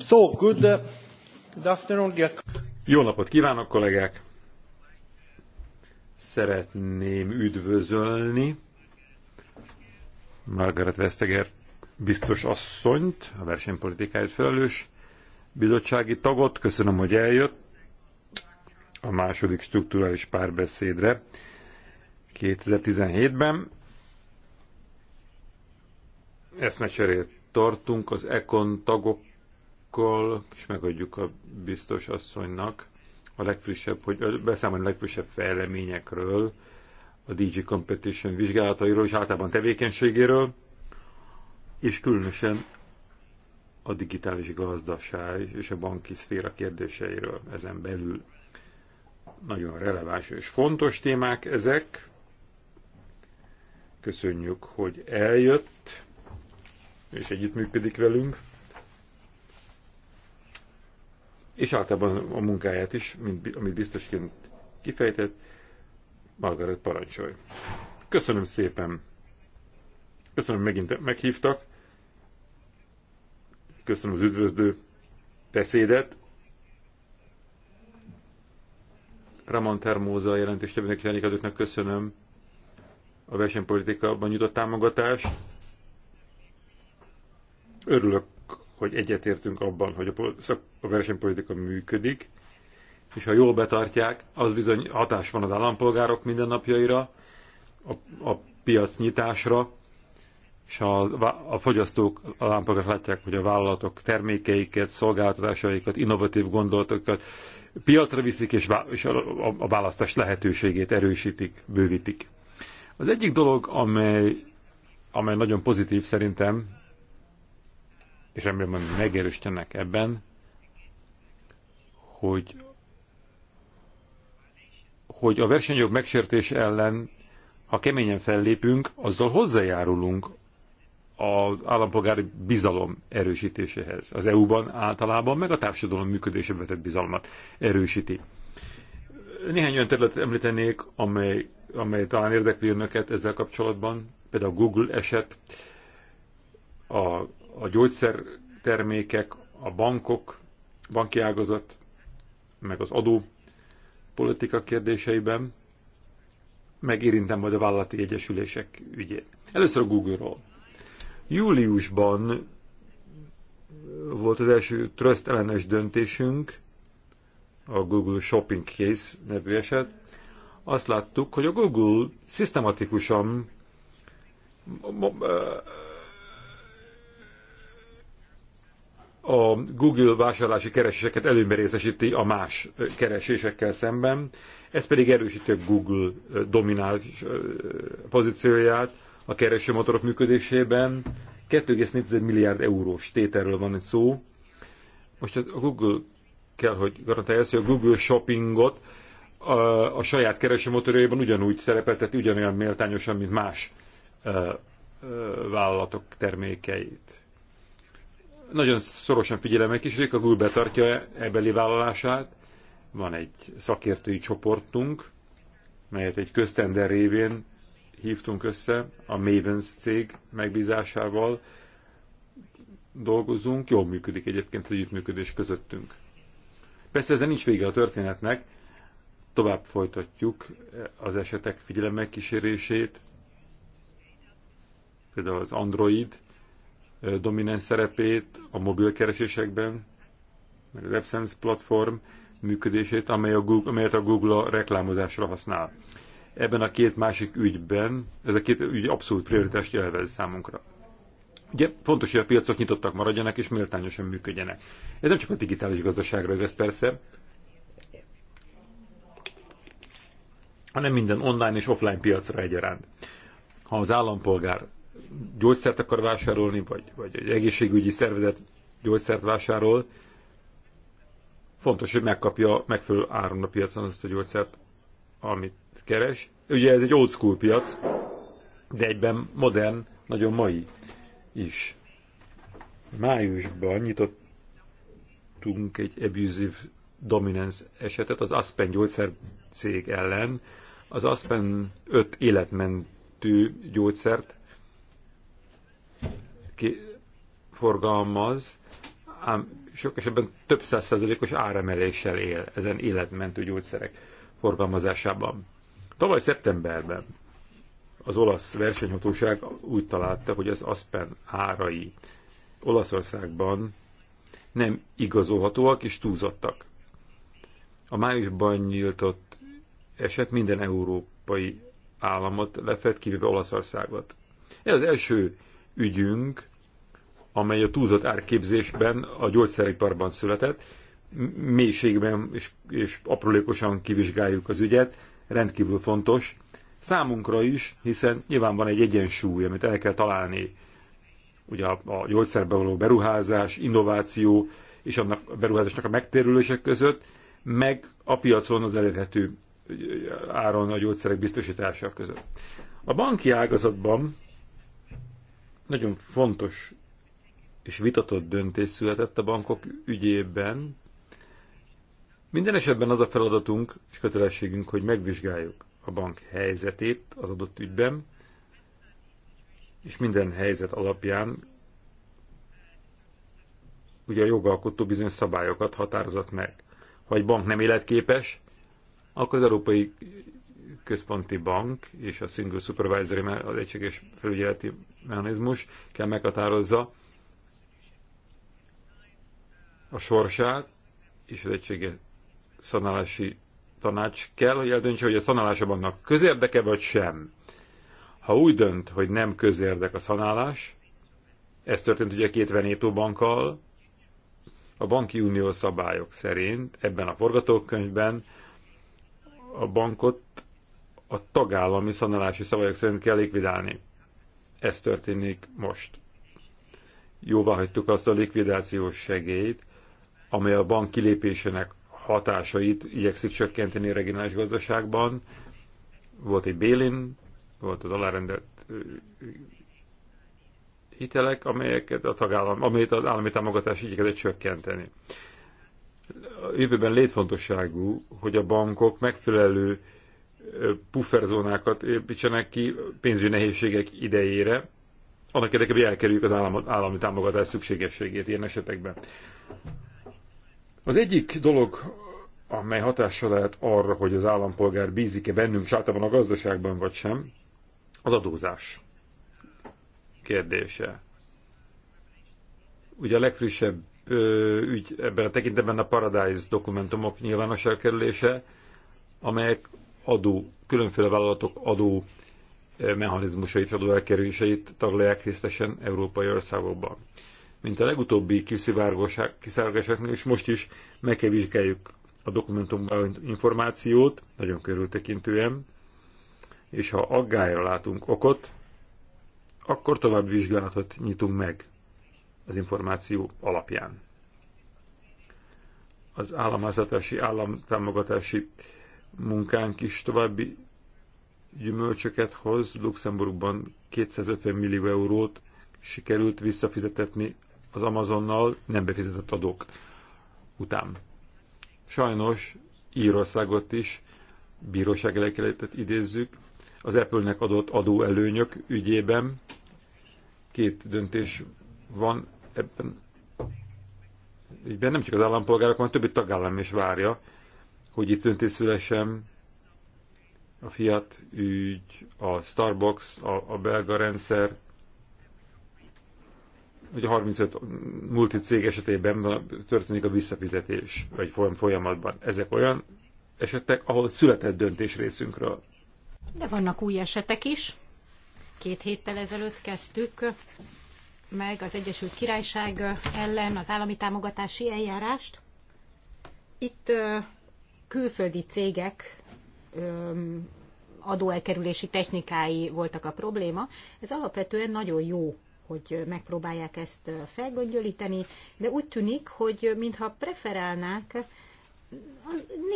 So, good, uh, good afternoon. Jó napot kívánok, kollégák! Szeretném üdvözölni Margaret Vestager biztos asszonyt, a versenypolitikáért felelős bizottsági tagot. Köszönöm, hogy eljött a második strukturális párbeszédre 2017-ben. Eszmecserét tartunk az ECON tagok kollégákkal, és megadjuk a biztos asszonynak a legfrissebb, hogy beszámolni a legfrissebb fejleményekről, a DJ Competition vizsgálatairól és általában tevékenységéről, és különösen a digitális gazdaság és a banki szféra kérdéseiről ezen belül. Nagyon releváns és fontos témák ezek. Köszönjük, hogy eljött, és együttműködik velünk. és általában a munkáját is, mint, amit biztosként kifejtett, Margaret parancsolj. Köszönöm szépen. Köszönöm, megint meghívtak. Köszönöm az üdvözlő beszédet. Ramon Termóza jelentéstevőnek és köszönöm a versenypolitikában nyújtott támogatást. Örülök hogy egyetértünk abban, hogy a, versenypolitika működik, és ha jól betartják, az bizony hatás van az állampolgárok mindennapjaira, a, a piac nyitásra, és a, a fogyasztók, a állampolgárok látják, hogy a vállalatok termékeiket, szolgáltatásaikat, innovatív gondolatokat piacra viszik, és, vá, és a, a, a választás lehetőségét erősítik, bővítik. Az egyik dolog, amely, amely nagyon pozitív szerintem, és remélem, hogy megerősítenek ebben, hogy, hogy a versenyjog megsértés ellen, ha keményen fellépünk, azzal hozzájárulunk az állampolgári bizalom erősítéséhez. Az EU-ban általában, meg a társadalom működése vetett bizalmat erősíti. Néhány olyan terület említenék, amely, amely talán érdekli önöket ezzel kapcsolatban, például Google eset, a a gyógyszertermékek, a bankok, banki ágazat, meg az adó politika kérdéseiben, meg érintem majd a vállalati egyesülések ügyét. Először a Google-ról. Júliusban volt az első trust ellenes döntésünk, a Google Shopping Case nevű eset, azt láttuk, hogy a Google szisztematikusan a Google vásárlási kereséseket előmerészesíti a más keresésekkel szemben, ez pedig erősíti a Google dominális pozícióját a keresőmotorok működésében. 2,4 milliárd eurós tételről van egy szó. Most a Google kell, hogy garantálja hogy a Google Shoppingot a, a saját keresőmotorjaiban ugyanúgy szerepelteti, ugyanolyan méltányosan, mint más ö, ö, vállalatok termékeit nagyon szorosan egy kicsit, a Google betartja ebeli vállalását. Van egy szakértői csoportunk, melyet egy köztender révén hívtunk össze, a Mavens cég megbízásával dolgozunk, jól működik egyébként az együttműködés közöttünk. Persze ezen nincs vége a történetnek, tovább folytatjuk az esetek figyelem megkísérését, például az Android domináns szerepét a mobilkeresésekben, a WebSense platform működését, amely a Google, amelyet a Google a reklámozásra használ. Ebben a két másik ügyben, ez a két ügy abszolút prioritást jelvez számunkra. Ugye fontos, hogy a piacok nyitottak maradjanak és méltányosan működjenek. Ez nem csak a digitális gazdaságra igaz persze, hanem minden online és offline piacra egyaránt. Ha az állampolgár gyógyszert akar vásárolni, vagy, vagy egy egészségügyi szervezet gyógyszert vásárol, fontos, hogy megkapja megfelelő áron a piacon azt a gyógyszert, amit keres. Ugye ez egy old school piac, de egyben modern, nagyon mai is. Májusban nyitottunk egy abusive dominance esetet az Aspen gyógyszer cég ellen. Az Aspen öt életmentő gyógyszert forgalmaz, ám sok esetben több százszerzelékos áremeléssel él ezen életmentő gyógyszerek forgalmazásában. Tavaly szeptemberben az olasz versenyhatóság úgy találta, hogy az Aspen árai Olaszországban nem igazolhatóak és túlzottak. A májusban nyíltott eset minden európai államot lefett, kivéve Olaszországot. Ez az első ügyünk, amely a túlzott árképzésben a gyógyszeriparban született. Mélységben és, és aprólékosan kivizsgáljuk az ügyet, rendkívül fontos. Számunkra is, hiszen nyilván van egy egyensúly, amit el kell találni. Ugye a, a gyógyszerbe való beruházás, innováció és annak a beruházásnak a megtérülések között, meg a piacon az elérhető áron a gyógyszerek biztosítása között. A banki ágazatban nagyon fontos és vitatott döntés született a bankok ügyében. Minden esetben az a feladatunk és kötelességünk, hogy megvizsgáljuk a bank helyzetét az adott ügyben, és minden helyzet alapján ugye a jogalkotó bizonyos szabályokat határozott meg. Ha egy bank nem életképes, akkor az Európai központi bank és a single supervisory, az egységes felügyeleti mechanizmus kell meghatározza a sorsát, és az egységes szanálási tanács kell, hogy eldöntse, hogy a szanálása vannak közérdeke vagy sem. Ha úgy dönt, hogy nem közérdek a szanálás, ez történt ugye két Venétó bankkal, a banki unió szabályok szerint ebben a forgatókönyvben a bankot a tagállami szanálási szabályok szerint kell likvidálni. Ez történik most. Jóvá hagytuk azt a likvidációs segélyt, amely a bank kilépésének hatásait igyekszik csökkenteni a regionális gazdaságban. Volt egy Bélin, volt az alárendelt hitelek, amelyeket a tagállam, amelyet az állami támogatás igyekezett csökkenteni. A jövőben létfontosságú, hogy a bankok megfelelő pufferzónákat építsenek ki pénzügyi nehézségek idejére, annak érdekében, hogy elkerüljük az állam, állami támogatás szükségességét ilyen esetekben. Az egyik dolog, amely hatása lehet arra, hogy az állampolgár bízik-e bennünk, és általában a gazdaságban vagy sem, az adózás kérdése. Ugye a legfrissebb ö, ügy ebben a tekintetben a Paradise dokumentumok nyilvánosság kerülése, amelyek adó, különféle vállalatok adó eh, mechanizmusait, adó elkerüléseit taglalják részesen európai országokban. Mint a legutóbbi kiszivárgásáknál, és most is meg kell vizsgáljuk a dokumentum információt, nagyon körültekintően, és ha aggályra látunk okot, akkor tovább vizsgálatot nyitunk meg az információ alapján. Az államházatási, államtámogatási munkánk is további gyümölcsöket hoz. Luxemburgban 250 millió eurót sikerült visszafizetetni az Amazonnal nem befizetett adók után. Sajnos Írországot is bíróság elekeletet idézzük. Az Apple-nek adott adóelőnyök ügyében két döntés van ebben. Ügyben nem csak az állampolgárok, hanem többi tagállam is várja, hogy itt döntés a Fiat ügy, a Starbucks, a, a belga rendszer, a 35 multicég esetében történik a visszafizetés, vagy folyamatban. Ezek olyan esetek, ahol született döntés részünkről. De vannak új esetek is. Két héttel ezelőtt kezdtük meg az Egyesült Királyság ellen az állami támogatási eljárást. Itt külföldi cégek adóelkerülési technikái voltak a probléma. Ez alapvetően nagyon jó hogy megpróbálják ezt felgöngyölíteni, de úgy tűnik, hogy mintha preferálnák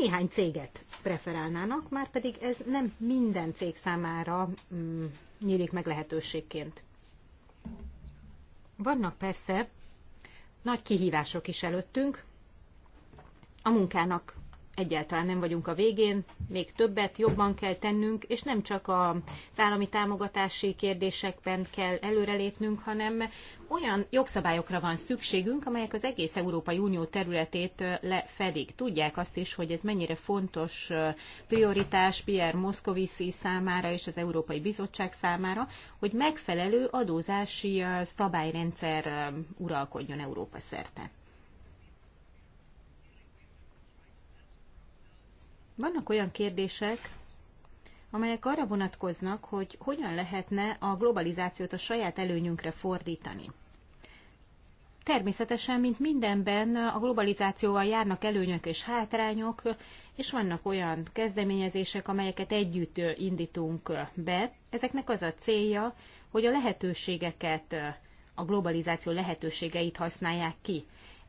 néhány céget preferálnának, már pedig ez nem minden cég számára mm, nyílik meg lehetőségként. Vannak persze nagy kihívások is előttünk, a munkának egyáltalán nem vagyunk a végén, még többet jobban kell tennünk, és nem csak az állami támogatási kérdésekben kell előrelépnünk, hanem olyan jogszabályokra van szükségünk, amelyek az egész Európai Unió területét lefedik. Tudják azt is, hogy ez mennyire fontos prioritás Pierre Moscovici számára és az Európai Bizottság számára, hogy megfelelő adózási szabályrendszer uralkodjon Európa szerte. Vannak olyan kérdések, amelyek arra vonatkoznak, hogy hogyan lehetne a globalizációt a saját előnyünkre fordítani. Természetesen, mint mindenben, a globalizációval járnak előnyök és hátrányok, és vannak olyan kezdeményezések, amelyeket együtt indítunk be. Ezeknek az a célja, hogy a lehetőségeket, a globalizáció lehetőségeit használják ki.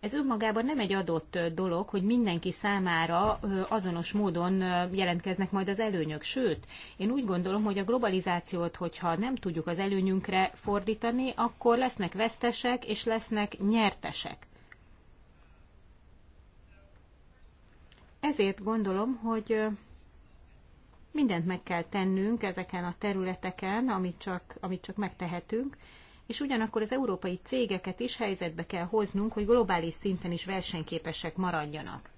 Ez önmagában nem egy adott dolog, hogy mindenki számára azonos módon jelentkeznek majd az előnyök. Sőt, én úgy gondolom, hogy a globalizációt, hogyha nem tudjuk az előnyünkre fordítani, akkor lesznek vesztesek és lesznek nyertesek. Ezért gondolom, hogy mindent meg kell tennünk ezeken a területeken, amit csak, amit csak megtehetünk, és ugyanakkor az európai cégeket is helyzetbe kell hoznunk, hogy globális szinten is versenyképesek maradjanak.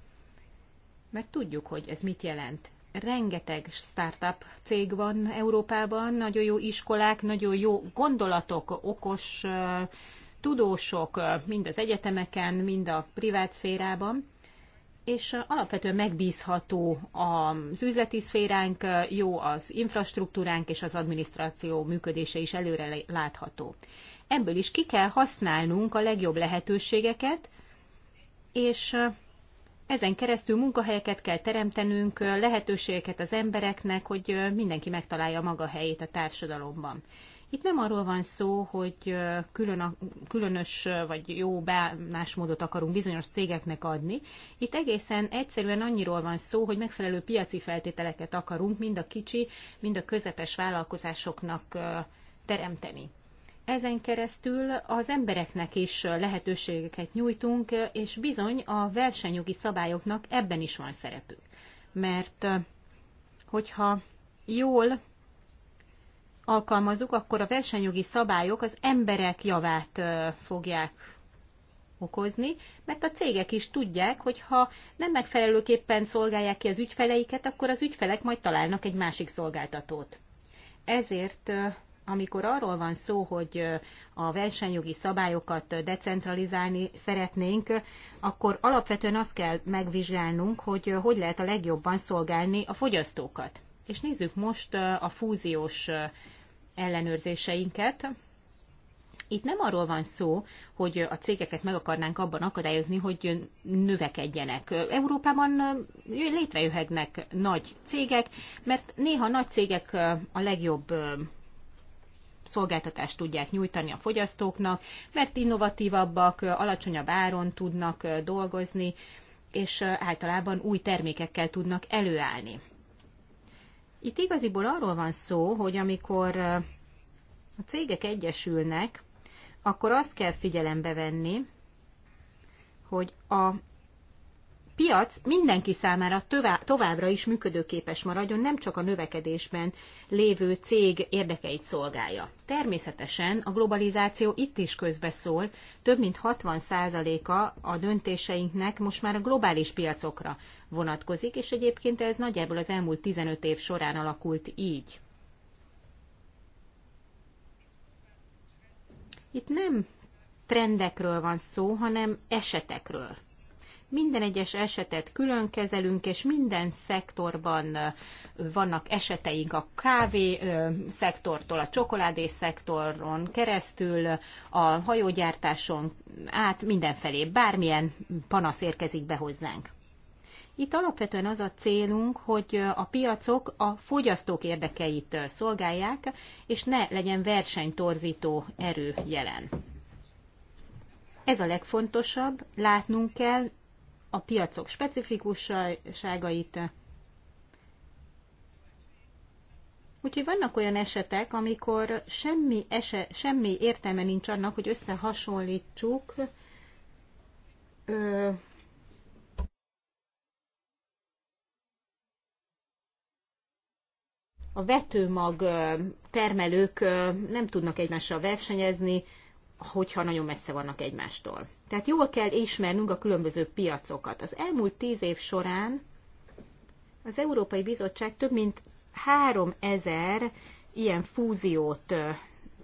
Mert tudjuk, hogy ez mit jelent. Rengeteg startup cég van Európában, nagyon jó iskolák, nagyon jó gondolatok, okos tudósok, mind az egyetemeken, mind a privát szférában és alapvetően megbízható az üzleti szféránk, jó az infrastruktúránk és az adminisztráció működése is előre látható. Ebből is ki kell használnunk a legjobb lehetőségeket, és ezen keresztül munkahelyeket kell teremtenünk, lehetőségeket az embereknek, hogy mindenki megtalálja maga helyét a társadalomban. Itt nem arról van szó, hogy külön különös vagy jó módot akarunk bizonyos cégeknek adni. Itt egészen egyszerűen annyiról van szó, hogy megfelelő piaci feltételeket akarunk mind a kicsi, mind a közepes vállalkozásoknak teremteni. Ezen keresztül az embereknek is lehetőségeket nyújtunk, és bizony a versenyjogi szabályoknak ebben is van szerepük. Mert hogyha jól alkalmazzuk, akkor a versenyjogi szabályok az emberek javát fogják okozni, mert a cégek is tudják, hogy ha nem megfelelőképpen szolgálják ki az ügyfeleiket, akkor az ügyfelek majd találnak egy másik szolgáltatót. Ezért amikor arról van szó, hogy a versenyjogi szabályokat decentralizálni szeretnénk, akkor alapvetően azt kell megvizsgálnunk, hogy hogy lehet a legjobban szolgálni a fogyasztókat. És nézzük most a fúziós ellenőrzéseinket. Itt nem arról van szó, hogy a cégeket meg akarnánk abban akadályozni, hogy növekedjenek. Európában létrejöhetnek nagy cégek, mert néha nagy cégek a legjobb szolgáltatást tudják nyújtani a fogyasztóknak, mert innovatívabbak, alacsonyabb áron tudnak dolgozni, és általában új termékekkel tudnak előállni. Itt igaziból arról van szó, hogy amikor a cégek egyesülnek, akkor azt kell figyelembe venni, hogy a piac mindenki számára továbbra is működőképes maradjon, nem csak a növekedésben lévő cég érdekeit szolgálja. Természetesen a globalizáció itt is közbeszól, több mint 60%-a a döntéseinknek most már a globális piacokra vonatkozik, és egyébként ez nagyjából az elmúlt 15 év során alakult így. Itt nem trendekről van szó, hanem esetekről. Minden egyes esetet külön kezelünk, és minden szektorban vannak eseteink a kávé szektortól, a csokoládé szektoron keresztül, a hajógyártáson át, mindenfelé, bármilyen panasz érkezik be hozzánk. Itt alapvetően az a célunk, hogy a piacok a fogyasztók érdekeit szolgálják, és ne legyen versenytorzító erő jelen. Ez a legfontosabb, látnunk kell, a piacok specifikusságait. Úgyhogy vannak olyan esetek, amikor semmi, ese, semmi értelme nincs annak, hogy összehasonlítsuk ö, a vetőmag termelők nem tudnak egymással versenyezni, hogyha nagyon messze vannak egymástól. Tehát jól kell ismernünk a különböző piacokat. Az elmúlt tíz év során az Európai Bizottság több mint 3000 ilyen fúziót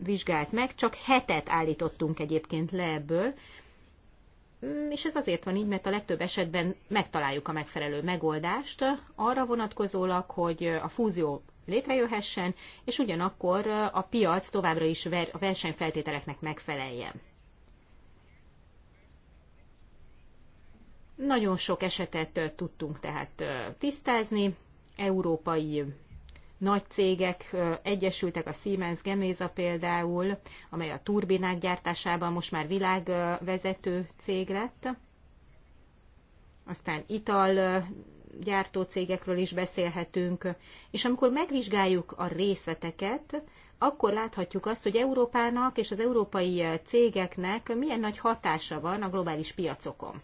vizsgált meg, csak hetet állítottunk egyébként le ebből, mm, és ez azért van így, mert a legtöbb esetben megtaláljuk a megfelelő megoldást arra vonatkozólag, hogy a fúzió létrejöhessen, és ugyanakkor a piac továbbra is a versenyfeltételeknek megfeleljen. Nagyon sok esetet tudtunk tehát tisztázni. Európai nagy cégek egyesültek, a Siemens Geméza például, amely a turbinák gyártásában most már világvezető cég lett. Aztán ital gyártó cégekről is beszélhetünk, és amikor megvizsgáljuk a részleteket, akkor láthatjuk azt, hogy Európának és az európai cégeknek milyen nagy hatása van a globális piacokon.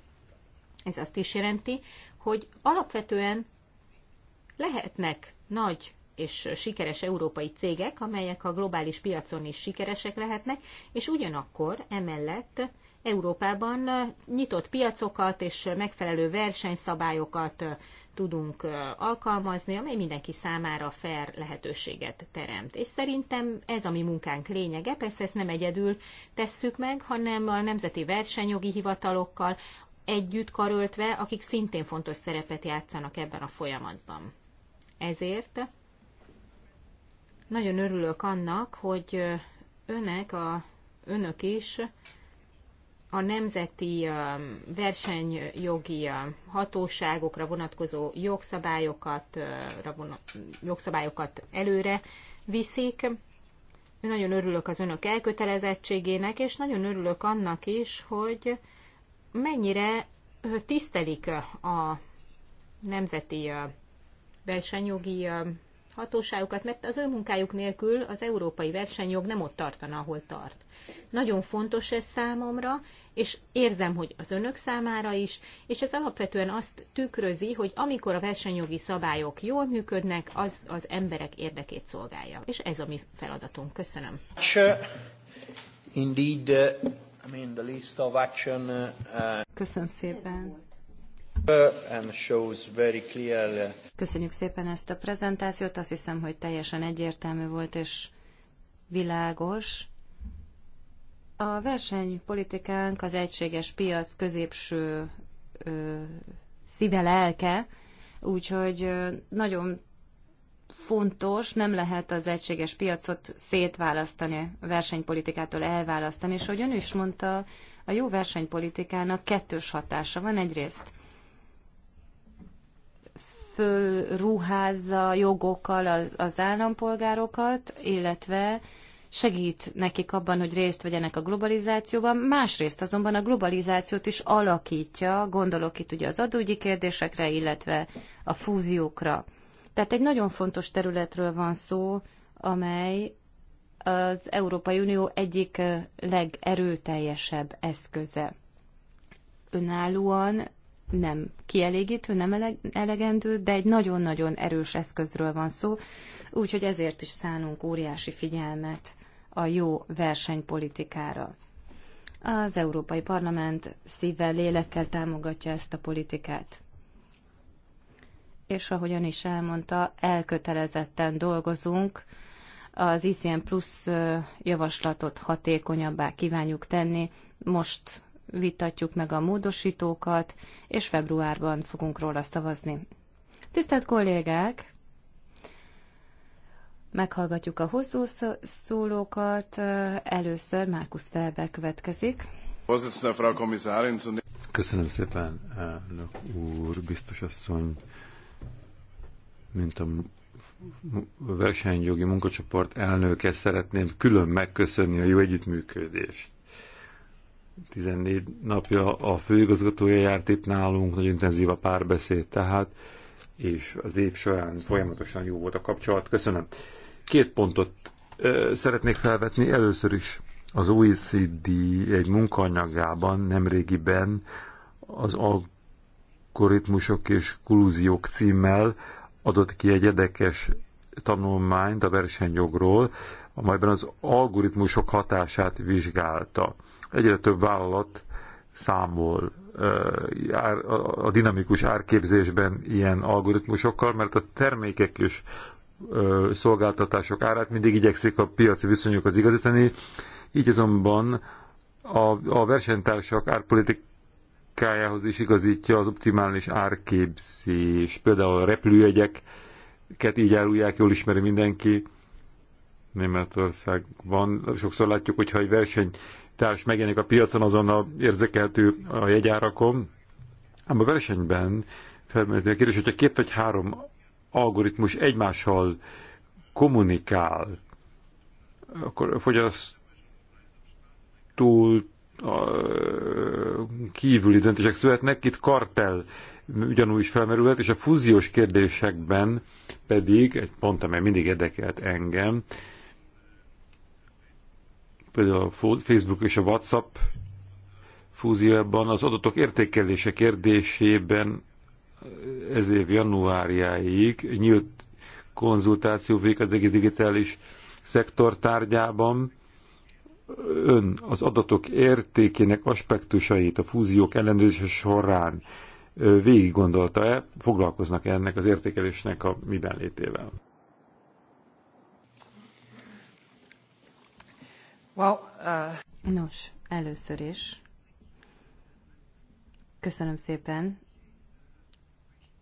Ez azt is jelenti, hogy alapvetően lehetnek nagy és sikeres európai cégek, amelyek a globális piacon is sikeresek lehetnek, és ugyanakkor emellett Európában nyitott piacokat és megfelelő versenyszabályokat tudunk alkalmazni, amely mindenki számára fair lehetőséget teremt. És szerintem ez a mi munkánk lényege, persze ezt nem egyedül tesszük meg, hanem a nemzeti versenyjogi hivatalokkal, együtt karöltve, akik szintén fontos szerepet játszanak ebben a folyamatban. Ezért nagyon örülök annak, hogy önek, a, önök is a nemzeti versenyjogi hatóságokra vonatkozó jogszabályokat, jogszabályokat előre viszik. Nagyon örülök az önök elkötelezettségének, és nagyon örülök annak is, hogy mennyire tisztelik a nemzeti versenyjogi hatóságokat, mert az ő munkájuk nélkül az európai versenyjog nem ott tartana, ahol tart. Nagyon fontos ez számomra, és érzem, hogy az önök számára is, és ez alapvetően azt tükrözi, hogy amikor a versenyjogi szabályok jól működnek, az az emberek érdekét szolgálja. És ez a mi feladatunk. Köszönöm. Indeed, uh, mean, the list of action, uh, Köszönöm szépen. Uh, and shows very clearly. Uh, Köszönjük szépen ezt a prezentációt, azt hiszem, hogy teljesen egyértelmű volt és világos. A versenypolitikánk az egységes piac középső ö, szíve lelke, úgyhogy nagyon fontos, nem lehet az egységes piacot szétválasztani, a versenypolitikától elválasztani, és ahogy ön is mondta, a jó versenypolitikának kettős hatása van egyrészt. Fölruházza jogokkal az állampolgárokat, illetve segít nekik abban, hogy részt vegyenek a globalizációban, másrészt azonban a globalizációt is alakítja, gondolok itt ugye az adógyi kérdésekre, illetve a fúziókra. Tehát egy nagyon fontos területről van szó, amely az Európai Unió egyik legerőteljesebb eszköze. Önállóan nem kielégítő, nem elegendő, de egy nagyon-nagyon erős eszközről van szó, úgyhogy ezért is szánunk óriási figyelmet a jó versenypolitikára. Az Európai Parlament szívvel, lélekkel támogatja ezt a politikát és ahogyan is elmondta, elkötelezetten dolgozunk, az ICM Plus javaslatot hatékonyabbá kívánjuk tenni. Most vitatjuk meg a módosítókat, és februárban fogunk róla szavazni. Tisztelt kollégák! Meghallgatjuk a hosszú szólókat. Először Márkusz Felber következik. Köszönöm szépen, elnök úr, biztos asszony, mint a versenyjogi munkacsoport elnöke szeretném külön megköszönni a jó együttműködést. 14 napja a főigazgatója járt itt nálunk, nagyon intenzív a párbeszéd tehát, és az év során folyamatosan jó volt a kapcsolat. Köszönöm. Két pontot ö, szeretnék felvetni. Először is az OECD egy munkanyagában nemrégiben az algoritmusok és kulúziók címmel adott ki egy érdekes tanulmányt a versenyjogról, amelyben az algoritmusok hatását vizsgálta. Egyre több vállalat számol a dinamikus árképzésben ilyen algoritmusokkal, mert a termékek és szolgáltatások árát mindig igyekszik a piaci viszonyokhoz igazítani, így azonban a, a versenytársak árpolitik logikájához is igazítja az optimális árképzés. Például a repülőjegyeket így árulják, jól ismeri mindenki. Németországban sokszor látjuk, hogyha egy versenytárs megjelenik a piacon, azonnal érzekeltő a jegyárakon. Ám a versenyben felmerülni a kérdés, hogyha két vagy három algoritmus egymással kommunikál, akkor a túl a kívüli döntések születnek, itt kartel ugyanúgy is felmerülhet, és a fúziós kérdésekben pedig, egy pont, amely mindig érdekelt engem, például a Facebook és a WhatsApp fúzióban az adatok értékelése kérdésében ez év januárjáig nyílt konzultáció végig az egész digitális szektor tárgyában, ön az adatok értékének aspektusait a fúziók ellenőrzése során végig gondolta-e, foglalkoznak -e ennek az értékelésnek a miben létével? Well, uh... Nos, először is köszönöm szépen,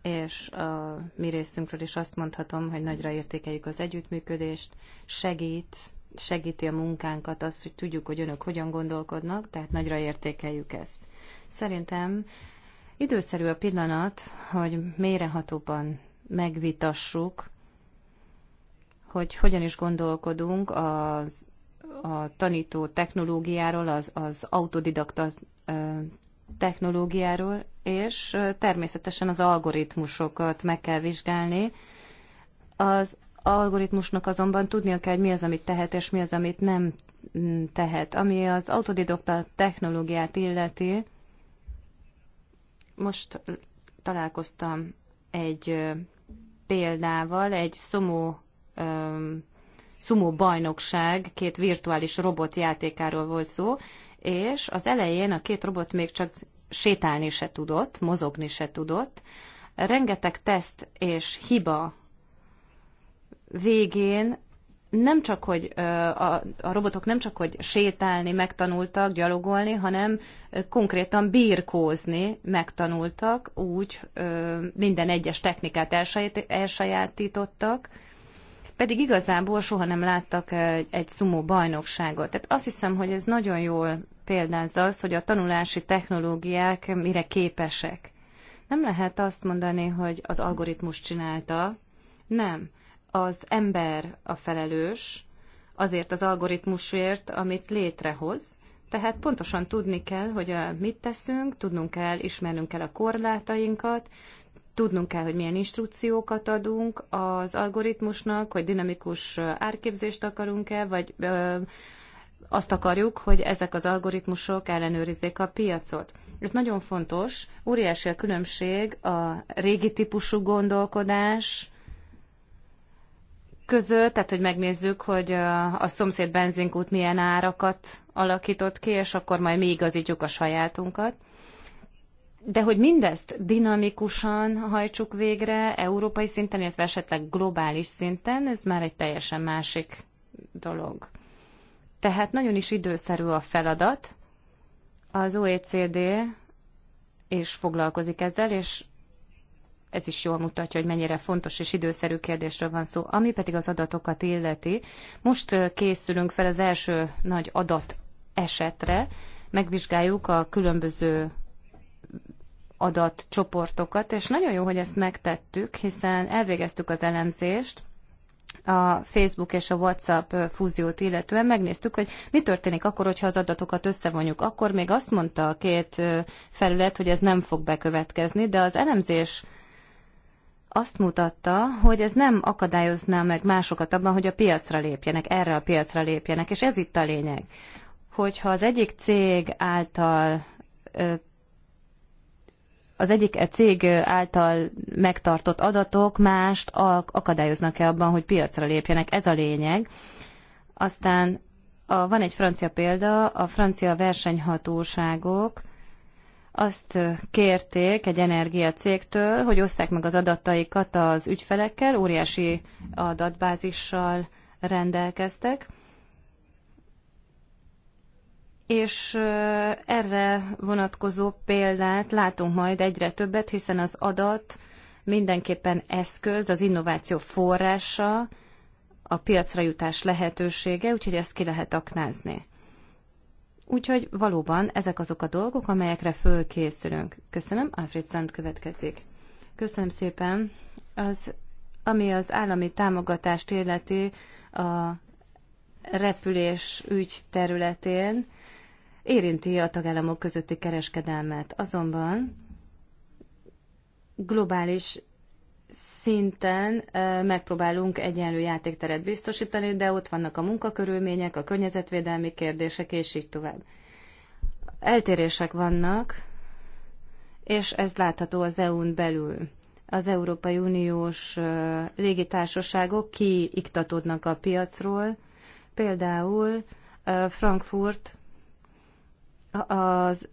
és a mi részünkről is azt mondhatom, hogy nagyra értékeljük az együttműködést, segít segíti a munkánkat az, hogy tudjuk, hogy önök hogyan gondolkodnak, tehát nagyra értékeljük ezt. Szerintem időszerű a pillanat, hogy mérehatóban megvitassuk, hogy hogyan is gondolkodunk az, a tanító technológiáról, az, az autodidakta technológiáról, és természetesen az algoritmusokat meg kell vizsgálni. Az algoritmusnak azonban tudnia kell, hogy mi az, amit tehet, és mi az, amit nem mm, tehet. Ami az autodidokta technológiát illeti, most találkoztam egy példával, egy szomó, szumó bajnokság, két virtuális robot játékáról volt szó, és az elején a két robot még csak sétálni se tudott, mozogni se tudott. Rengeteg teszt és hiba végén nem csak, hogy a, a robotok nem csak, hogy sétálni megtanultak, gyalogolni, hanem konkrétan birkózni megtanultak, úgy minden egyes technikát elsajátítottak, pedig igazából soha nem láttak egy szumó bajnokságot. Tehát azt hiszem, hogy ez nagyon jól példázza az, hogy a tanulási technológiák mire képesek. Nem lehet azt mondani, hogy az algoritmus csinálta, nem az ember a felelős azért az algoritmusért, amit létrehoz, tehát pontosan tudni kell, hogy mit teszünk, tudnunk kell, ismernünk kell a korlátainkat, tudnunk kell, hogy milyen instrukciókat adunk az algoritmusnak, hogy dinamikus árképzést akarunk-e, vagy ö, azt akarjuk, hogy ezek az algoritmusok ellenőrizzék a piacot. Ez nagyon fontos. Óriási a különbség a régi típusú gondolkodás, között, tehát hogy megnézzük, hogy a szomszéd benzinkút milyen árakat alakított ki, és akkor majd mi igazítjuk a sajátunkat. De hogy mindezt dinamikusan hajtsuk végre európai szinten, illetve esetleg globális szinten, ez már egy teljesen másik dolog. Tehát nagyon is időszerű a feladat. Az OECD és foglalkozik ezzel, és ez is jól mutatja, hogy mennyire fontos és időszerű kérdésről van szó. Ami pedig az adatokat illeti, most készülünk fel az első nagy adat esetre, megvizsgáljuk a különböző adatcsoportokat, és nagyon jó, hogy ezt megtettük, hiszen elvégeztük az elemzést, a Facebook és a WhatsApp fúziót illetően megnéztük, hogy mi történik akkor, hogyha az adatokat összevonjuk. Akkor még azt mondta a két felület, hogy ez nem fog bekövetkezni, de az elemzés azt mutatta, hogy ez nem akadályozná meg másokat abban, hogy a piacra lépjenek, erre a piacra lépjenek, és ez itt a lényeg. Hogyha az egyik cég által az egyik cég által megtartott adatok mást akadályoznak-e abban, hogy piacra lépjenek? Ez a lényeg. Aztán a, van egy francia példa, a francia versenyhatóságok azt kérték egy energiacégtől, hogy osszák meg az adataikat az ügyfelekkel, óriási adatbázissal rendelkeztek, és erre vonatkozó példát látunk majd egyre többet, hiszen az adat mindenképpen eszköz, az innováció forrása, a piacra jutás lehetősége, úgyhogy ezt ki lehet aknázni. Úgyhogy valóban ezek azok a dolgok, amelyekre fölkészülünk. Köszönöm, Alfred Szent következik. Köszönöm szépen. Az, ami az állami támogatást illeti a repülés ügy területén, érinti a tagállamok közötti kereskedelmet. Azonban globális szinten megpróbálunk egyenlő játékteret biztosítani, de ott vannak a munkakörülmények, a környezetvédelmi kérdések, és így tovább. Eltérések vannak, és ez látható az EU-n belül. Az Európai Uniós légitársaságok kiiktatódnak a piacról, például Frankfurt az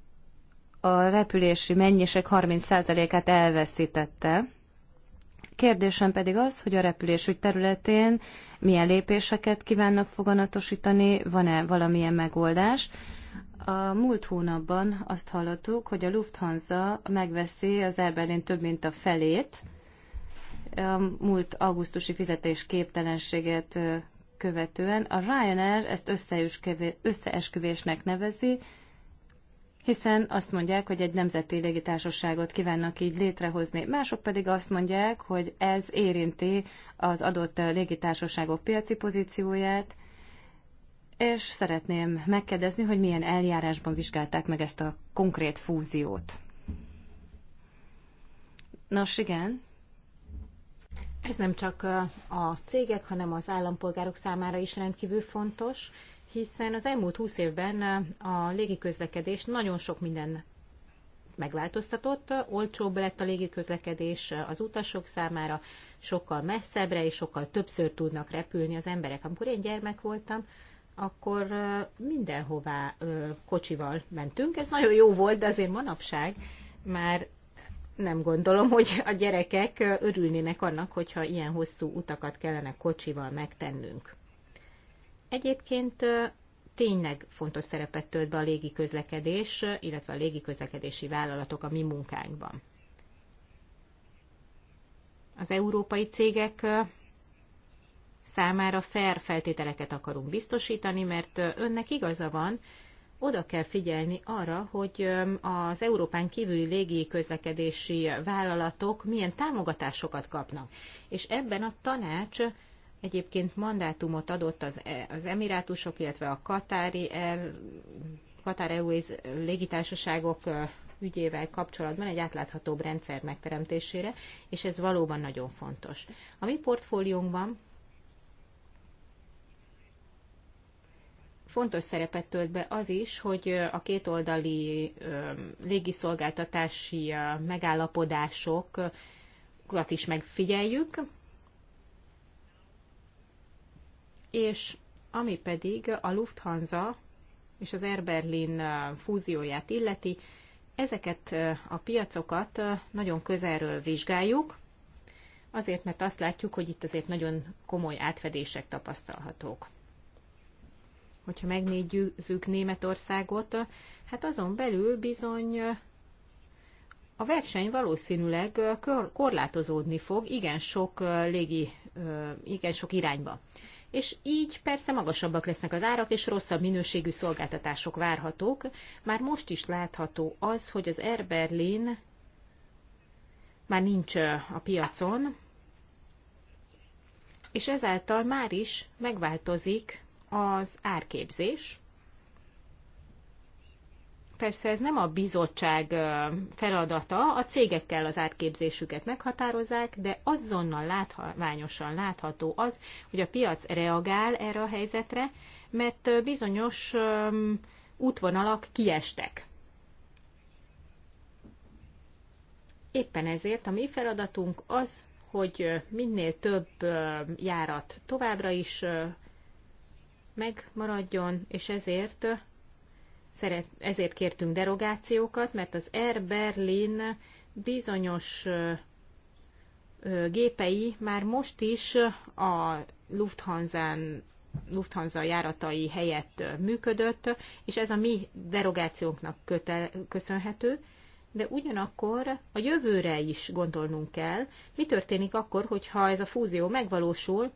a repülési mennyiség 30%-át elveszítette, Kérdésem pedig az, hogy a repülésügy területén milyen lépéseket kívánnak foganatosítani, van-e valamilyen megoldás. A múlt hónapban azt hallottuk, hogy a Lufthansa megveszi az Erbelén több mint a felét, a múlt augusztusi fizetés képtelenséget követően. A Ryanair ezt összeesküvésnek nevezi, hiszen azt mondják, hogy egy nemzeti légitársaságot kívánnak így létrehozni. Mások pedig azt mondják, hogy ez érinti az adott légitársaságok piaci pozícióját, és szeretném megkérdezni, hogy milyen eljárásban vizsgálták meg ezt a konkrét fúziót. Nos, igen. Ez nem csak a cégek, hanem az állampolgárok számára is rendkívül fontos, hiszen az elmúlt 20 évben a légiközlekedés nagyon sok minden megváltoztatott, olcsóbb lett a légiközlekedés az utasok számára, sokkal messzebbre és sokkal többször tudnak repülni az emberek. Amikor én gyermek voltam, akkor mindenhová kocsival mentünk. Ez nagyon jó volt, de azért manapság már nem gondolom, hogy a gyerekek örülnének annak, hogyha ilyen hosszú utakat kellene kocsival megtennünk. Egyébként tényleg fontos szerepet tölt be a közlekedés, illetve a légi közlekedési vállalatok a mi munkánkban. Az európai cégek számára fair feltételeket akarunk biztosítani, mert önnek igaza van, oda kell figyelni arra, hogy az Európán kívüli légi közlekedési vállalatok milyen támogatásokat kapnak. És ebben a tanács egyébként mandátumot adott az, e, az Emirátusok, illetve a Katári el, Katar Airways légitársaságok ügyével kapcsolatban egy átláthatóbb rendszer megteremtésére, és ez valóban nagyon fontos. A mi portfóliónkban fontos szerepet tölt be az is, hogy a kétoldali légiszolgáltatási megállapodásokat is megfigyeljük, és ami pedig a Lufthansa és az Air Berlin fúzióját illeti, ezeket a piacokat nagyon közelről vizsgáljuk, azért, mert azt látjuk, hogy itt azért nagyon komoly átfedések tapasztalhatók. Hogyha megnézzük Németországot, hát azon belül bizony a verseny valószínűleg korlátozódni fog igen sok légi, igen sok irányba és így persze magasabbak lesznek az árak, és rosszabb minőségű szolgáltatások várhatók. Már most is látható az, hogy az Air Berlin már nincs a piacon, és ezáltal már is megváltozik az árképzés, Persze ez nem a bizottság feladata, a cégekkel az átképzésüket meghatározzák, de azonnal látványosan látható az, hogy a piac reagál erre a helyzetre, mert bizonyos útvonalak kiestek. Éppen ezért a mi feladatunk az, hogy minél több járat továbbra is megmaradjon, és ezért szeret, ezért kértünk derogációkat, mert az Air Berlin bizonyos gépei már most is a lufthansa Lufthansa járatai helyett működött, és ez a mi derogációnknak köte, köszönhető, de ugyanakkor a jövőre is gondolnunk kell, mi történik akkor, hogyha ez a fúzió megvalósul,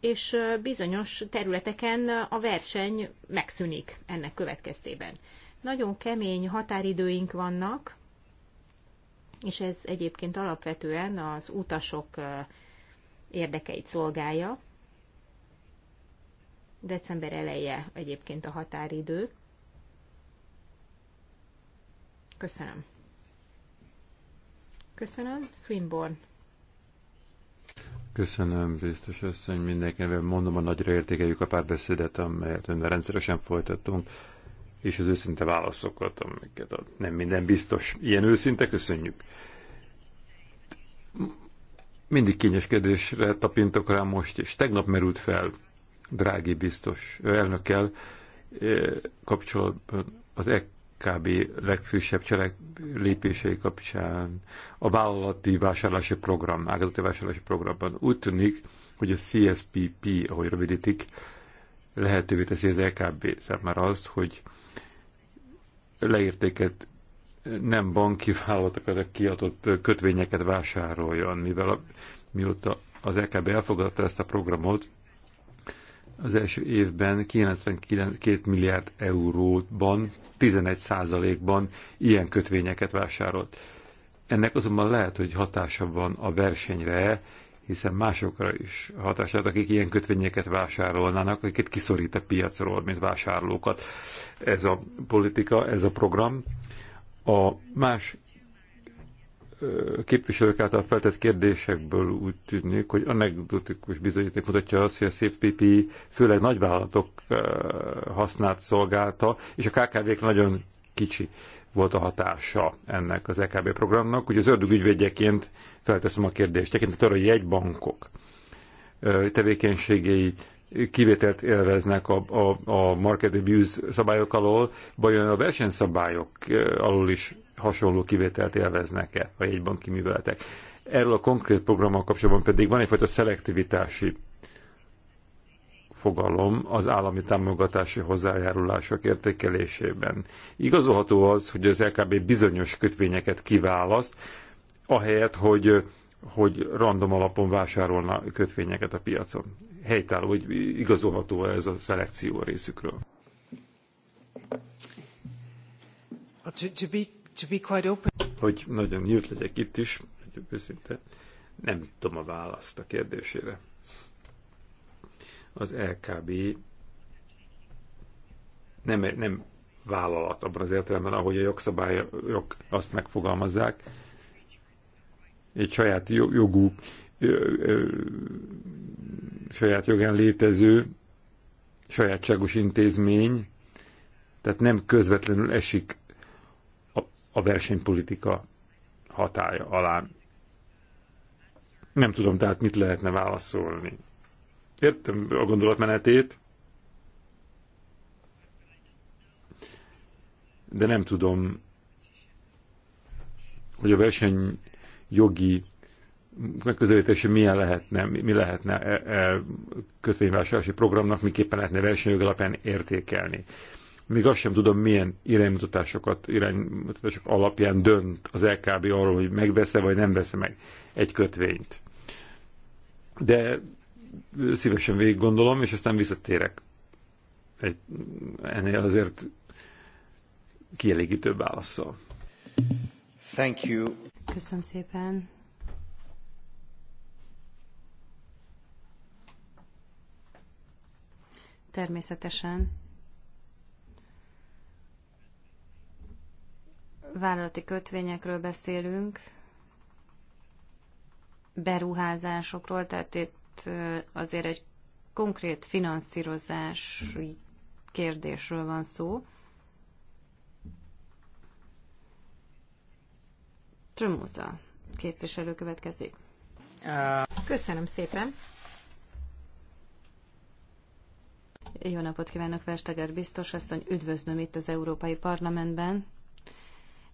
és bizonyos területeken a verseny megszűnik ennek következtében. Nagyon kemény határidőink vannak, és ez egyébként alapvetően az utasok érdekeit szolgálja. December eleje egyébként a határidő. Köszönöm. Köszönöm. Swinburne Köszönöm, biztos asszony, mindenkinek mondom, a nagyra értékeljük a párbeszédet, amelyet önnel rendszeresen folytatunk, és az őszinte válaszokat, amiket ad. Nem minden biztos. Ilyen őszinte, köszönjük. Mindig kényeskedésre tapintok rá most, és tegnap merült fel, drági biztos elnökkel kapcsolatban az e kb. legfősebb cselek lépései kapcsán a vállalati vásárlási program, ágazati vásárlási programban úgy tűnik, hogy a CSPP, ahogy rövidítik, lehetővé teszi az LKB számára azt, hogy leértéket nem banki vállalatokat kiadott kötvényeket vásároljon, mivel a, mióta az LKB elfogadta ezt a programot, az első évben 92 milliárd euróban, 11 százalékban ilyen kötvényeket vásárolt. Ennek azonban lehet, hogy hatása van a versenyre, hiszen másokra is hatását, akik ilyen kötvényeket vásárolnának, akiket kiszorít a piacról, mint vásárlókat. Ez a politika, ez a program. A más Hát, képviselők által feltett kérdésekből úgy tűnik, hogy anekdotikus bizonyíték mutatja azt, hogy a SafePP főleg nagyvállalatok használt szolgálta, és a KKV-k nagyon kicsi volt a hatása ennek az EKB programnak. Ugye az ördög ügyvédjeként felteszem a kérdést, tekintet arra, hogy bankok tevékenységei kivételt élveznek a, a, a market abuse szabályok alól, vajon a versenyszabályok alól is hasonló kivételt élveznek-e a jegybanki műveletek. Erről a konkrét programmal kapcsolatban pedig van egyfajta szelektivitási fogalom az állami támogatási hozzájárulások értékelésében. Igazolható az, hogy az LKB bizonyos kötvényeket kiválaszt, ahelyett, hogy, hogy random alapon vásárolna kötvényeket a piacon. Helytálló, hogy igazolható ez a szelekció részükről. Uh, to, to be to be quite open. Hogy nagyon nyílt legyek itt is, őszinte, nem tudom a választ a kérdésére. Az LKB nem, nem vállalat abban az értelemben, ahogy a jogszabályok azt megfogalmazzák. Egy saját jogú, saját jogán létező, sajátságos intézmény, tehát nem közvetlenül esik a versenypolitika hatája alá. Nem tudom tehát, mit lehetne válaszolni. Értem a gondolatmenetét, de nem tudom, hogy a verseny jogi megközelítése milyen lehetne, mi lehetne e, e, kötvényvásárlási programnak, miképpen lehetne versenyjog alapján értékelni még azt sem tudom, milyen iránymutatásokat, iránymutatások alapján dönt az LKB arról, hogy megvesz-e vagy nem vesz meg egy kötvényt. De szívesen végig gondolom, és aztán visszatérek. Egy, ennél azért kielégítőbb válaszsal. Thank you. Köszönöm szépen. Természetesen vállalati kötvényekről beszélünk, beruházásokról, tehát itt azért egy konkrét finanszírozási kérdésről van szó. Trömóza képviselő következik. Köszönöm szépen! Jó napot kívánok, Vesteger biztos asszony! Üdvözlöm itt az Európai Parlamentben!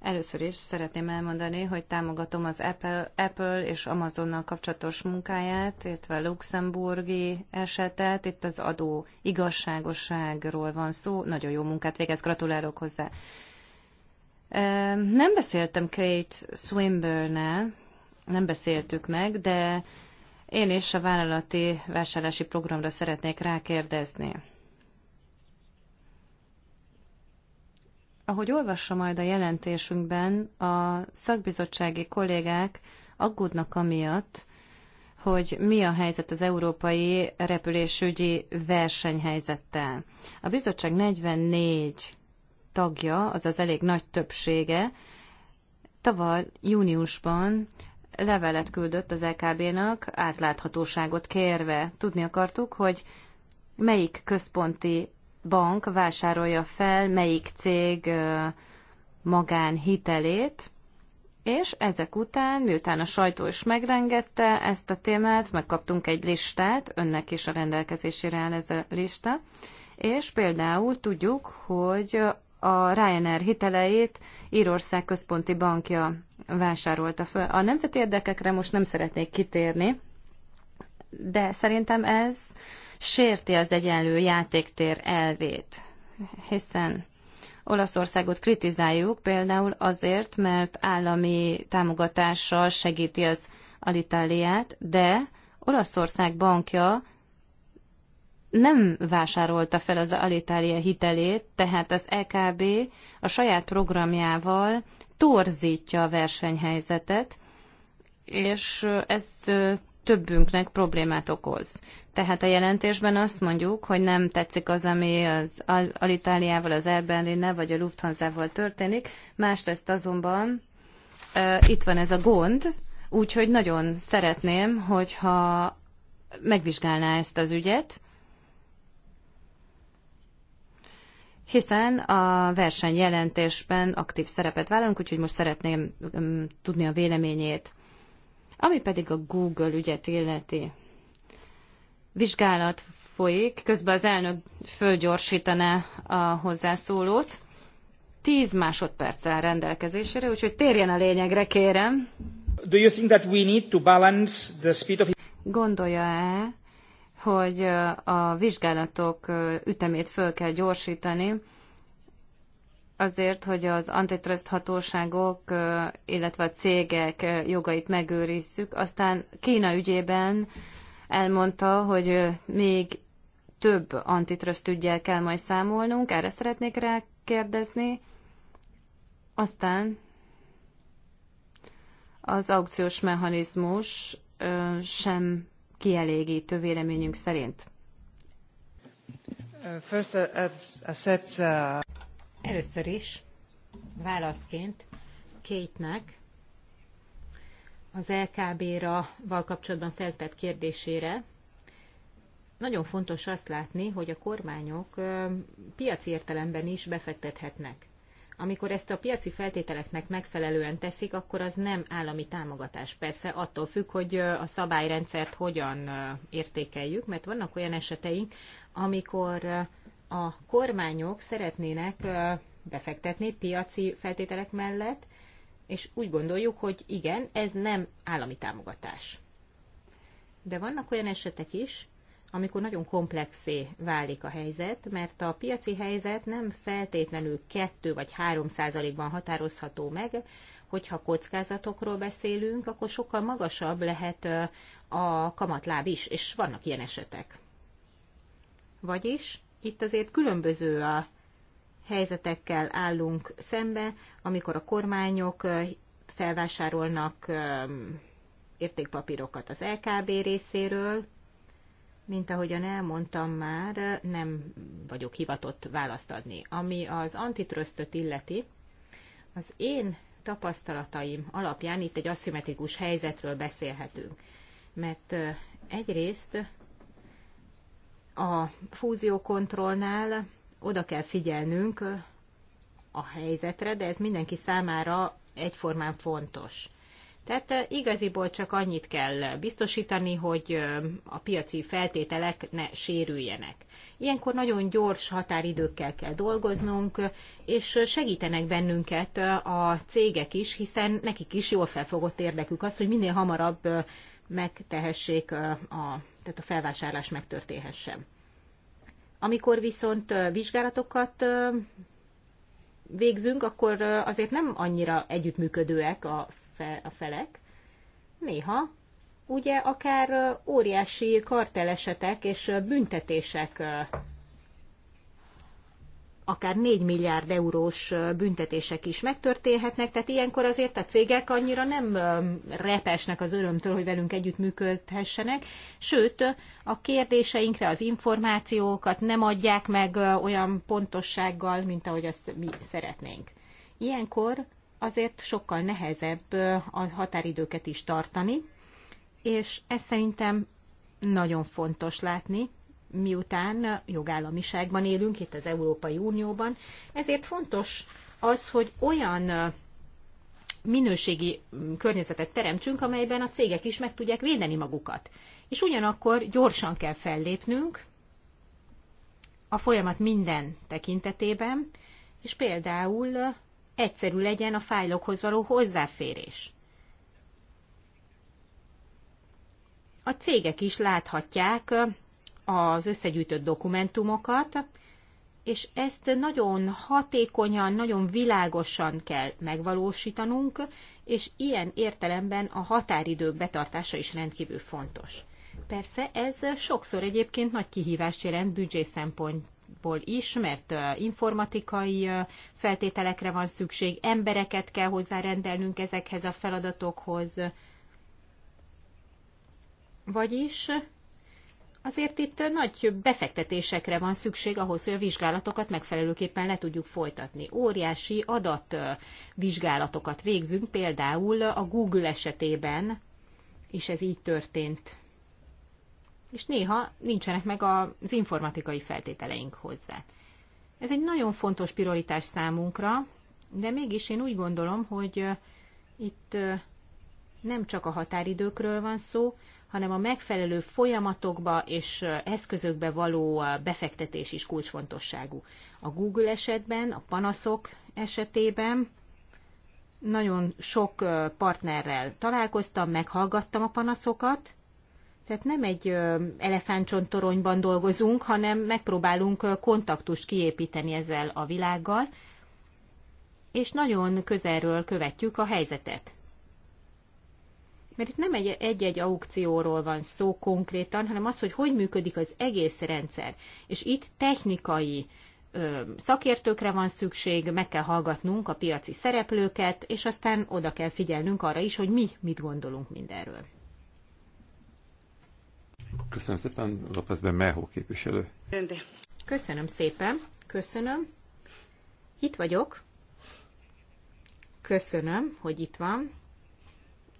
Először is szeretném elmondani, hogy támogatom az Apple, Apple és Amazonnal kapcsolatos munkáját, illetve a luxemburgi esetet. Itt az adó igazságosságról van szó. Nagyon jó munkát végez, gratulálok hozzá. Nem beszéltem Kate swinburne nem beszéltük meg, de én is a vállalati vásárlási programra szeretnék rákérdezni. Ahogy olvassa majd a jelentésünkben, a szakbizottsági kollégák aggódnak amiatt, hogy mi a helyzet az európai repülésügyi versenyhelyzettel. A bizottság 44 tagja, azaz elég nagy többsége, tavaly júniusban levelet küldött az LKB-nak átláthatóságot kérve. Tudni akartuk, hogy melyik központi bank vásárolja fel melyik cég magánhitelét, és ezek után, miután a sajtó is megrengette ezt a témát, megkaptunk egy listát, önnek is a rendelkezésére áll ez a lista, és például tudjuk, hogy a Ryanair hiteleit Írország központi bankja vásárolta föl. A nemzeti érdekekre most nem szeretnék kitérni, de szerintem ez sérti az egyenlő játéktér elvét, hiszen Olaszországot kritizáljuk például azért, mert állami támogatással segíti az Alitaliát, de Olaszország bankja nem vásárolta fel az Alitalia hitelét, tehát az EKB a saját programjával torzítja a versenyhelyzetet, és ezt többünknek problémát okoz. Tehát a jelentésben azt mondjuk, hogy nem tetszik az, ami az Alitáliával, az Erbenlinnel vagy a Lufthansa-val történik, másrészt azonban e, itt van ez a gond, úgyhogy nagyon szeretném, hogyha megvizsgálná ezt az ügyet, hiszen a versenyjelentésben aktív szerepet vállalunk, úgyhogy most szeretném um, tudni a véleményét. Ami pedig a Google ügyet illeti. Vizsgálat folyik, közben az elnök fölgyorsítaná a hozzászólót. tíz másodperc áll rendelkezésére, úgyhogy térjen a lényegre, kérem. Do you think that we need to balance the speed of... Gondolja-e, hogy a vizsgálatok ütemét föl kell gyorsítani, azért, hogy az antitrust hatóságok, illetve a cégek jogait megőrizzük. Aztán Kína ügyében elmondta, hogy még több antitrust ügyel kell majd számolnunk, erre szeretnék rá kérdezni. Aztán az aukciós mechanizmus sem kielégítő véleményünk szerint. Uh, first, uh, as, as said, uh... Először is válaszként Kétnek az LKB-ra val kapcsolatban feltett kérdésére. Nagyon fontos azt látni, hogy a kormányok piaci értelemben is befektethetnek. Amikor ezt a piaci feltételeknek megfelelően teszik, akkor az nem állami támogatás. Persze attól függ, hogy a szabályrendszert hogyan értékeljük, mert vannak olyan eseteink, amikor a kormányok szeretnének befektetni piaci feltételek mellett, és úgy gondoljuk, hogy igen, ez nem állami támogatás. De vannak olyan esetek is, amikor nagyon komplexé válik a helyzet, mert a piaci helyzet nem feltétlenül 2 vagy 3 százalékban határozható meg, hogyha kockázatokról beszélünk, akkor sokkal magasabb lehet a kamatláb is, és vannak ilyen esetek. Vagyis itt azért különböző a helyzetekkel állunk szembe, amikor a kormányok felvásárolnak értékpapírokat az LKB részéről, mint ahogyan elmondtam már, nem vagyok hivatott választ adni. Ami az antitrösztöt illeti, az én tapasztalataim alapján itt egy aszimmetrikus helyzetről beszélhetünk. Mert egyrészt a fúziókontrollnál oda kell figyelnünk a helyzetre, de ez mindenki számára egyformán fontos. Tehát eh, igaziból csak annyit kell biztosítani, hogy eh, a piaci feltételek ne sérüljenek. Ilyenkor nagyon gyors határidőkkel kell dolgoznunk, és segítenek bennünket eh, a cégek is, hiszen nekik is jól felfogott érdekük az, hogy minél hamarabb megtehessék a tehát a felvásárlás megtörténhessen. Amikor viszont vizsgálatokat végzünk, akkor azért nem annyira együttműködőek a, fe, a felek. Néha ugye akár óriási kartelesetek és büntetések akár 4 milliárd eurós büntetések is megtörténhetnek, tehát ilyenkor azért a cégek annyira nem repesnek az örömtől, hogy velünk együtt működhessenek, sőt, a kérdéseinkre az információkat nem adják meg olyan pontossággal, mint ahogy azt mi szeretnénk. Ilyenkor azért sokkal nehezebb a határidőket is tartani, és ez szerintem nagyon fontos látni, miután jogállamiságban élünk itt az Európai Unióban, ezért fontos az, hogy olyan minőségi környezetet teremtsünk, amelyben a cégek is meg tudják védeni magukat. És ugyanakkor gyorsan kell fellépnünk a folyamat minden tekintetében, és például egyszerű legyen a fájlokhoz való hozzáférés. A cégek is láthatják az összegyűjtött dokumentumokat, és ezt nagyon hatékonyan, nagyon világosan kell megvalósítanunk, és ilyen értelemben a határidők betartása is rendkívül fontos. Persze ez sokszor egyébként nagy kihívást jelent büdzsé szempontból is, mert informatikai feltételekre van szükség, embereket kell hozzárendelnünk ezekhez a feladatokhoz, vagyis Azért itt nagy befektetésekre van szükség ahhoz, hogy a vizsgálatokat megfelelőképpen le tudjuk folytatni. Óriási adatvizsgálatokat végzünk, például a Google esetében és ez így történt. És néha nincsenek meg az informatikai feltételeink hozzá. Ez egy nagyon fontos prioritás számunkra, de mégis én úgy gondolom, hogy itt nem csak a határidőkről van szó, hanem a megfelelő folyamatokba és eszközökbe való befektetés is kulcsfontosságú. A Google esetben, a panaszok esetében nagyon sok partnerrel találkoztam, meghallgattam a panaszokat, tehát nem egy elefántcsontoronyban dolgozunk, hanem megpróbálunk kontaktust kiépíteni ezzel a világgal, és nagyon közelről követjük a helyzetet. Mert itt nem egy-egy aukcióról van szó konkrétan, hanem az, hogy hogy működik az egész rendszer. És itt technikai ö, szakértőkre van szükség, meg kell hallgatnunk a piaci szereplőket, és aztán oda kell figyelnünk arra is, hogy mi mit gondolunk mindenről. Köszönöm szépen, López de Melhó képviselő. Köszönöm szépen, köszönöm. Itt vagyok. Köszönöm, hogy itt van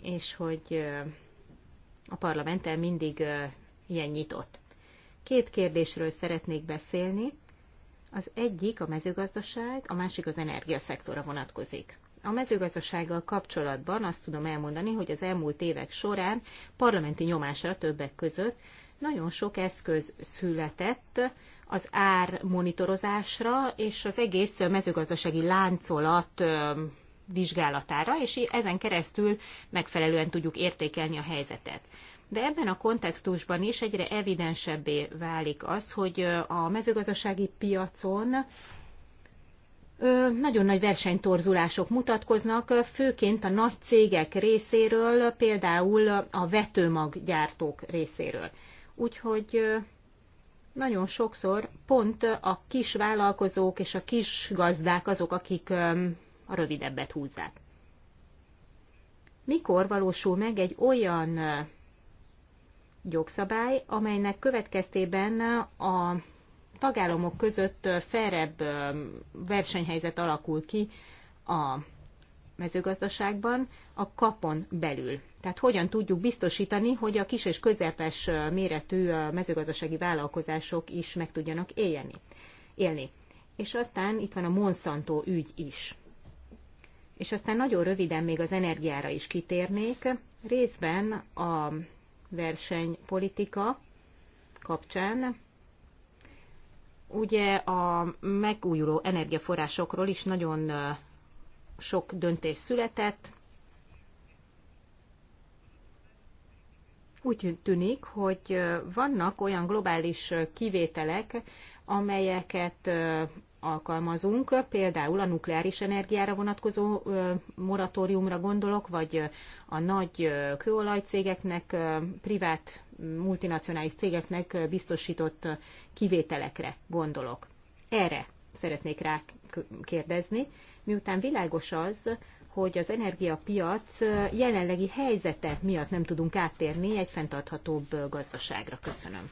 és hogy a parlamenten mindig ilyen nyitott. Két kérdésről szeretnék beszélni. Az egyik a mezőgazdaság, a másik az energiaszektora vonatkozik. A mezőgazdasággal kapcsolatban azt tudom elmondani, hogy az elmúlt évek során parlamenti nyomásra többek között nagyon sok eszköz született az ár monitorozásra és az egész mezőgazdasági láncolat vizsgálatára, és ezen keresztül megfelelően tudjuk értékelni a helyzetet. De ebben a kontextusban is egyre evidensebbé válik az, hogy a mezőgazdasági piacon nagyon nagy versenytorzulások mutatkoznak, főként a nagy cégek részéről, például a vetőmaggyártók részéről. Úgyhogy nagyon sokszor pont a kis vállalkozók és a kis gazdák azok, akik a rövidebbet húzzák. Mikor valósul meg egy olyan jogszabály, amelynek következtében a tagállamok között felrebb versenyhelyzet alakul ki a mezőgazdaságban a kapon belül. Tehát hogyan tudjuk biztosítani, hogy a kis és közepes méretű mezőgazdasági vállalkozások is meg tudjanak élni. élni. És aztán itt van a Monsanto ügy is. És aztán nagyon röviden még az energiára is kitérnék. Részben a versenypolitika kapcsán ugye a megújuló energiaforrásokról is nagyon sok döntés született. Úgy tűnik, hogy vannak olyan globális kivételek, amelyeket alkalmazunk, például a nukleáris energiára vonatkozó moratóriumra gondolok, vagy a nagy kőolajcégeknek, privát multinacionális cégeknek biztosított kivételekre gondolok. Erre szeretnék rá kérdezni, miután világos az, hogy az energiapiac jelenlegi helyzete miatt nem tudunk áttérni egy fenntarthatóbb gazdaságra. Köszönöm.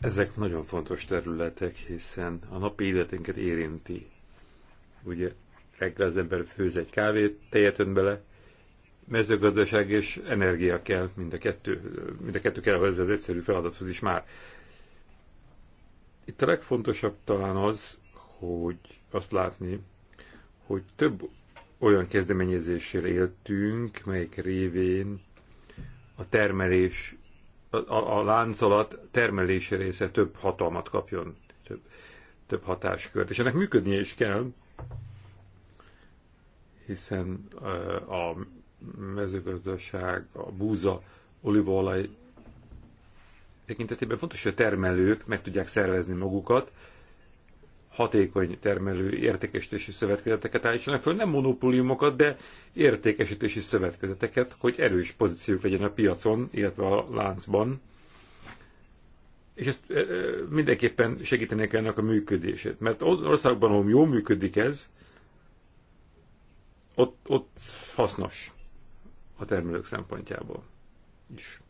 Ezek nagyon fontos területek, hiszen a napi életünket érinti. Ugye reggel az ember főz egy kávét, tejet ön bele, mezőgazdaság és energia kell, mind a kettő, mind a kettő kell hozzá az egyszerű feladathoz is már. Itt a legfontosabb talán az, hogy azt látni, hogy több olyan kezdeményezéssel éltünk, melyik révén a termelés a, a láncolat termelési része több hatalmat kapjon, több, több hatáskört. És ennek működnie is kell, hiszen a mezőgazdaság, a búza, olívaolaj tekintetében fontos, hogy a termelők meg tudják szervezni magukat, hatékony termelő értékesítési szövetkezeteket állítsanak föl, nem monopóliumokat, de értékesítési szövetkezeteket, hogy erős pozíciók legyen a piacon, illetve a láncban. És ezt mindenképpen segítenék ennek a működését. Mert országban, ahol jól működik ez, ott, ott hasznos a termelők szempontjából is.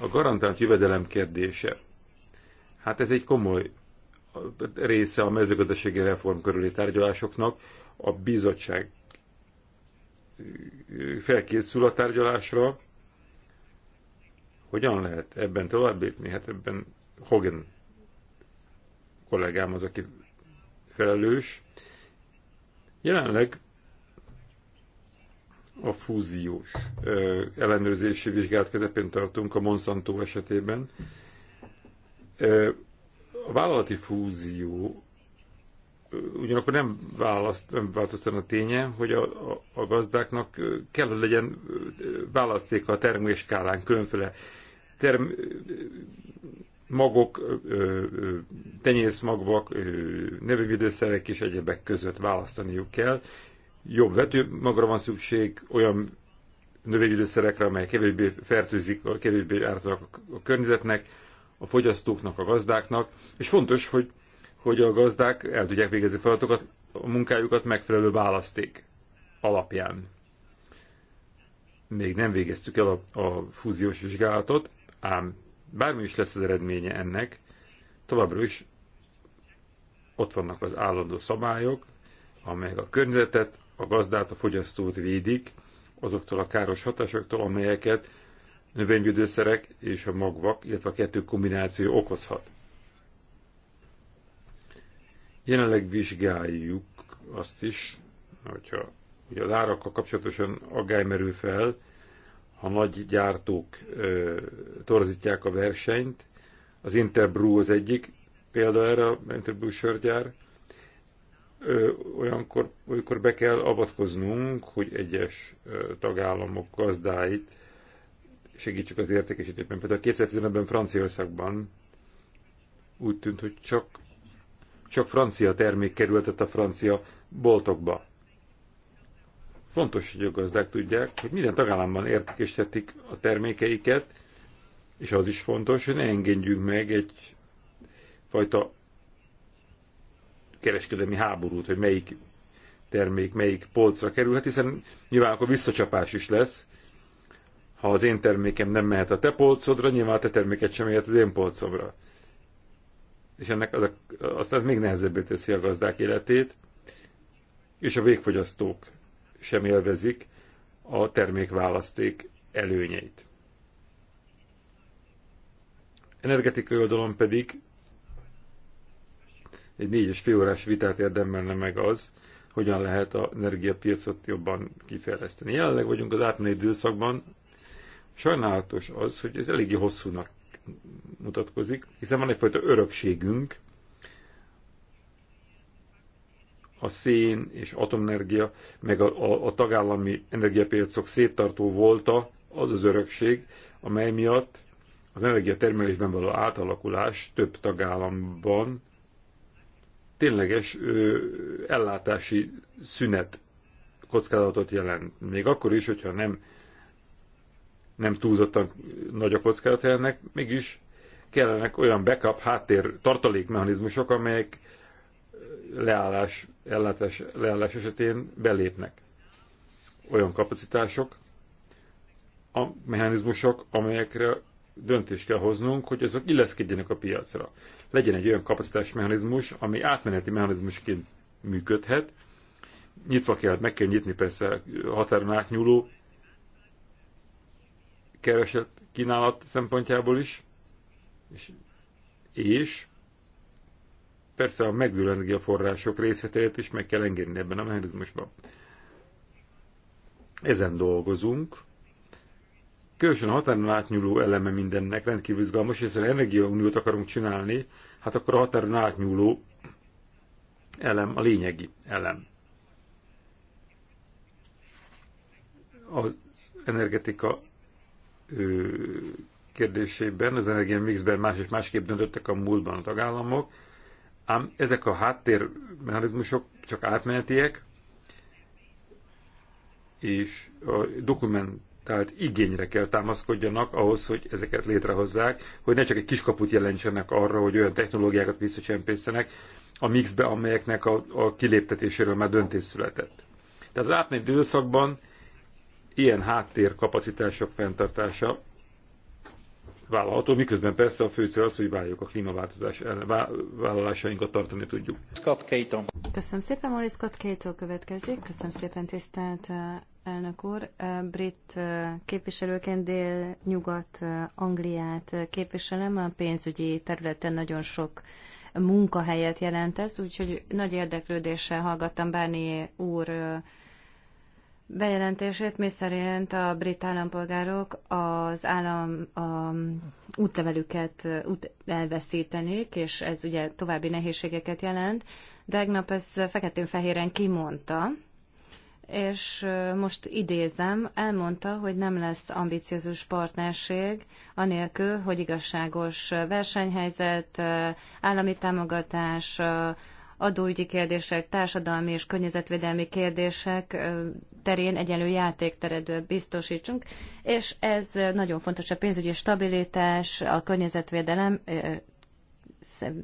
A garantált jövedelem kérdése Hát ez egy komoly része a mezőgazdasági reform körüli tárgyalásoknak. A bizottság felkészül a tárgyalásra. Hogyan lehet ebben tovább lépni? Hát ebben Hogan kollégám az, aki felelős. Jelenleg a fúziós ellenőrzési vizsgálat közepén tartunk a Monsanto esetében. A vállalati fúzió ugyanakkor nem, választ, nem változtatna a ténye, hogy a, a, a gazdáknak kell, hogy legyen választék a terméskálán különféle term, magok, tenyészmagvak, növényvédőszerek és egyebek között választaniuk kell. Jobb vetőmagra van szükség, olyan növényvédőszerekre, amelyek kevésbé fertőzik, kevésbé ártanak a környezetnek, a fogyasztóknak, a gazdáknak, és fontos, hogy, hogy a gazdák el tudják végezni feladatokat, a munkájukat megfelelő választék alapján. Még nem végeztük el a, a fúziós vizsgálatot, ám bármi is lesz az eredménye ennek, továbbra is ott vannak az állandó szabályok, amelyek a környezetet, a gazdát, a fogyasztót védik azoktól a káros hatásoktól, amelyeket növényvédőszerek és a magvak, illetve a kettő kombináció okozhat. Jelenleg vizsgáljuk azt is, hogyha ugye az árakkal kapcsolatosan aggály merül fel, ha nagy gyártók ö, torzítják a versenyt, az Interbrew az egyik példa erre, a Interbrew sörgyár, ö, olyankor, olyankor be kell avatkoznunk, hogy egyes ö, tagállamok gazdáit segítsük az mert Például 2015-ben Franciaországban úgy tűnt, hogy csak, csak francia termék kerültett a francia boltokba. Fontos, hogy a gazdák tudják, hogy minden tagállamban értékesítik a termékeiket, és az is fontos, hogy ne engedjünk meg egy fajta kereskedelmi háborút, hogy melyik termék melyik polcra kerülhet, hiszen nyilván akkor visszacsapás is lesz, ha az én termékem nem mehet a te polcodra, nyilván a te terméket sem mehet az én polcomra. És ennek az a, aztán még nehezebbé teszi a gazdák életét, és a végfogyasztók sem élvezik a termékválaszték előnyeit. Energetikai oldalon pedig egy négy és fél órás vitát érdemelne meg az, hogyan lehet a energiapiacot jobban kifejleszteni. Jelenleg vagyunk az átmeneti időszakban, Sajnálatos az, hogy ez eléggé hosszúnak mutatkozik, hiszen van egyfajta örökségünk a szén és atomenergia, meg a, a, a tagállami energiapiacok széttartó volta, az az örökség, amely miatt az energiatermelésben való átalakulás több tagállamban tényleges ö, ellátási szünet kockázatot jelent. Még akkor is, hogyha nem nem túlzottan nagy a kockázat ennek, mégis kellenek olyan backup, háttér, tartalékmechanizmusok, amelyek leállás, ellátás, leállás esetén belépnek. Olyan kapacitások, a mechanizmusok, amelyekre döntést kell hoznunk, hogy azok illeszkedjenek a piacra. Legyen egy olyan mechanizmus, ami átmeneti mechanizmusként működhet, nyitva kell, meg kell nyitni persze határon átnyúló kereset kínálat szempontjából is, és, és persze a megülő energiaforrások részvételét is meg kell engedni ebben a mechanizmusban. Ezen dolgozunk. Különösen a határon átnyúló eleme mindennek rendkívül izgalmas, hiszen energiauniót akarunk csinálni, hát akkor a határon átnyúló elem a lényegi elem. Az energetika kérdésében, az energia mixben más és másképp döntöttek a múltban a tagállamok, ám ezek a háttérmechanizmusok csak átmenetiek, és a dokumentált igényre kell támaszkodjanak ahhoz, hogy ezeket létrehozzák, hogy ne csak egy kiskaput jelentsenek arra, hogy olyan technológiákat visszacsempészenek a mixbe, amelyeknek a, a kiléptetéséről már döntés született. Tehát az átmeneti időszakban ilyen háttérkapacitások fenntartása vállalható, miközben persze a fő cél az, hogy váljuk a klímaváltozás vállalásainkat tartani tudjuk. Scott Cato. Köszönöm szépen, Molly Scott Cato következik. Köszönöm szépen, tisztelt elnök úr. Brit képviselőként dél-nyugat Angliát képviselem, a pénzügyi területen nagyon sok munkahelyet jelent ez, úgyhogy nagy érdeklődéssel hallgattam Bárni úr bejelentését, szerint a brit állampolgárok az állam a útlevelüket út elveszítenék, és ez ugye további nehézségeket jelent. Degnap ez feketén-fehéren kimondta, és most idézem, elmondta, hogy nem lesz ambiciózus partnerség, anélkül, hogy igazságos versenyhelyzet, állami támogatás, adóügyi kérdések, társadalmi és környezetvédelmi kérdések terén egyenlő játékteredő biztosítsunk, és ez nagyon fontos a pénzügyi stabilitás, a környezetvédelem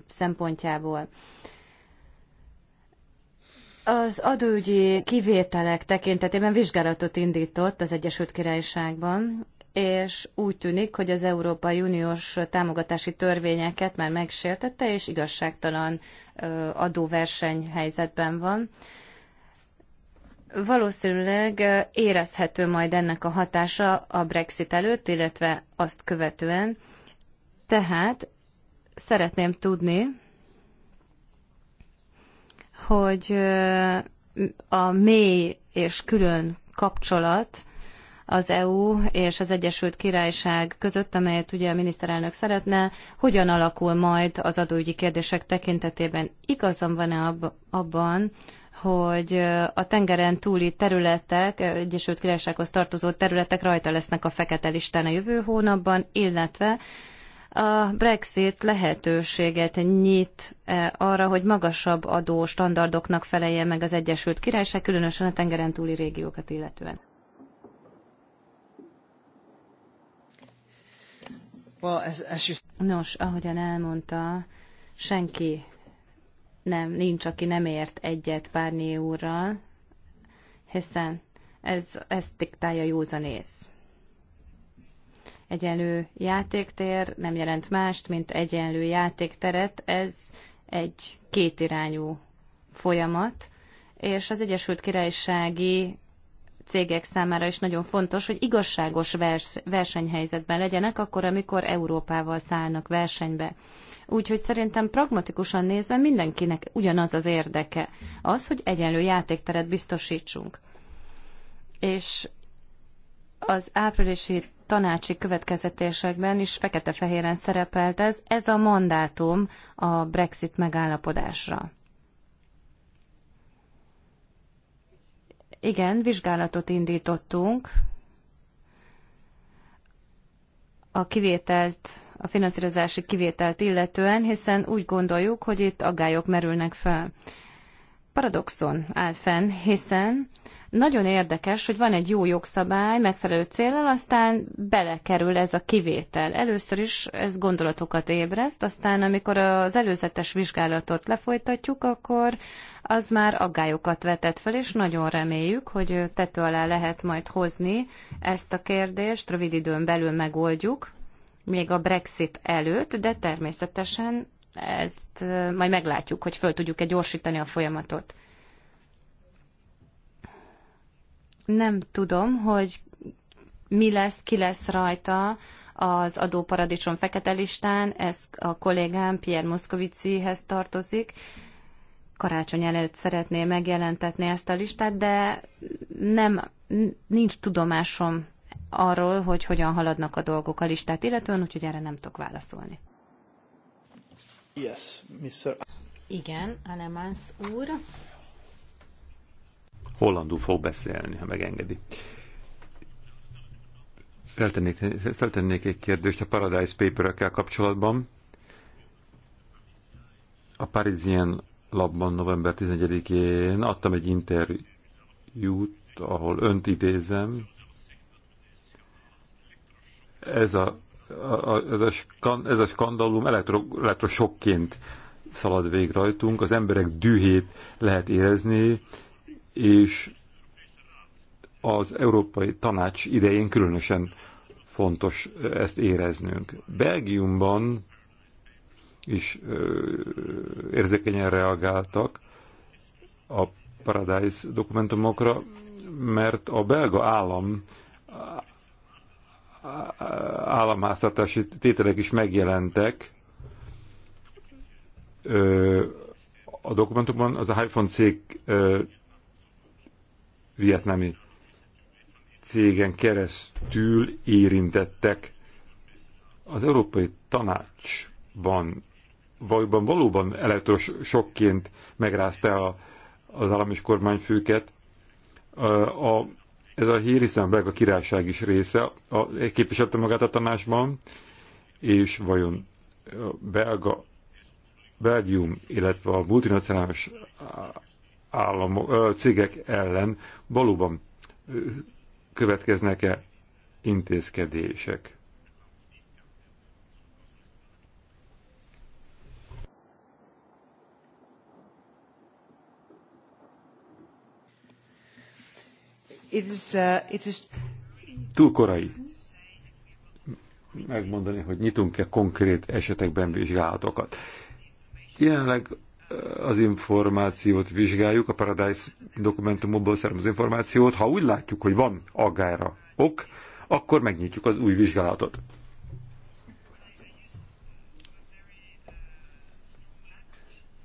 szempontjából. Az adóügyi kivételek tekintetében vizsgálatot indított az Egyesült Királyságban, és úgy tűnik, hogy az Európai Uniós támogatási törvényeket már megsértette, és igazságtalan adóversenyhelyzetben van. Valószínűleg érezhető majd ennek a hatása a Brexit előtt, illetve azt követően. Tehát szeretném tudni, hogy a mély és külön kapcsolat az EU és az Egyesült Királyság között, amelyet ugye a miniszterelnök szeretne, hogyan alakul majd az adóügyi kérdések tekintetében. Igazam van-e ab- abban, hogy a tengeren túli területek, Egyesült Királysághoz tartozó területek rajta lesznek a fekete listán a jövő hónapban, illetve a Brexit lehetőséget nyit arra, hogy magasabb adó standardoknak felelje meg az Egyesült Királyság, különösen a tengeren túli régiókat illetően. Nos, ahogyan elmondta, senki nem, nincs, aki nem ért egyet Párné úrral, hiszen ez, ez diktálja józanész. Egyenlő játéktér nem jelent mást, mint egyenlő játékteret, ez egy kétirányú folyamat, és az Egyesült Királysági cégek számára is nagyon fontos, hogy igazságos vers, versenyhelyzetben legyenek, akkor, amikor Európával szállnak versenybe. Úgyhogy szerintem pragmatikusan nézve mindenkinek ugyanaz az érdeke, az, hogy egyenlő játékteret biztosítsunk. És az áprilisi tanácsi következetésekben is fekete-fehéren szerepelt ez, ez a mandátum a Brexit megállapodásra. Igen, vizsgálatot indítottunk. A kivételt, a finanszírozási kivételt illetően, hiszen úgy gondoljuk, hogy itt aggályok merülnek fel. Paradoxon áll fenn, hiszen nagyon érdekes, hogy van egy jó jogszabály megfelelő célral, aztán belekerül ez a kivétel. Először is ez gondolatokat ébreszt, aztán amikor az előzetes vizsgálatot lefolytatjuk, akkor az már aggályokat vetett fel, és nagyon reméljük, hogy tető alá lehet majd hozni ezt a kérdést, rövid időn belül megoldjuk, még a Brexit előtt, de természetesen ezt eh, majd meglátjuk, hogy föl tudjuk-e gyorsítani a folyamatot. nem tudom, hogy mi lesz, ki lesz rajta az adóparadicsom fekete listán, ez a kollégám Pierre Moszkovicihez tartozik. Karácsony előtt szeretné megjelentetni ezt a listát, de nem, nincs tudomásom arról, hogy hogyan haladnak a dolgok a listát illetően, úgyhogy erre nem tudok válaszolni. Yes, Mr. Igen, Alemans úr hollandul fog beszélni, ha megengedi. Feltennék, feltennék egy kérdést a Paradise paper kapcsolatban. A Parisien labban november 11-én adtam egy interjút, ahol önt idézem. Ez a, a, ez a, skan, ez a skandalum elektro, elektrosokként szalad vég rajtunk, az emberek dühét lehet érezni, és az Európai Tanács idején különösen fontos ezt éreznünk. Belgiumban is érzékenyen reagáltak a Paradise dokumentumokra, mert a belga állam államháztartási tételek is megjelentek a dokumentumban, az a iPhone cég vietnámi cégen keresztül érintettek. Az Európai Tanácsban valóban, valóban elektros sokként megrázta a, az állam és kormányfőket. A, a, ez a hír, hiszen meg a királyság is része, a, képviselte magát a tanácsban, és vajon a belga, Belgium, illetve a multinacionális államok, cégek ellen valóban következnek-e intézkedések. It is, uh, it is... Túl korai megmondani, hogy nyitunk-e konkrét esetekben vizsgálatokat. Jelenleg az információt vizsgáljuk, a Paradise dokumentumokból származó információt, ha úgy látjuk, hogy van aggára ok, akkor megnyitjuk az új vizsgálatot.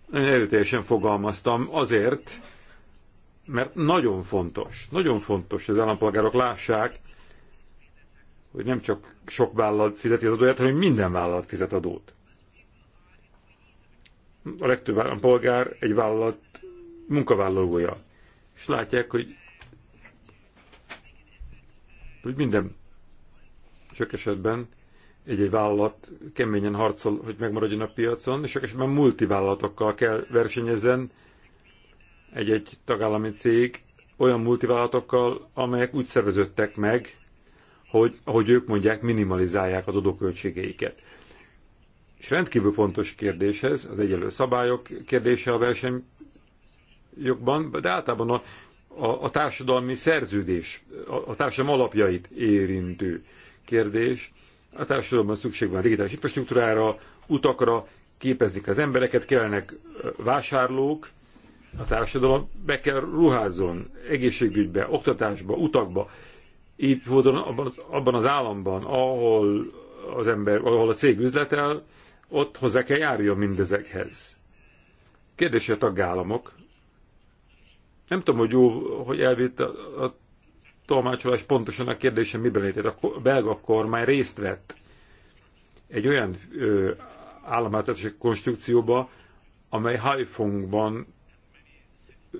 Nagyon erőteljesen fogalmaztam azért, mert nagyon fontos, nagyon fontos, hogy az állampolgárok lássák, hogy nem csak sok vállalat fizeti az adóját, hanem minden vállalat fizet adót a legtöbb állampolgár egy vállalat munkavállalója. És látják, hogy, hogy minden sok esetben egy-egy vállalat keményen harcol, hogy megmaradjon a piacon, és sok esetben multivállalatokkal kell versenyezen egy-egy tagállami cég olyan multivállalatokkal, amelyek úgy szerveződtek meg, hogy, ahogy ők mondják, minimalizálják az adóköltségeiket és rendkívül fontos kérdés ez, az egyenlő szabályok kérdése a versenyjogban, de általában a, a, a társadalmi szerződés, a, a társadalom alapjait érintő kérdés. A társadalomban szükség van digitális infrastruktúrára, utakra, képezik az embereket, kellenek vásárlók, a társadalom be kell ruházzon egészségügybe, oktatásba, utakba, így abban az, abban az államban, ahol az ember, ahol a cég üzletel, ott hozzá kell járjon mindezekhez. Kérdése a tagállamok. Nem tudom, hogy jó, hogy elvitt a, a tolmácsolás pontosan a kérdésem, miben létezett. A belga kormány részt vett egy olyan ö, államáltatási konstrukcióba, amely Haifongban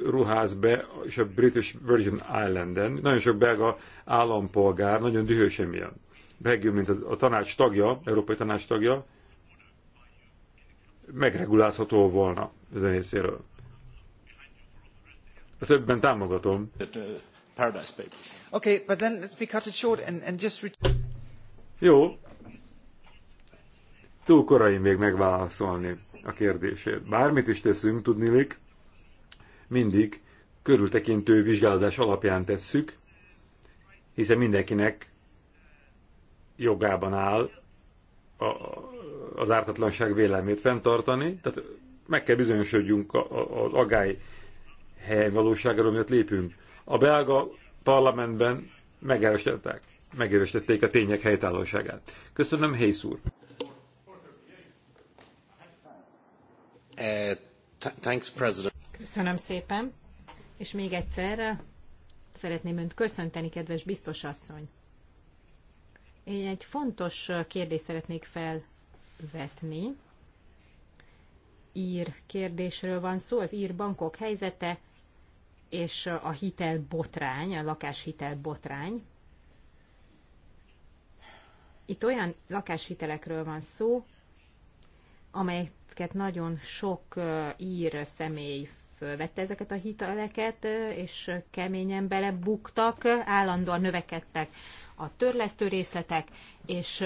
ruház be, és a British Virgin Islanden. Nagyon sok belga állampolgár, nagyon dühös emiatt. Belgium, mint a, a tanács tagja, Európai Tanács tagja, megregulázható volna a zenészéről. A többen támogatom. Okay, but then let's be cut it short and, and just... Jó. Túl korai még megválaszolni a kérdését. Bármit is teszünk, tudnilik, mindig körültekintő vizsgálódás alapján tesszük, hiszen mindenkinek jogában áll a, az ártatlanság vélelmét fenntartani, tehát meg kell bizonyosodjunk az agály hely valóságáról, miatt lépünk. A belga parlamentben megerősítették, megerősítették a tények helytállóságát. Köszönöm, Hész úr! Eh, thanks, President. Köszönöm szépen, és még egyszer szeretném Önt köszönteni, kedves biztos asszony. Én egy fontos kérdést szeretnék fel vetni. Ír kérdésről van szó, az ír bankok helyzete és a hitel botrány, a lakáshitel botrány. Itt olyan lakáshitelekről van szó, amelyeket nagyon sok ír személy fölvette ezeket a hiteleket, és keményen belebuktak, állandóan növekedtek a törlesztő részletek, és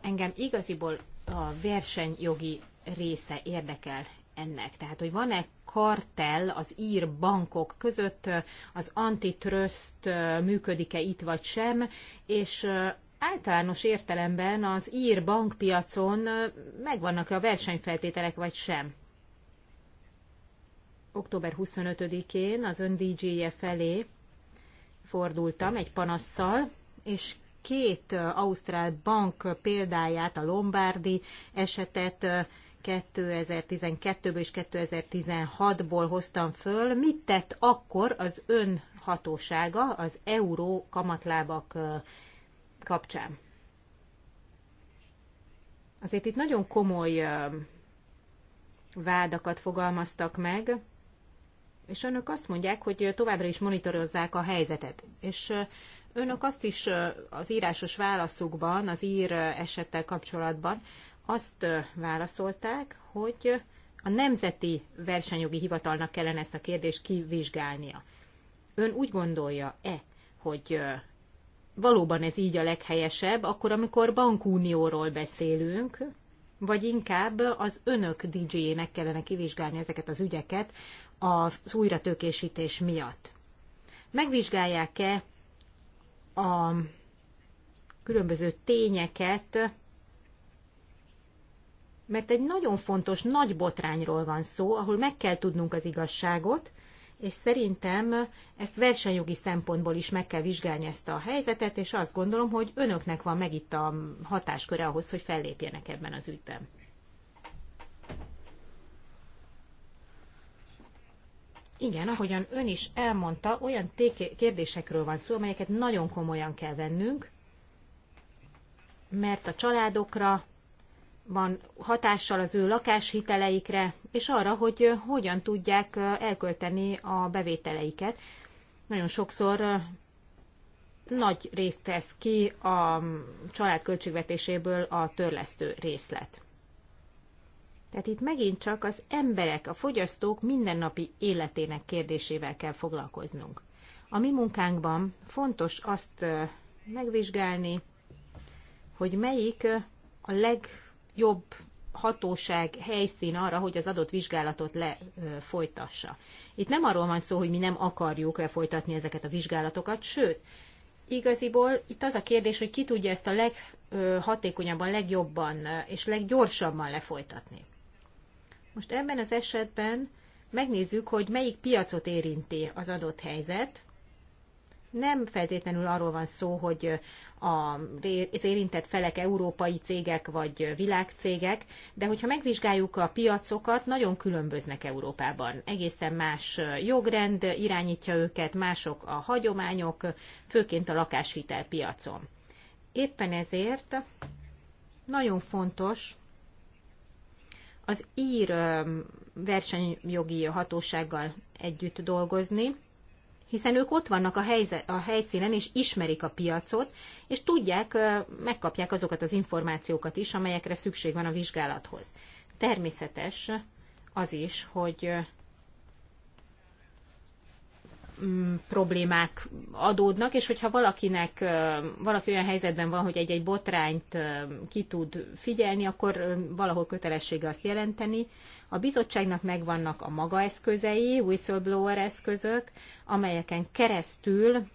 engem igaziból a versenyjogi része érdekel ennek. Tehát, hogy van-e kartell az ír bankok között, az antitrust működik-e itt vagy sem, és általános értelemben az ír bankpiacon megvannak-e a versenyfeltételek vagy sem. Október 25-én az ön DJ-je felé fordultam egy panasszal, és két ausztrál bank példáját, a Lombardi esetet 2012-ből és 2016-ból hoztam föl. Mit tett akkor az ön hatósága az euró kamatlábak kapcsán? Azért itt nagyon komoly vádakat fogalmaztak meg, és önök azt mondják, hogy továbbra is monitorozzák a helyzetet. És Önök azt is az írásos válaszukban, az ír esettel kapcsolatban azt válaszolták, hogy a Nemzeti Versenyjogi Hivatalnak kellene ezt a kérdést kivizsgálnia. Ön úgy gondolja-e, hogy valóban ez így a leghelyesebb, akkor amikor bankunióról beszélünk, vagy inkább az önök dj nek kellene kivizsgálni ezeket az ügyeket az újratőkésítés miatt. Megvizsgálják-e a különböző tényeket, mert egy nagyon fontos nagy botrányról van szó, ahol meg kell tudnunk az igazságot, és szerintem ezt versenyjogi szempontból is meg kell vizsgálni ezt a helyzetet, és azt gondolom, hogy önöknek van meg itt a hatásköre ahhoz, hogy fellépjenek ebben az ügyben. Igen, ahogyan ön is elmondta, olyan kérdésekről van szó, amelyeket nagyon komolyan kell vennünk, mert a családokra van hatással az ő lakáshiteleikre, és arra, hogy hogyan tudják elkölteni a bevételeiket. Nagyon sokszor nagy részt tesz ki a család költségvetéséből a törlesztő részlet. Tehát itt megint csak az emberek, a fogyasztók mindennapi életének kérdésével kell foglalkoznunk. A mi munkánkban fontos azt megvizsgálni, hogy melyik a legjobb hatóság helyszín arra, hogy az adott vizsgálatot lefolytassa. Itt nem arról van szó, hogy mi nem akarjuk lefolytatni ezeket a vizsgálatokat, sőt, igaziból itt az a kérdés, hogy ki tudja ezt a leghatékonyabban, legjobban és leggyorsabban lefolytatni. Most ebben az esetben megnézzük, hogy melyik piacot érinti az adott helyzet. Nem feltétlenül arról van szó, hogy az érintett felek európai cégek vagy világcégek, de hogyha megvizsgáljuk a piacokat, nagyon különböznek Európában. Egészen más jogrend irányítja őket, mások a hagyományok, főként a lakáshitelpiacon. Éppen ezért nagyon fontos az ír versenyjogi hatósággal együtt dolgozni, hiszen ők ott vannak a, helyze, a helyszínen, és ismerik a piacot, és tudják, megkapják azokat az információkat is, amelyekre szükség van a vizsgálathoz. Természetes az is, hogy Mm, problémák adódnak, és hogyha valakinek, valaki olyan helyzetben van, hogy egy-egy botrányt ki tud figyelni, akkor valahol kötelessége azt jelenteni. A bizottságnak megvannak a maga eszközei, whistleblower eszközök, amelyeken keresztül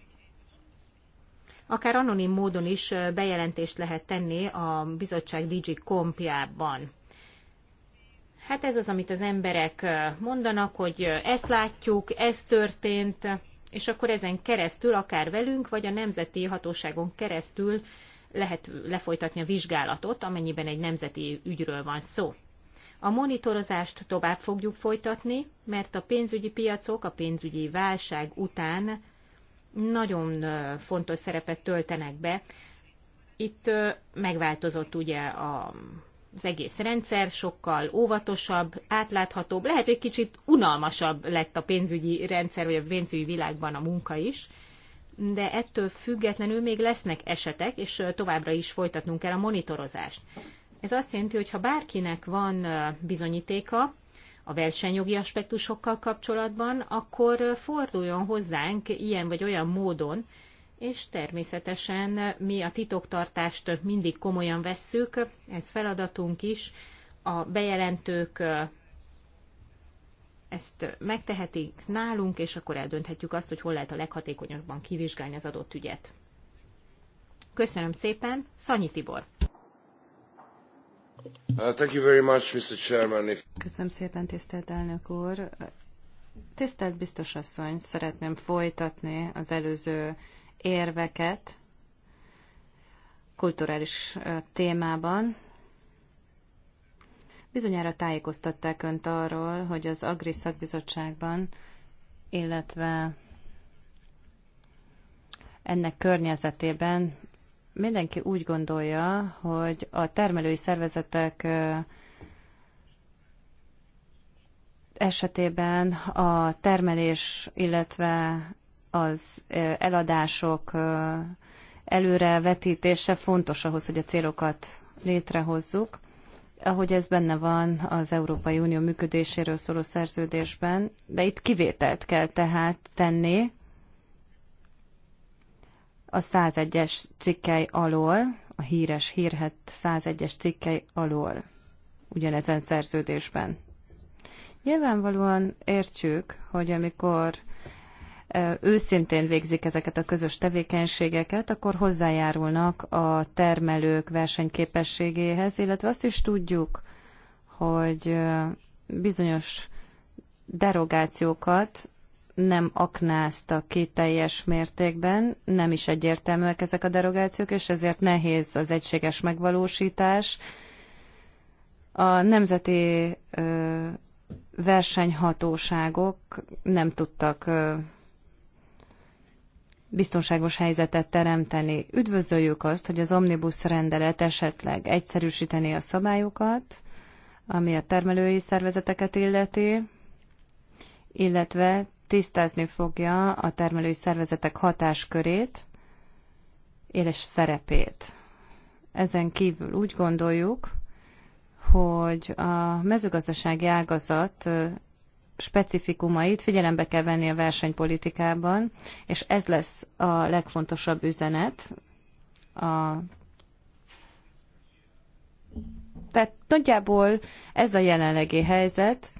akár anonim módon is bejelentést lehet tenni a bizottság DigiComp-jában. Hát ez az, amit az emberek mondanak, hogy ezt látjuk, ez történt, és akkor ezen keresztül, akár velünk, vagy a nemzeti hatóságon keresztül lehet lefolytatni a vizsgálatot, amennyiben egy nemzeti ügyről van szó. A monitorozást tovább fogjuk folytatni, mert a pénzügyi piacok a pénzügyi válság után nagyon fontos szerepet töltenek be. Itt megváltozott ugye a az egész rendszer sokkal óvatosabb, átláthatóbb, lehet, hogy kicsit unalmasabb lett a pénzügyi rendszer, vagy a pénzügyi világban a munka is, de ettől függetlenül még lesznek esetek, és továbbra is folytatnunk kell a monitorozást. Ez azt jelenti, hogy ha bárkinek van bizonyítéka a versenyjogi aspektusokkal kapcsolatban, akkor forduljon hozzánk ilyen vagy olyan módon, és természetesen mi a titoktartást mindig komolyan vesszük, ez feladatunk is, a bejelentők ezt megtehetik nálunk, és akkor eldönthetjük azt, hogy hol lehet a leghatékonyabban kivizsgálni az adott ügyet. Köszönöm szépen, Szanyi Tibor! Uh, thank you very much, Mr. Chairman. Köszönöm szépen, tisztelt elnök úr! Tisztelt biztos asszony, szeretném folytatni az előző érveket kulturális témában. Bizonyára tájékoztatták Önt arról, hogy az Agri szakbizottságban, illetve ennek környezetében mindenki úgy gondolja, hogy a termelői szervezetek esetében a termelés, illetve az eladások előrevetítése fontos ahhoz, hogy a célokat létrehozzuk. Ahogy ez benne van az Európai Unió működéséről szóló szerződésben, de itt kivételt kell tehát tenni a 101-es cikkely alól, a híres, hírhet 101-es cikkely alól ugyanezen szerződésben. Nyilvánvalóan értjük, hogy amikor őszintén végzik ezeket a közös tevékenységeket, akkor hozzájárulnak a termelők versenyképességéhez, illetve azt is tudjuk, hogy bizonyos derogációkat nem aknáztak ki teljes mértékben, nem is egyértelműek ezek a derogációk, és ezért nehéz az egységes megvalósítás. A nemzeti versenyhatóságok nem tudtak biztonságos helyzetet teremteni. Üdvözöljük azt, hogy az omnibus rendelet esetleg egyszerűsíteni a szabályokat, ami a termelői szervezeteket illeti, illetve tisztázni fogja a termelői szervezetek hatáskörét és szerepét. Ezen kívül úgy gondoljuk, hogy a mezőgazdasági ágazat specifikumait figyelembe kell venni a versenypolitikában, és ez lesz a legfontosabb üzenet. A... Tehát nagyjából ez a jelenlegi helyzet,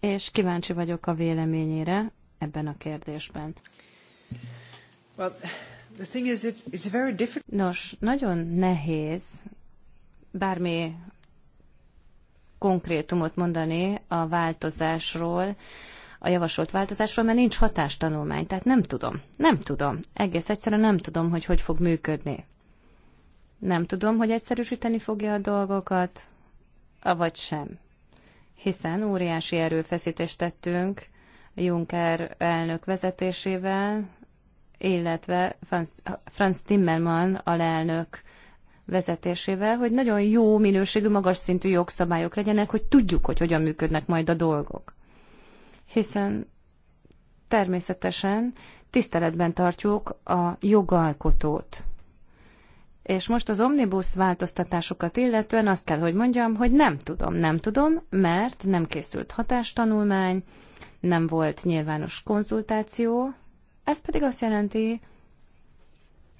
és kíváncsi vagyok a véleményére ebben a kérdésben. Well, the thing is, it's, it's very difficult. Nos, nagyon nehéz bármi konkrétumot mondani a változásról, a javasolt változásról, mert nincs hatástanulmány, tehát nem tudom. Nem tudom. Egész egyszerűen nem tudom, hogy hogy fog működni. Nem tudom, hogy egyszerűsíteni fogja a dolgokat, avagy sem. Hiszen óriási erőfeszítést tettünk Juncker elnök vezetésével, illetve Franz, Franz Timmermann alelnök vezetésével, hogy nagyon jó minőségű, magas szintű jogszabályok legyenek, hogy tudjuk, hogy hogyan működnek majd a dolgok. Hiszen természetesen tiszteletben tartjuk a jogalkotót. És most az omnibus változtatásokat illetően azt kell, hogy mondjam, hogy nem tudom, nem tudom, mert nem készült hatástanulmány, nem volt nyilvános konzultáció, ez pedig azt jelenti,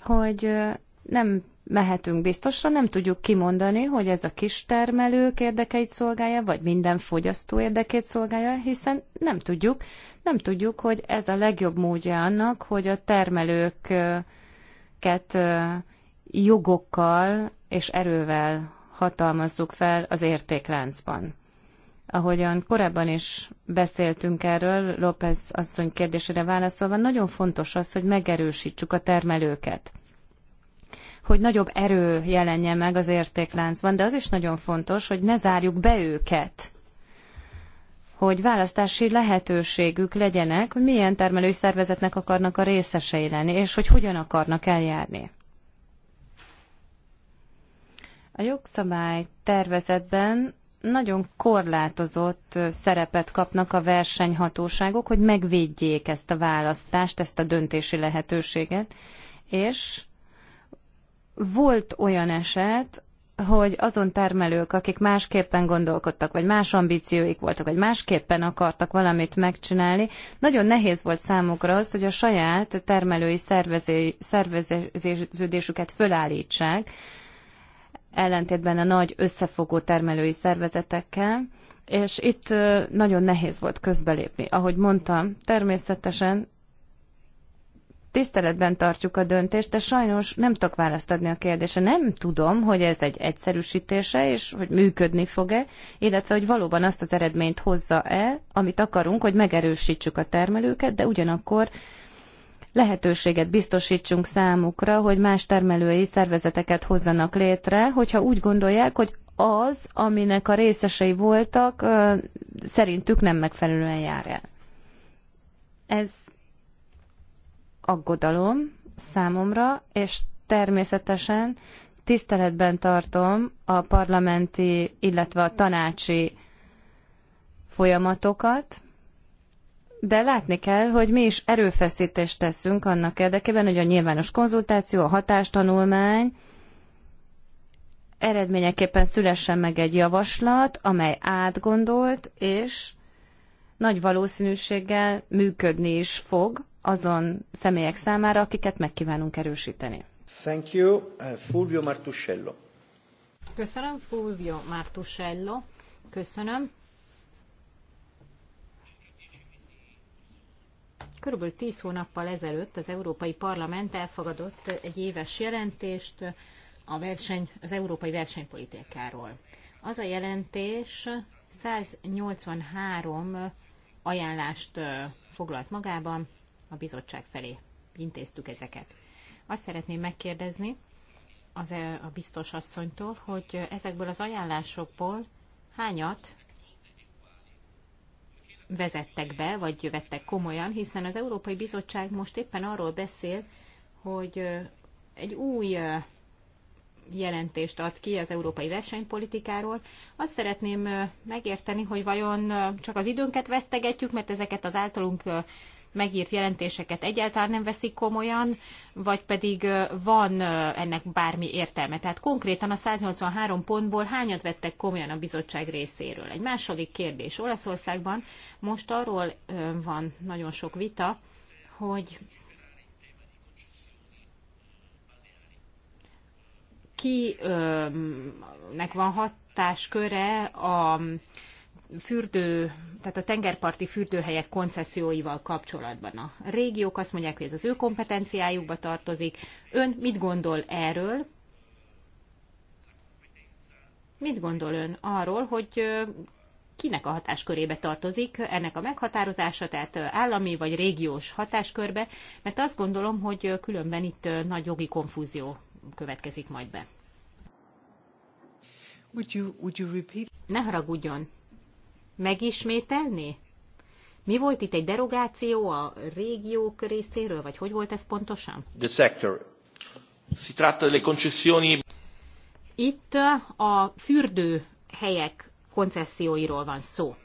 hogy nem mehetünk biztosra, nem tudjuk kimondani, hogy ez a kis termelők érdekeit szolgálja, vagy minden fogyasztó érdekét szolgálja, hiszen nem tudjuk, nem tudjuk, hogy ez a legjobb módja annak, hogy a termelőket jogokkal és erővel hatalmazzuk fel az értékláncban. Ahogyan korábban is beszéltünk erről, López asszony kérdésére válaszolva, nagyon fontos az, hogy megerősítsük a termelőket – hogy nagyobb erő jelenjen meg az értékláncban, de az is nagyon fontos, hogy ne zárjuk be őket hogy választási lehetőségük legyenek, hogy milyen termelői szervezetnek akarnak a részesei lenni, és hogy hogyan akarnak eljárni. A jogszabály tervezetben nagyon korlátozott szerepet kapnak a versenyhatóságok, hogy megvédjék ezt a választást, ezt a döntési lehetőséget, és volt olyan eset, hogy azon termelők, akik másképpen gondolkodtak, vagy más ambícióik voltak, vagy másképpen akartak valamit megcsinálni, nagyon nehéz volt számukra az, hogy a saját termelői szerveződésüket fölállítsák, ellentétben a nagy összefogó termelői szervezetekkel, és itt nagyon nehéz volt közbelépni. Ahogy mondtam, természetesen tiszteletben tartjuk a döntést, de sajnos nem tudok választ adni a kérdése. Nem tudom, hogy ez egy egyszerűsítése, és hogy működni fog-e, illetve hogy valóban azt az eredményt hozza-e, amit akarunk, hogy megerősítsük a termelőket, de ugyanakkor lehetőséget biztosítsunk számukra, hogy más termelői szervezeteket hozzanak létre, hogyha úgy gondolják, hogy az, aminek a részesei voltak, szerintük nem megfelelően jár el. Ez aggodalom számomra, és természetesen tiszteletben tartom a parlamenti, illetve a tanácsi folyamatokat, de látni kell, hogy mi is erőfeszítést teszünk annak érdekében, hogy a nyilvános konzultáció, a hatástanulmány eredményeképpen szülessen meg egy javaslat, amely átgondolt, és nagy valószínűséggel működni is fog, azon személyek számára, akiket megkívánunk erősíteni. Thank you, uh, Fulvio Martuscello. Köszönöm, Fulvio Martuscello. Köszönöm. Körülbelül tíz hónappal ezelőtt az Európai Parlament elfogadott egy éves jelentést a verseny, az európai versenypolitikáról. Az a jelentés 183 ajánlást foglalt magában, a bizottság felé intéztük ezeket. Azt szeretném megkérdezni az e, a biztos asszonytól, hogy ezekből az ajánlásokból hányat vezettek be, vagy vettek komolyan, hiszen az Európai Bizottság most éppen arról beszél, hogy egy új jelentést ad ki az európai versenypolitikáról. Azt szeretném megérteni, hogy vajon csak az időnket vesztegetjük, mert ezeket az általunk megírt jelentéseket egyáltalán nem veszik komolyan, vagy pedig van ennek bármi értelme. Tehát konkrétan a 183 pontból hányat vettek komolyan a bizottság részéről? Egy második kérdés. Olaszországban most arról van nagyon sok vita, hogy kinek van hatásköre a fürdő, tehát a tengerparti fürdőhelyek konceszióival kapcsolatban. A régiók azt mondják, hogy ez az ő kompetenciájukba tartozik. Ön mit gondol erről? Mit gondol ön arról, hogy kinek a hatáskörébe tartozik ennek a meghatározása, tehát állami vagy régiós hatáskörbe, mert azt gondolom, hogy különben itt nagy jogi konfúzió következik majd be. Would you, would you repeat? Ne haragudjon, megismételni? Mi volt itt egy derogáció a régiók részéről, vagy hogy volt ez pontosan? The sector. Si tratta delle concessioni. Itt a fürdőhelyek koncesszióiról van szó.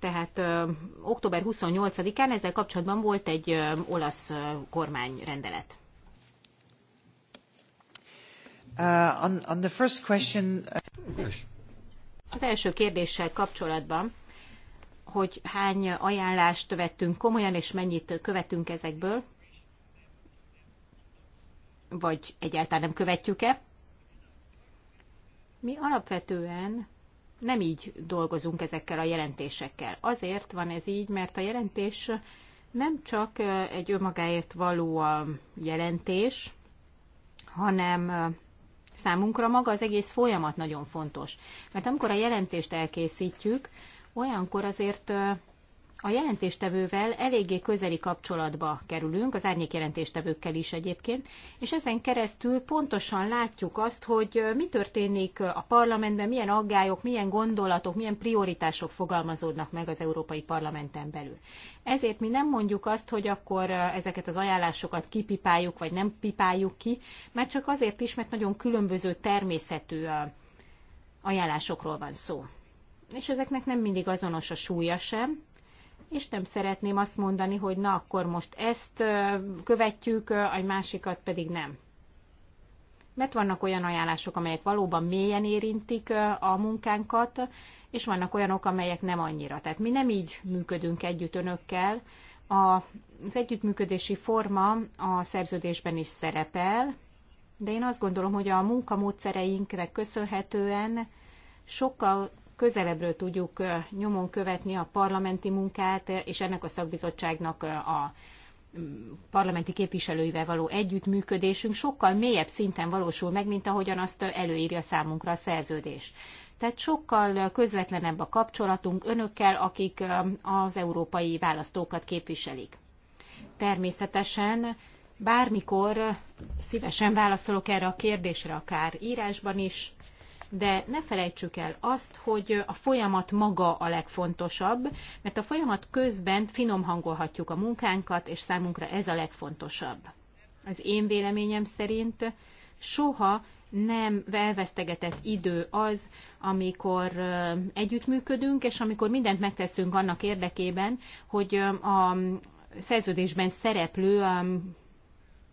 Tehát ö, október 28-án ezzel kapcsolatban volt egy ö, olasz ö, kormányrendelet. Uh, on, on the first question... Uh- Az első kérdéssel kapcsolatban hogy hány ajánlást vettünk komolyan, és mennyit követünk ezekből, vagy egyáltalán nem követjük-e. Mi alapvetően nem így dolgozunk ezekkel a jelentésekkel. Azért van ez így, mert a jelentés nem csak egy önmagáért való a jelentés, hanem számunkra maga az egész folyamat nagyon fontos. Mert amikor a jelentést elkészítjük, olyankor azért a jelentéstevővel eléggé közeli kapcsolatba kerülünk, az árnyék jelentéstevőkkel is egyébként, és ezen keresztül pontosan látjuk azt, hogy mi történik a parlamentben, milyen aggályok, milyen gondolatok, milyen prioritások fogalmazódnak meg az Európai Parlamenten belül. Ezért mi nem mondjuk azt, hogy akkor ezeket az ajánlásokat kipipáljuk, vagy nem pipáljuk ki, mert csak azért is, mert nagyon különböző természetű ajánlásokról van szó és ezeknek nem mindig azonos a súlya sem, és nem szeretném azt mondani, hogy na akkor most ezt követjük, a másikat pedig nem. Mert vannak olyan ajánlások, amelyek valóban mélyen érintik a munkánkat, és vannak olyanok, amelyek nem annyira. Tehát mi nem így működünk együtt önökkel. Az együttműködési forma a szerződésben is szerepel, de én azt gondolom, hogy a munkamódszereinknek köszönhetően sokkal közelebbről tudjuk nyomon követni a parlamenti munkát, és ennek a szakbizottságnak a parlamenti képviselőivel való együttműködésünk sokkal mélyebb szinten valósul meg, mint ahogyan azt előírja számunkra a szerződés. Tehát sokkal közvetlenebb a kapcsolatunk önökkel, akik az európai választókat képviselik. Természetesen bármikor szívesen válaszolok erre a kérdésre, akár írásban is, de ne felejtsük el azt, hogy a folyamat maga a legfontosabb, mert a folyamat közben finom hangolhatjuk a munkánkat, és számunkra ez a legfontosabb. Az én véleményem szerint soha nem elvesztegetett idő az, amikor együttműködünk, és amikor mindent megteszünk annak érdekében, hogy a szerződésben szereplő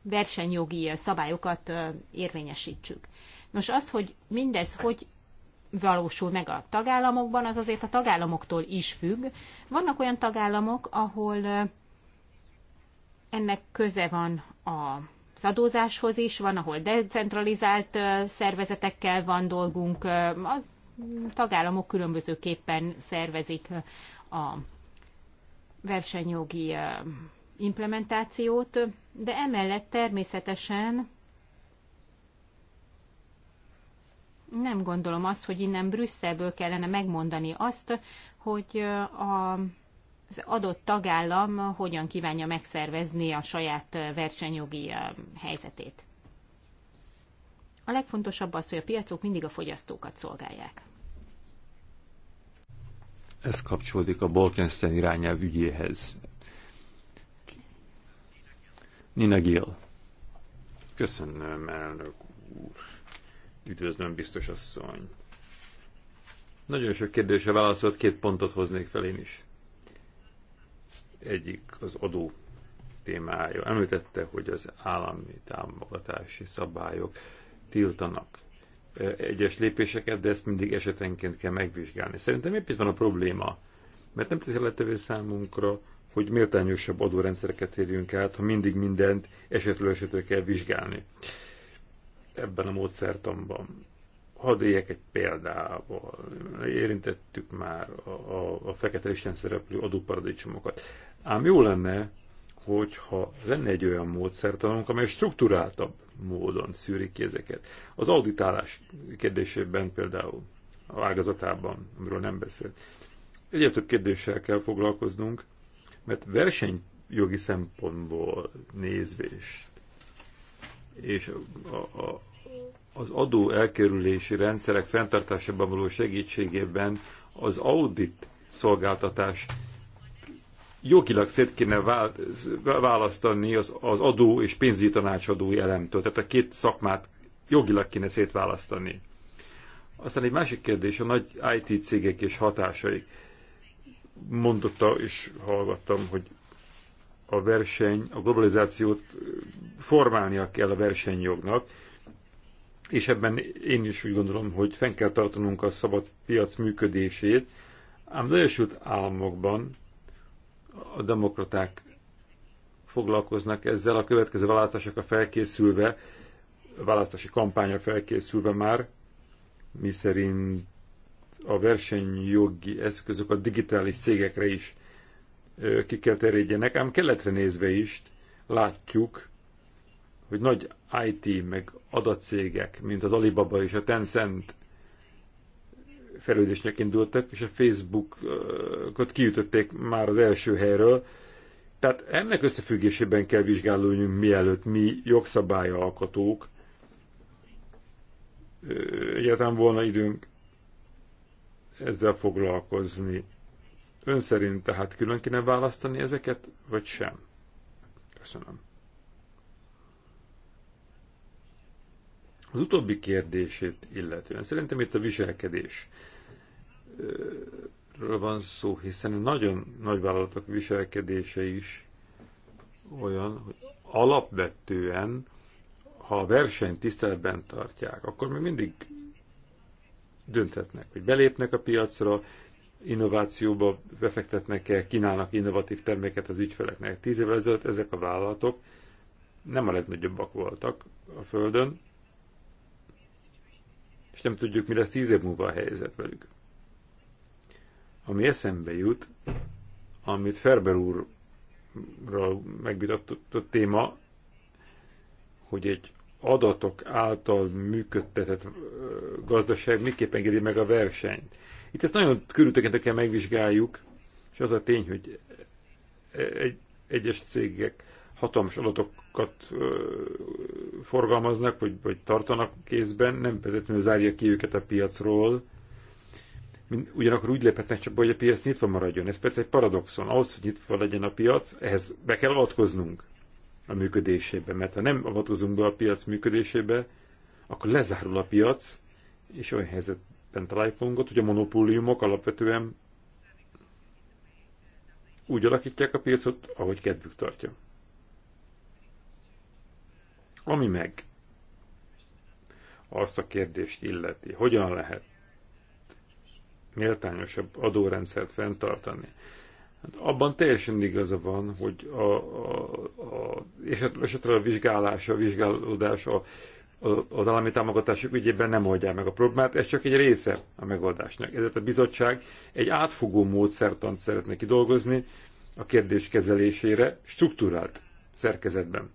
versenyjogi szabályokat érvényesítsük. Nos, az, hogy mindez hogy valósul meg a tagállamokban, az azért a tagállamoktól is függ. Vannak olyan tagállamok, ahol ennek köze van a az adózáshoz is, van, ahol decentralizált szervezetekkel van dolgunk, az tagállamok különbözőképpen szervezik a versenyjogi implementációt, de emellett természetesen nem gondolom azt, hogy innen Brüsszelből kellene megmondani azt, hogy a, az adott tagállam hogyan kívánja megszervezni a saját versenyjogi helyzetét. A legfontosabb az, hogy a piacok mindig a fogyasztókat szolgálják. Ez kapcsolódik a Bolkenstein irányelv ügyéhez. Nina Gill. Köszönöm, elnök úr Üdvözlöm, biztos asszony. Nagyon sok kérdése válaszolt, két pontot hoznék fel én is. Egyik az adó témája. Említette, hogy az állami támogatási szabályok tiltanak e, egyes lépéseket, de ezt mindig esetenként kell megvizsgálni. Szerintem épp itt van a probléma, mert nem teszi lehetővé számunkra, hogy méltányosabb adórendszereket érjünk át, ha mindig mindent esetről esetre kell vizsgálni ebben a módszertamban. Hadd éljek egy példával. Érintettük már a, a, a fekete listán szereplő adóparadicsomokat. Ám jó lenne, hogyha lenne egy olyan módszertanunk, amely struktúráltabb módon szűri ki ezeket. Az auditálás kérdésében például, a ágazatában, amiről nem beszélt. Egyre több kérdéssel kell foglalkoznunk, mert versenyjogi szempontból nézvés és a, a, az adó elkerülési rendszerek fenntartásában való segítségében az audit szolgáltatás jogilag szét kéne választani az, az adó és pénzügyi tanácsadó elemtől. Tehát a két szakmát jogilag kéne szétválasztani. Aztán egy másik kérdés, a nagy IT cégek és hatásaik. Mondotta és hallgattam, hogy a verseny, a globalizációt formálnia kell a versenyjognak, és ebben én is úgy gondolom, hogy fenn kell tartanunk a szabad piac működését, ám az Egyesült Államokban a demokraták foglalkoznak ezzel a következő választásokra felkészülve, a választási kampányra felkészülve már, miszerint a versenyjogi eszközök a digitális cégekre is ki kell terjedjenek, ám keletre nézve is látjuk, hogy nagy IT meg adatcégek, mint az Alibaba és a Tencent felődésnek indultak, és a Facebookot kiütötték már az első helyről. Tehát ennek összefüggésében kell vizsgálódnunk, mielőtt mi alkotók, egyáltalán volna időnk ezzel foglalkozni. Ön szerint tehát külön kéne választani ezeket, vagy sem? Köszönöm. Az utóbbi kérdését illetően szerintem itt a viselkedés van szó, hiszen nagyon nagy vállalatok viselkedése is olyan, hogy alapvetően, ha a versenyt tiszteletben tartják, akkor még mindig dönthetnek, hogy belépnek a piacra, innovációba befektetnek el, kínálnak innovatív terméket az ügyfeleknek. Tíz évvel ezelőtt ezek a vállalatok nem a legnagyobbak voltak a Földön, és nem tudjuk, mi lesz tíz év múlva a helyzet velük. Ami eszembe jut, amit Ferber úrral megvitatott téma, hogy egy adatok által működtetett gazdaság miképp engedi meg a versenyt. Itt ezt nagyon körültekintve kell megvizsgáljuk, és az a tény, hogy egy, egyes cégek hatalmas adatokat ö, forgalmaznak, vagy, vagy tartanak kézben, nem feltétlenül zárja ki őket a piacról, ugyanakkor úgy léphetnek csak, hogy a piac nyitva maradjon. Ez persze egy paradoxon. Ahhoz, hogy nyitva legyen a piac, ehhez be kell avatkoznunk a működésébe, mert ha nem avatkozunk be a piac működésébe, akkor lezárul a piac, és olyan helyzet pentalipungot, hogy a monopóliumok alapvetően úgy alakítják a piacot, ahogy kedvük tartja. Ami meg azt a kérdést illeti, hogyan lehet méltányosabb adórendszert fenntartani. Hát abban teljesen igaza van, hogy a, a, a hát esetre, a vizsgálása, a vizsgálódás, a az állami támogatások ügyében nem oldják meg a problémát, ez csak egy része a megoldásnak. Ezért a bizottság egy átfogó módszertant szeretne kidolgozni a kérdés kezelésére struktúrált szerkezetben.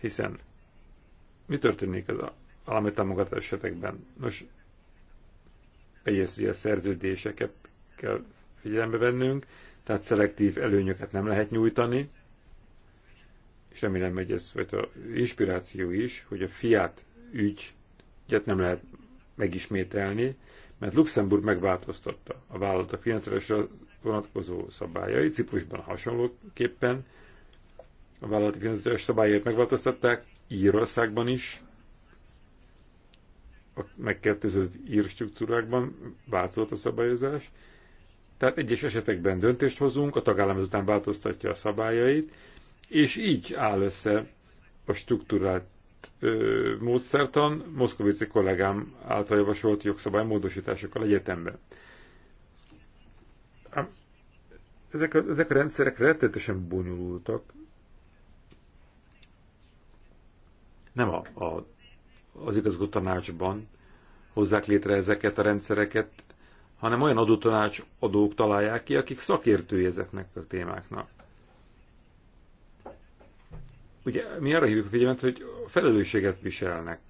Hiszen mi történik az állami támogatás esetekben? Nos, egyrészt ugye a szerződéseket kell figyelembe vennünk, tehát szelektív előnyöket nem lehet nyújtani, és remélem, hogy ez a inspiráció is, hogy a fiát ügyet nem lehet megismételni, mert Luxemburg megváltoztatta a vállalat a finanszírozásra vonatkozó szabályai, Ciprusban hasonlóképpen a vállalati finanszírozás szabályait megváltoztatták, Írországban is, a megkettőzött ír struktúrákban változott a szabályozás, tehát egyes esetekben döntést hozunk, a tagállam ezután változtatja a szabályait, és így áll össze a struktúrát ö, módszertan Moszkovici kollégám által javasolt jogszabály módosításokkal egyetemben. Ezek a, ezek a rendszerek rettetesen bonyolultak. Nem a, a, az igazgó tanácsban hozzák létre ezeket a rendszereket, hanem olyan adók találják ki, akik szakértői ezeknek a témáknak. Ugye mi arra hívjuk a figyelmet, hogy felelősséget viselnek.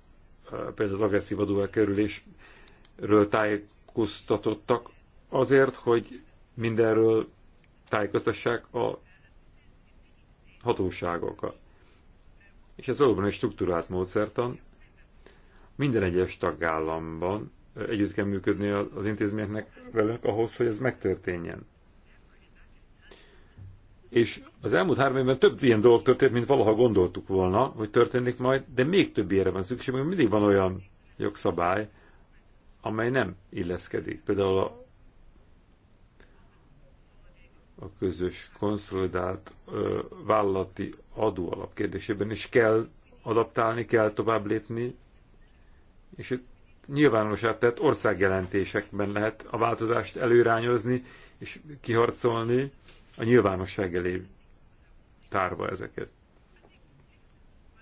Például az agresszív elkerülésről tájékoztatottak azért, hogy mindenről tájékoztassák a hatóságokat. És ez valóban egy struktúrált módszertan. Minden egyes tagállamban együtt kell működni az intézményeknek velünk ahhoz, hogy ez megtörténjen. És az elmúlt három évben több ilyen dolog történt, mint valaha gondoltuk volna, hogy történik majd, de még több ilyenre van szükség, mert mindig van olyan jogszabály, amely nem illeszkedik. Például a, a közös konszolidált ö, vállalati adóalap kérdésében is kell adaptálni, kell tovább lépni, és itt nyilvánosá tett országjelentésekben lehet a változást előrányozni és kiharcolni, a nyilvánosság elé tárva ezeket.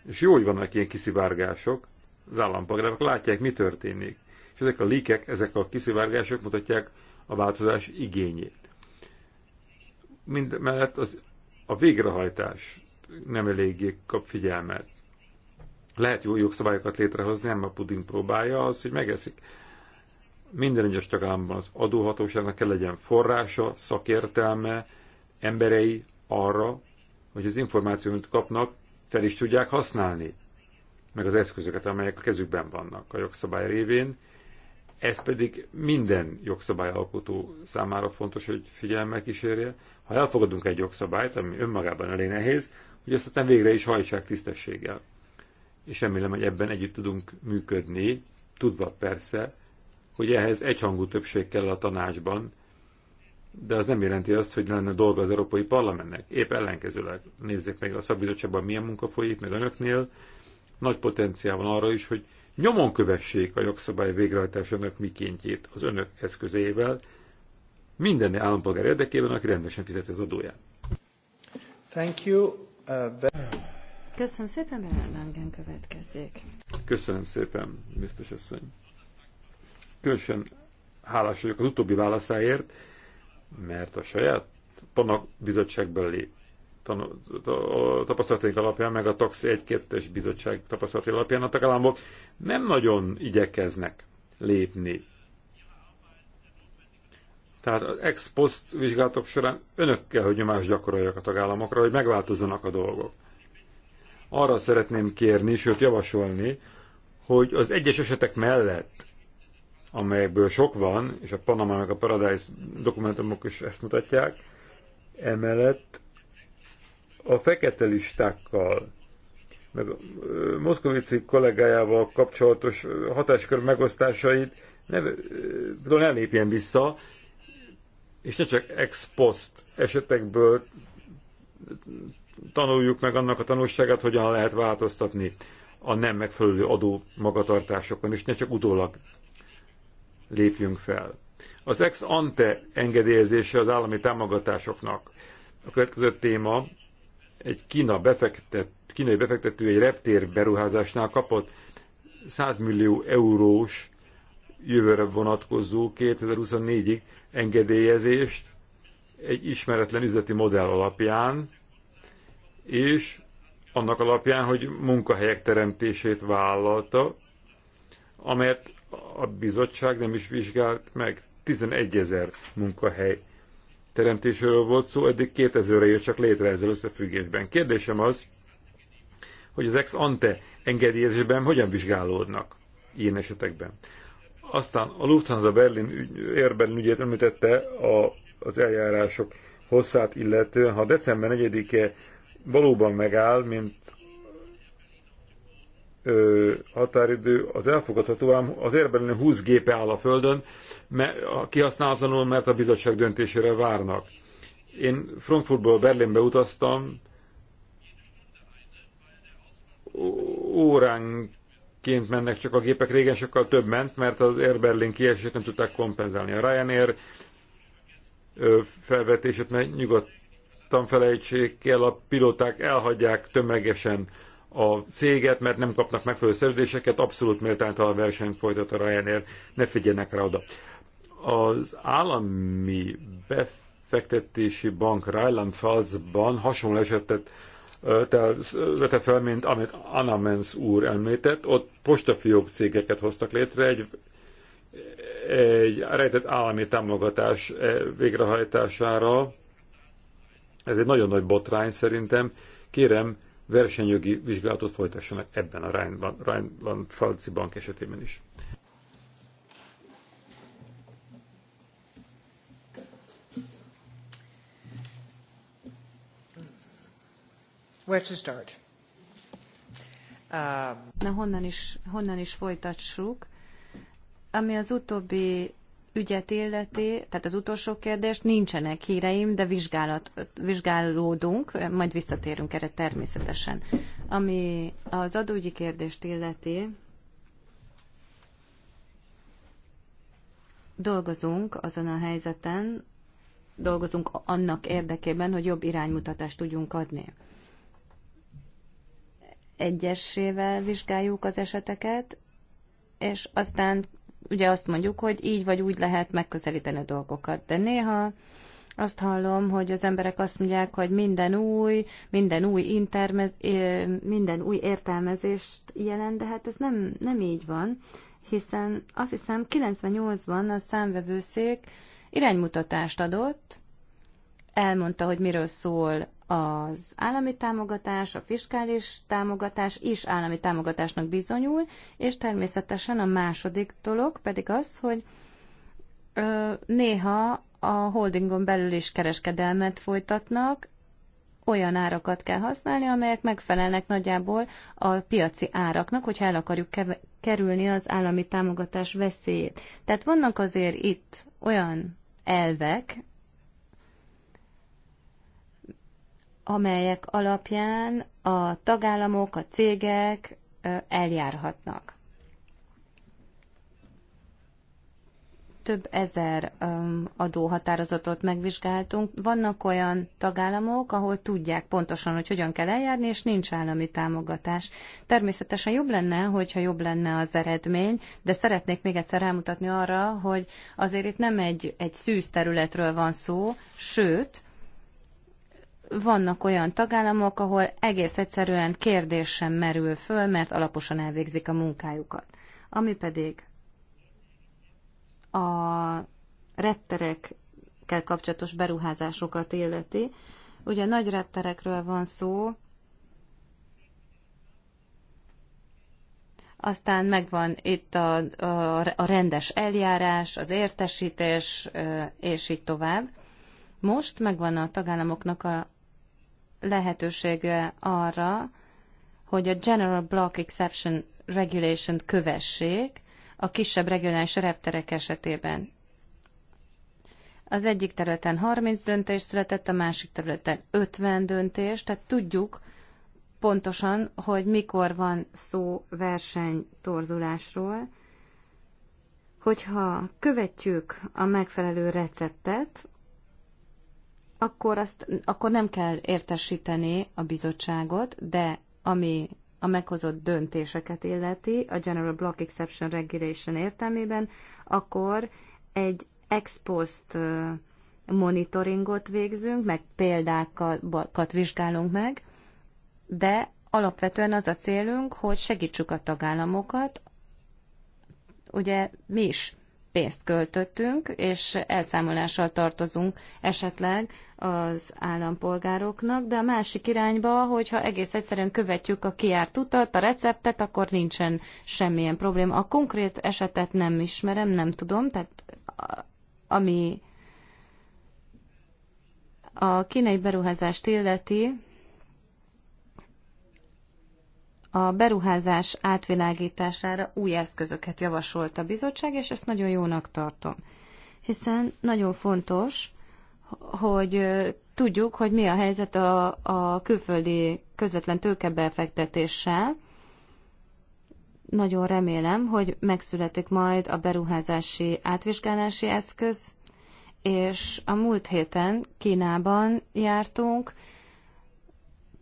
És jó, hogy vannak ilyen kiszivárgások, az állampolgárok látják, mi történik. És ezek a líkek, ezek a kiszivárgások mutatják a változás igényét. Mind mellett az, a végrehajtás nem eléggé kap figyelmet. Lehet jó jogszabályokat létrehozni, nem a puding próbálja az, hogy megeszik. Minden egyes tagállamban az adóhatóságnak kell legyen forrása, szakértelme, emberei arra, hogy az információt kapnak, fel is tudják használni, meg az eszközöket, amelyek a kezükben vannak a jogszabály révén. Ez pedig minden jogszabályalkotó számára fontos, hogy figyelemmel kísérje. Ha elfogadunk egy jogszabályt, ami önmagában elég nehéz, hogy azt aztán végre is hajtsák tisztességgel. És remélem, hogy ebben együtt tudunk működni, tudva persze, hogy ehhez egyhangú többség kell a tanácsban, de az nem jelenti azt, hogy lenne dolga az Európai Parlamentnek. Épp ellenkezőleg nézzék meg a szakbizottságban milyen munka folyik, meg önöknél. Nagy potenciál van arra is, hogy nyomon kövessék a jogszabály végrehajtásának mikéntjét az önök eszközeivel, minden állampolgár érdekében, aki rendesen fizeti az adóját. Thank you. Uh, Köszönöm szépen, Belen következik. Köszönöm szépen, biztos asszony. Különösen hálás vagyok az utóbbi válaszáért, mert a saját PANA bizottságből lép a tapasztalataink alapján, meg a taxi 1 2 bizottság tapasztalatai alapján a tagállamok nem nagyon igyekeznek lépni. Tehát az ex post vizsgálatok során önök kell, hogy nyomást gyakoroljak a tagállamokra, hogy megváltozzanak a dolgok. Arra szeretném kérni, sőt javasolni, hogy az egyes esetek mellett amelyekből sok van, és a Panama meg a Paradise dokumentumok is ezt mutatják, emellett a fekete listákkal, meg Moszkovici kollégájával kapcsolatos hatáskör megosztásait ne, ne lépjen vissza, és ne csak ex post esetekből tanuljuk meg annak a tanulságát, hogyan lehet változtatni a nem megfelelő adó magatartásokon, és ne csak utólag lépjünk fel. Az ex ante engedélyezése az állami támogatásoknak. A következő téma egy Kína befektet, kínai befektető egy reptér beruházásnál kapott 100 millió eurós jövőre vonatkozó 2024-ig engedélyezést egy ismeretlen üzleti modell alapján, és annak alapján, hogy munkahelyek teremtését vállalta, amelyet a bizottság nem is vizsgált meg. 11 ezer munkahely teremtéséről volt szó, eddig 2000-re jött csak létre ezzel összefüggésben. Kérdésem az, hogy az ex ante engedélyezésben hogyan vizsgálódnak ilyen esetekben. Aztán a Lufthansa Berlin ügy, Air ügyét említette a, az eljárások hosszát illetően, ha december 4-e valóban megáll, mint ö, határidő az elfogadható, ám az érbelenő 20 gépe áll a Földön, mert, a, kihasználatlanul, mert a bizottság döntésére várnak. Én Frankfurtból Berlinbe utaztam, óránként mennek csak a gépek, régen sokkal több ment, mert az Air Berlin kiesését nem tudták kompenzálni. A Ryanair felvetését, mert nyugodtan felejtsék el, a pilóták elhagyják tömegesen a céget, mert nem kapnak megfelelő szerződéseket, abszolút méltánytalan versenyt folytat a Ryanair, ne figyeljenek rá oda. Az állami befektetési bank Rheinland-Pfalzban hasonló esetet vetett fel, mint amit Anamens úr említett, ott postafiók cégeket hoztak létre, egy, egy rejtett állami támogatás e, végrehajtására. Ez egy nagyon nagy botrány szerintem. Kérem, versenyjogi vizsgálatot folytassanak ebben a Rheinland-Pfalzi Bank esetében is. Where to start? Um, Na honnan is, honnan is folytassuk. Ami az utóbbi ügyet illeti, tehát az utolsó kérdést, nincsenek híreim, de vizsgálat, vizsgálódunk, majd visszatérünk erre természetesen. Ami az adógyi kérdést illeti, dolgozunk azon a helyzeten, dolgozunk annak érdekében, hogy jobb iránymutatást tudjunk adni. Egyesével vizsgáljuk az eseteket, és aztán ugye azt mondjuk, hogy így vagy úgy lehet megközelíteni a dolgokat, de néha azt hallom, hogy az emberek azt mondják, hogy minden új, minden új, intermez, minden új értelmezést jelent, de hát ez nem, nem így van, hiszen azt hiszem 98-ban a számvevőszék iránymutatást adott, elmondta, hogy miről szól az állami támogatás, a fiskális támogatás is állami támogatásnak bizonyul, és természetesen a második dolog pedig az, hogy néha a holdingon belül is kereskedelmet folytatnak, olyan árakat kell használni, amelyek megfelelnek nagyjából a piaci áraknak, hogyha el akarjuk kerülni az állami támogatás veszélyét. Tehát vannak azért itt olyan elvek, amelyek alapján a tagállamok, a cégek eljárhatnak. Több ezer adóhatározatot megvizsgáltunk. Vannak olyan tagállamok, ahol tudják pontosan, hogy hogyan kell eljárni, és nincs állami támogatás. Természetesen jobb lenne, hogyha jobb lenne az eredmény, de szeretnék még egyszer rámutatni arra, hogy azért itt nem egy, egy szűz területről van szó, sőt, vannak olyan tagállamok, ahol egész egyszerűen kérdés sem merül föl, mert alaposan elvégzik a munkájukat. Ami pedig a repterekkel kapcsolatos beruházásokat illeti. Ugye nagy repterekről van szó, aztán megvan itt a, a, a rendes eljárás, az értesítés, és így tovább. Most megvan a tagállamoknak a lehetősége arra, hogy a General Block Exception Regulation-t kövessék a kisebb regionális repterek esetében. Az egyik területen 30 döntés született, a másik területen 50 döntés, tehát tudjuk pontosan, hogy mikor van szó versenytorzulásról. Hogyha követjük a megfelelő receptet, akkor, azt, akkor nem kell értesíteni a bizottságot, de ami a meghozott döntéseket illeti, a General Block Exception Regulation értelmében, akkor egy ex post monitoringot végzünk, meg példákat vizsgálunk meg, de alapvetően az a célunk, hogy segítsük a tagállamokat, ugye mi is pénzt költöttünk, és elszámolással tartozunk esetleg az állampolgároknak, de a másik irányba, hogyha egész egyszerűen követjük a kiárt utat, a receptet, akkor nincsen semmilyen probléma. A konkrét esetet nem ismerem, nem tudom, tehát ami a kínai beruházást illeti, a beruházás átvilágítására új eszközöket javasolt a bizottság, és ezt nagyon jónak tartom. Hiszen nagyon fontos, hogy tudjuk, hogy mi a helyzet a, a külföldi közvetlen tőkebefektetéssel. Nagyon remélem, hogy megszületik majd a beruházási átvizsgálási eszköz, és a múlt héten Kínában jártunk,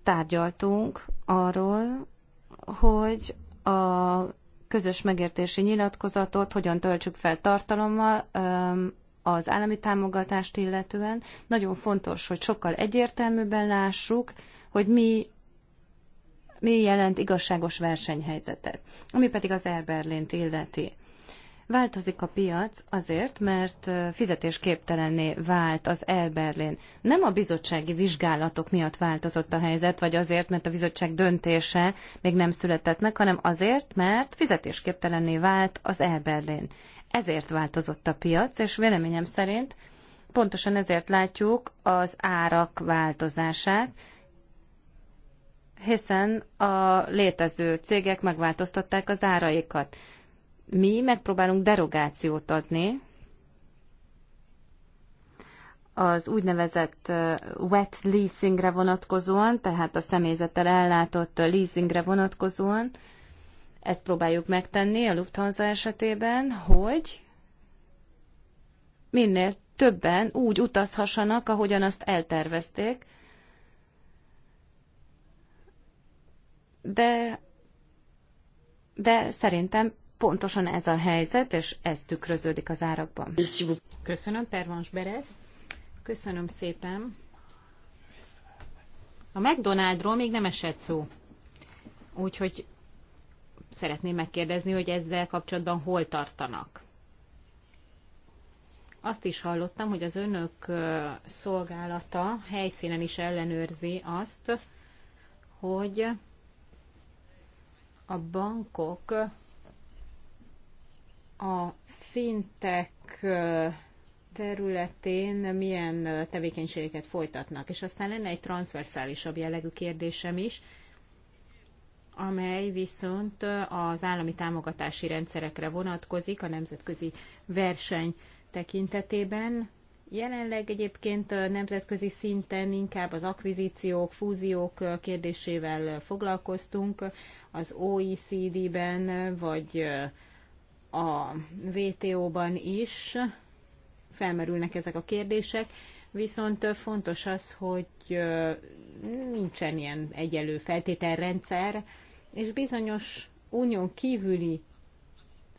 tárgyaltunk arról, hogy a közös megértési nyilatkozatot hogyan töltsük fel tartalommal az állami támogatást illetően. Nagyon fontos, hogy sokkal egyértelműbben lássuk, hogy mi mi jelent igazságos versenyhelyzetet. Ami pedig az Air Berlin illeti. Változik a piac azért, mert fizetésképtelenné vált az Air Nem a bizottsági vizsgálatok miatt változott a helyzet, vagy azért, mert a bizottság döntése még nem született meg, hanem azért, mert fizetésképtelenné vált az Air Ezért változott a piac, és véleményem szerint pontosan ezért látjuk az árak változását, hiszen a létező cégek megváltoztatták az áraikat mi megpróbálunk derogációt adni az úgynevezett wet leasingre vonatkozóan, tehát a személyzettel ellátott leasingre vonatkozóan. Ezt próbáljuk megtenni a Lufthansa esetében, hogy minél többen úgy utazhassanak, ahogyan azt eltervezték. De, de szerintem pontosan ez a helyzet, és ez tükröződik az árakban. Köszönöm, Pervans Berez. Köszönöm szépen. A McDonaldról még nem esett szó. Úgyhogy szeretném megkérdezni, hogy ezzel kapcsolatban hol tartanak. Azt is hallottam, hogy az önök szolgálata helyszínen is ellenőrzi azt, hogy a bankok a fintek területén milyen tevékenységeket folytatnak. És aztán lenne egy transzverszálisabb jellegű kérdésem is, amely viszont az állami támogatási rendszerekre vonatkozik a nemzetközi verseny tekintetében. Jelenleg egyébként nemzetközi szinten inkább az akvizíciók, fúziók kérdésével foglalkoztunk az OECD-ben, vagy a VTO-ban is felmerülnek ezek a kérdések, viszont fontos az, hogy nincsen ilyen egyelő feltételrendszer, és bizonyos unión kívüli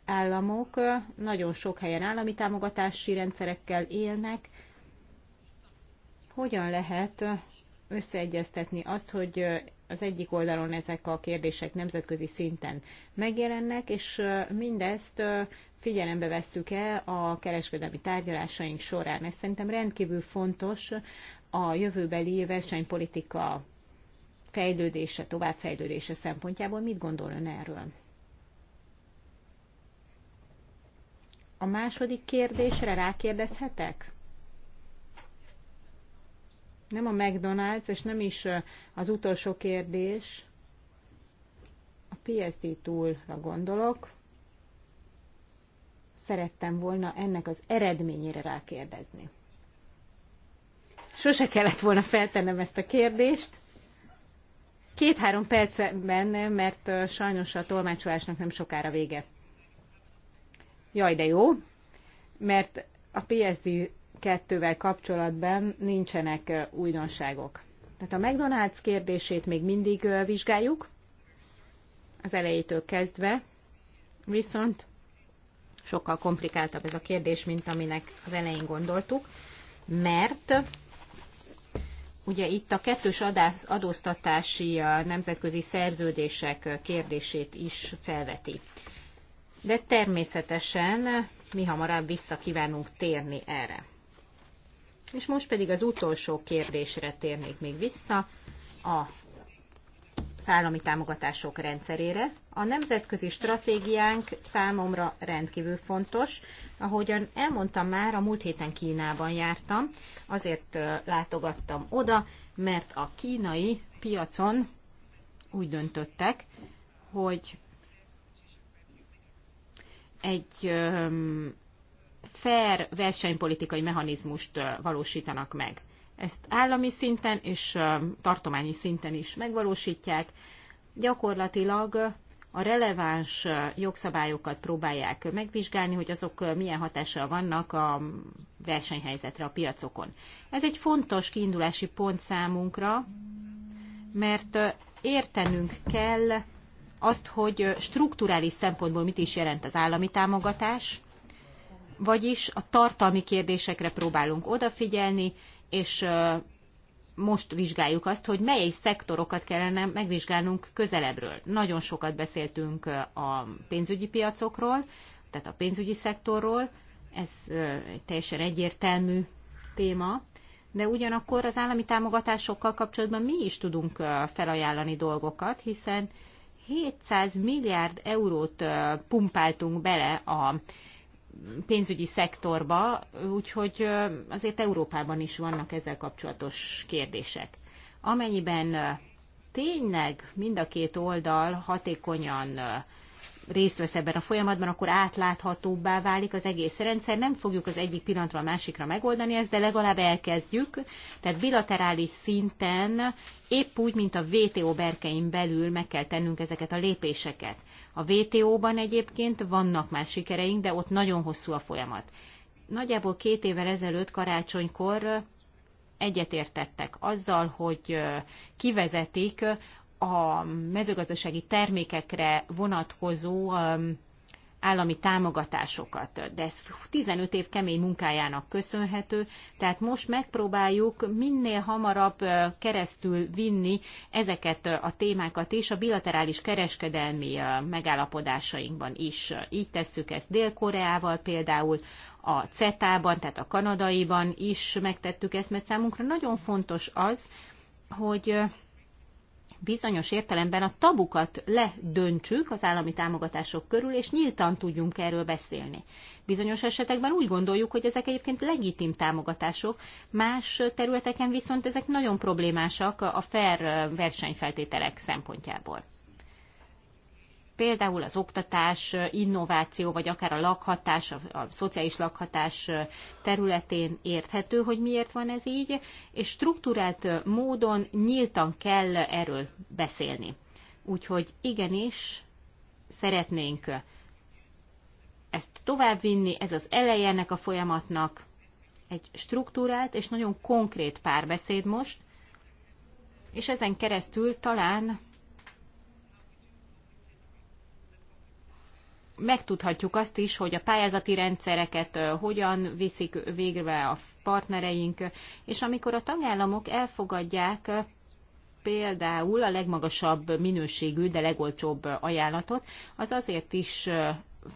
államok nagyon sok helyen állami támogatási rendszerekkel élnek. Hogyan lehet összeegyeztetni azt, hogy az egyik oldalon ezek a kérdések nemzetközi szinten megjelennek, és mindezt figyelembe vesszük el a kereskedelmi tárgyalásaink során. Ez szerintem rendkívül fontos a jövőbeli versenypolitika fejlődése, továbbfejlődése szempontjából. Mit gondol ön erről? A második kérdésre rákérdezhetek? nem a McDonald's, és nem is az utolsó kérdés, a PSD túlra gondolok, szerettem volna ennek az eredményére rákérdezni. Sose kellett volna feltennem ezt a kérdést. Két-három percben, mert sajnos a tolmácsolásnak nem sokára vége. Jaj, de jó, mert a PSD kettővel kapcsolatban nincsenek újdonságok. Tehát a McDonald's kérdését még mindig vizsgáljuk, az elejétől kezdve, viszont sokkal komplikáltabb ez a kérdés, mint aminek az elején gondoltuk, mert ugye itt a kettős adóztatási nemzetközi szerződések kérdését is felveti. De természetesen mi hamarabb vissza kívánunk térni erre. És most pedig az utolsó kérdésre térnék még vissza, a állami támogatások rendszerére. A nemzetközi stratégiánk számomra rendkívül fontos. Ahogyan elmondtam már, a múlt héten Kínában jártam, azért látogattam oda, mert a kínai piacon úgy döntöttek, hogy egy fair versenypolitikai mechanizmust valósítanak meg. Ezt állami szinten és tartományi szinten is megvalósítják. Gyakorlatilag a releváns jogszabályokat próbálják megvizsgálni, hogy azok milyen hatással vannak a versenyhelyzetre a piacokon. Ez egy fontos kiindulási pont számunkra, mert értenünk kell azt, hogy strukturális szempontból mit is jelent az állami támogatás, vagyis a tartalmi kérdésekre próbálunk odafigyelni, és most vizsgáljuk azt, hogy melyik szektorokat kellene megvizsgálnunk közelebbről. Nagyon sokat beszéltünk a pénzügyi piacokról, tehát a pénzügyi szektorról, ez egy teljesen egyértelmű téma, de ugyanakkor az állami támogatásokkal kapcsolatban mi is tudunk felajánlani dolgokat, hiszen 700 milliárd eurót pumpáltunk bele a pénzügyi szektorba, úgyhogy azért Európában is vannak ezzel kapcsolatos kérdések. Amennyiben tényleg mind a két oldal hatékonyan részt vesz ebben a folyamatban, akkor átláthatóbbá válik az egész rendszer. Nem fogjuk az egyik pillanatra a másikra megoldani ezt, de legalább elkezdjük. Tehát bilaterális szinten épp úgy, mint a WTO berkein belül meg kell tennünk ezeket a lépéseket. A vto ban egyébként vannak már sikereink, de ott nagyon hosszú a folyamat. Nagyjából két évvel ezelőtt karácsonykor egyetértettek azzal, hogy kivezetik a mezőgazdasági termékekre vonatkozó állami támogatásokat, de ez 15 év kemény munkájának köszönhető, tehát most megpróbáljuk minél hamarabb keresztül vinni ezeket a témákat is a bilaterális kereskedelmi megállapodásainkban is. Így tesszük ezt Dél-Koreával például, a CETA-ban, tehát a kanadaiban is megtettük ezt, mert számunkra nagyon fontos az, hogy bizonyos értelemben a tabukat ledöntsük az állami támogatások körül, és nyíltan tudjunk erről beszélni. Bizonyos esetekben úgy gondoljuk, hogy ezek egyébként legitim támogatások, más területeken viszont ezek nagyon problémásak a fair versenyfeltételek szempontjából például az oktatás, innováció, vagy akár a lakhatás, a, a szociális lakhatás területén érthető, hogy miért van ez így, és struktúrált módon nyíltan kell erről beszélni. Úgyhogy igenis szeretnénk ezt továbbvinni, ez az eleje ennek a folyamatnak, egy struktúrált és nagyon konkrét párbeszéd most, és ezen keresztül talán megtudhatjuk azt is, hogy a pályázati rendszereket hogyan viszik végre a partnereink, és amikor a tagállamok elfogadják például a legmagasabb minőségű, de legolcsóbb ajánlatot, az azért is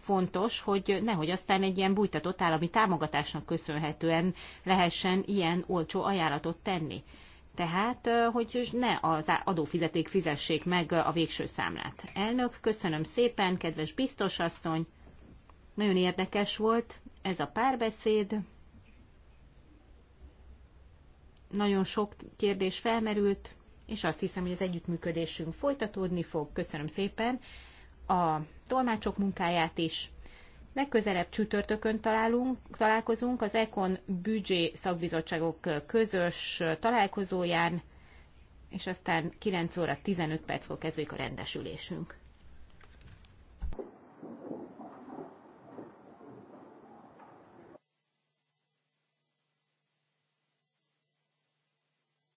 fontos, hogy nehogy aztán egy ilyen bújtatott állami támogatásnak köszönhetően lehessen ilyen olcsó ajánlatot tenni. Tehát, hogy ne az adófizeték fizessék meg a végső számlát. Elnök, köszönöm szépen, kedves biztos asszony. Nagyon érdekes volt ez a párbeszéd. Nagyon sok kérdés felmerült, és azt hiszem, hogy az együttműködésünk folytatódni fog. Köszönöm szépen a tolmácsok munkáját is. Legközelebb csütörtökön találunk, találkozunk az ECON büdzsé szakbizottságok közös találkozóján, és aztán 9 óra 15 fog kezdődik a rendesülésünk.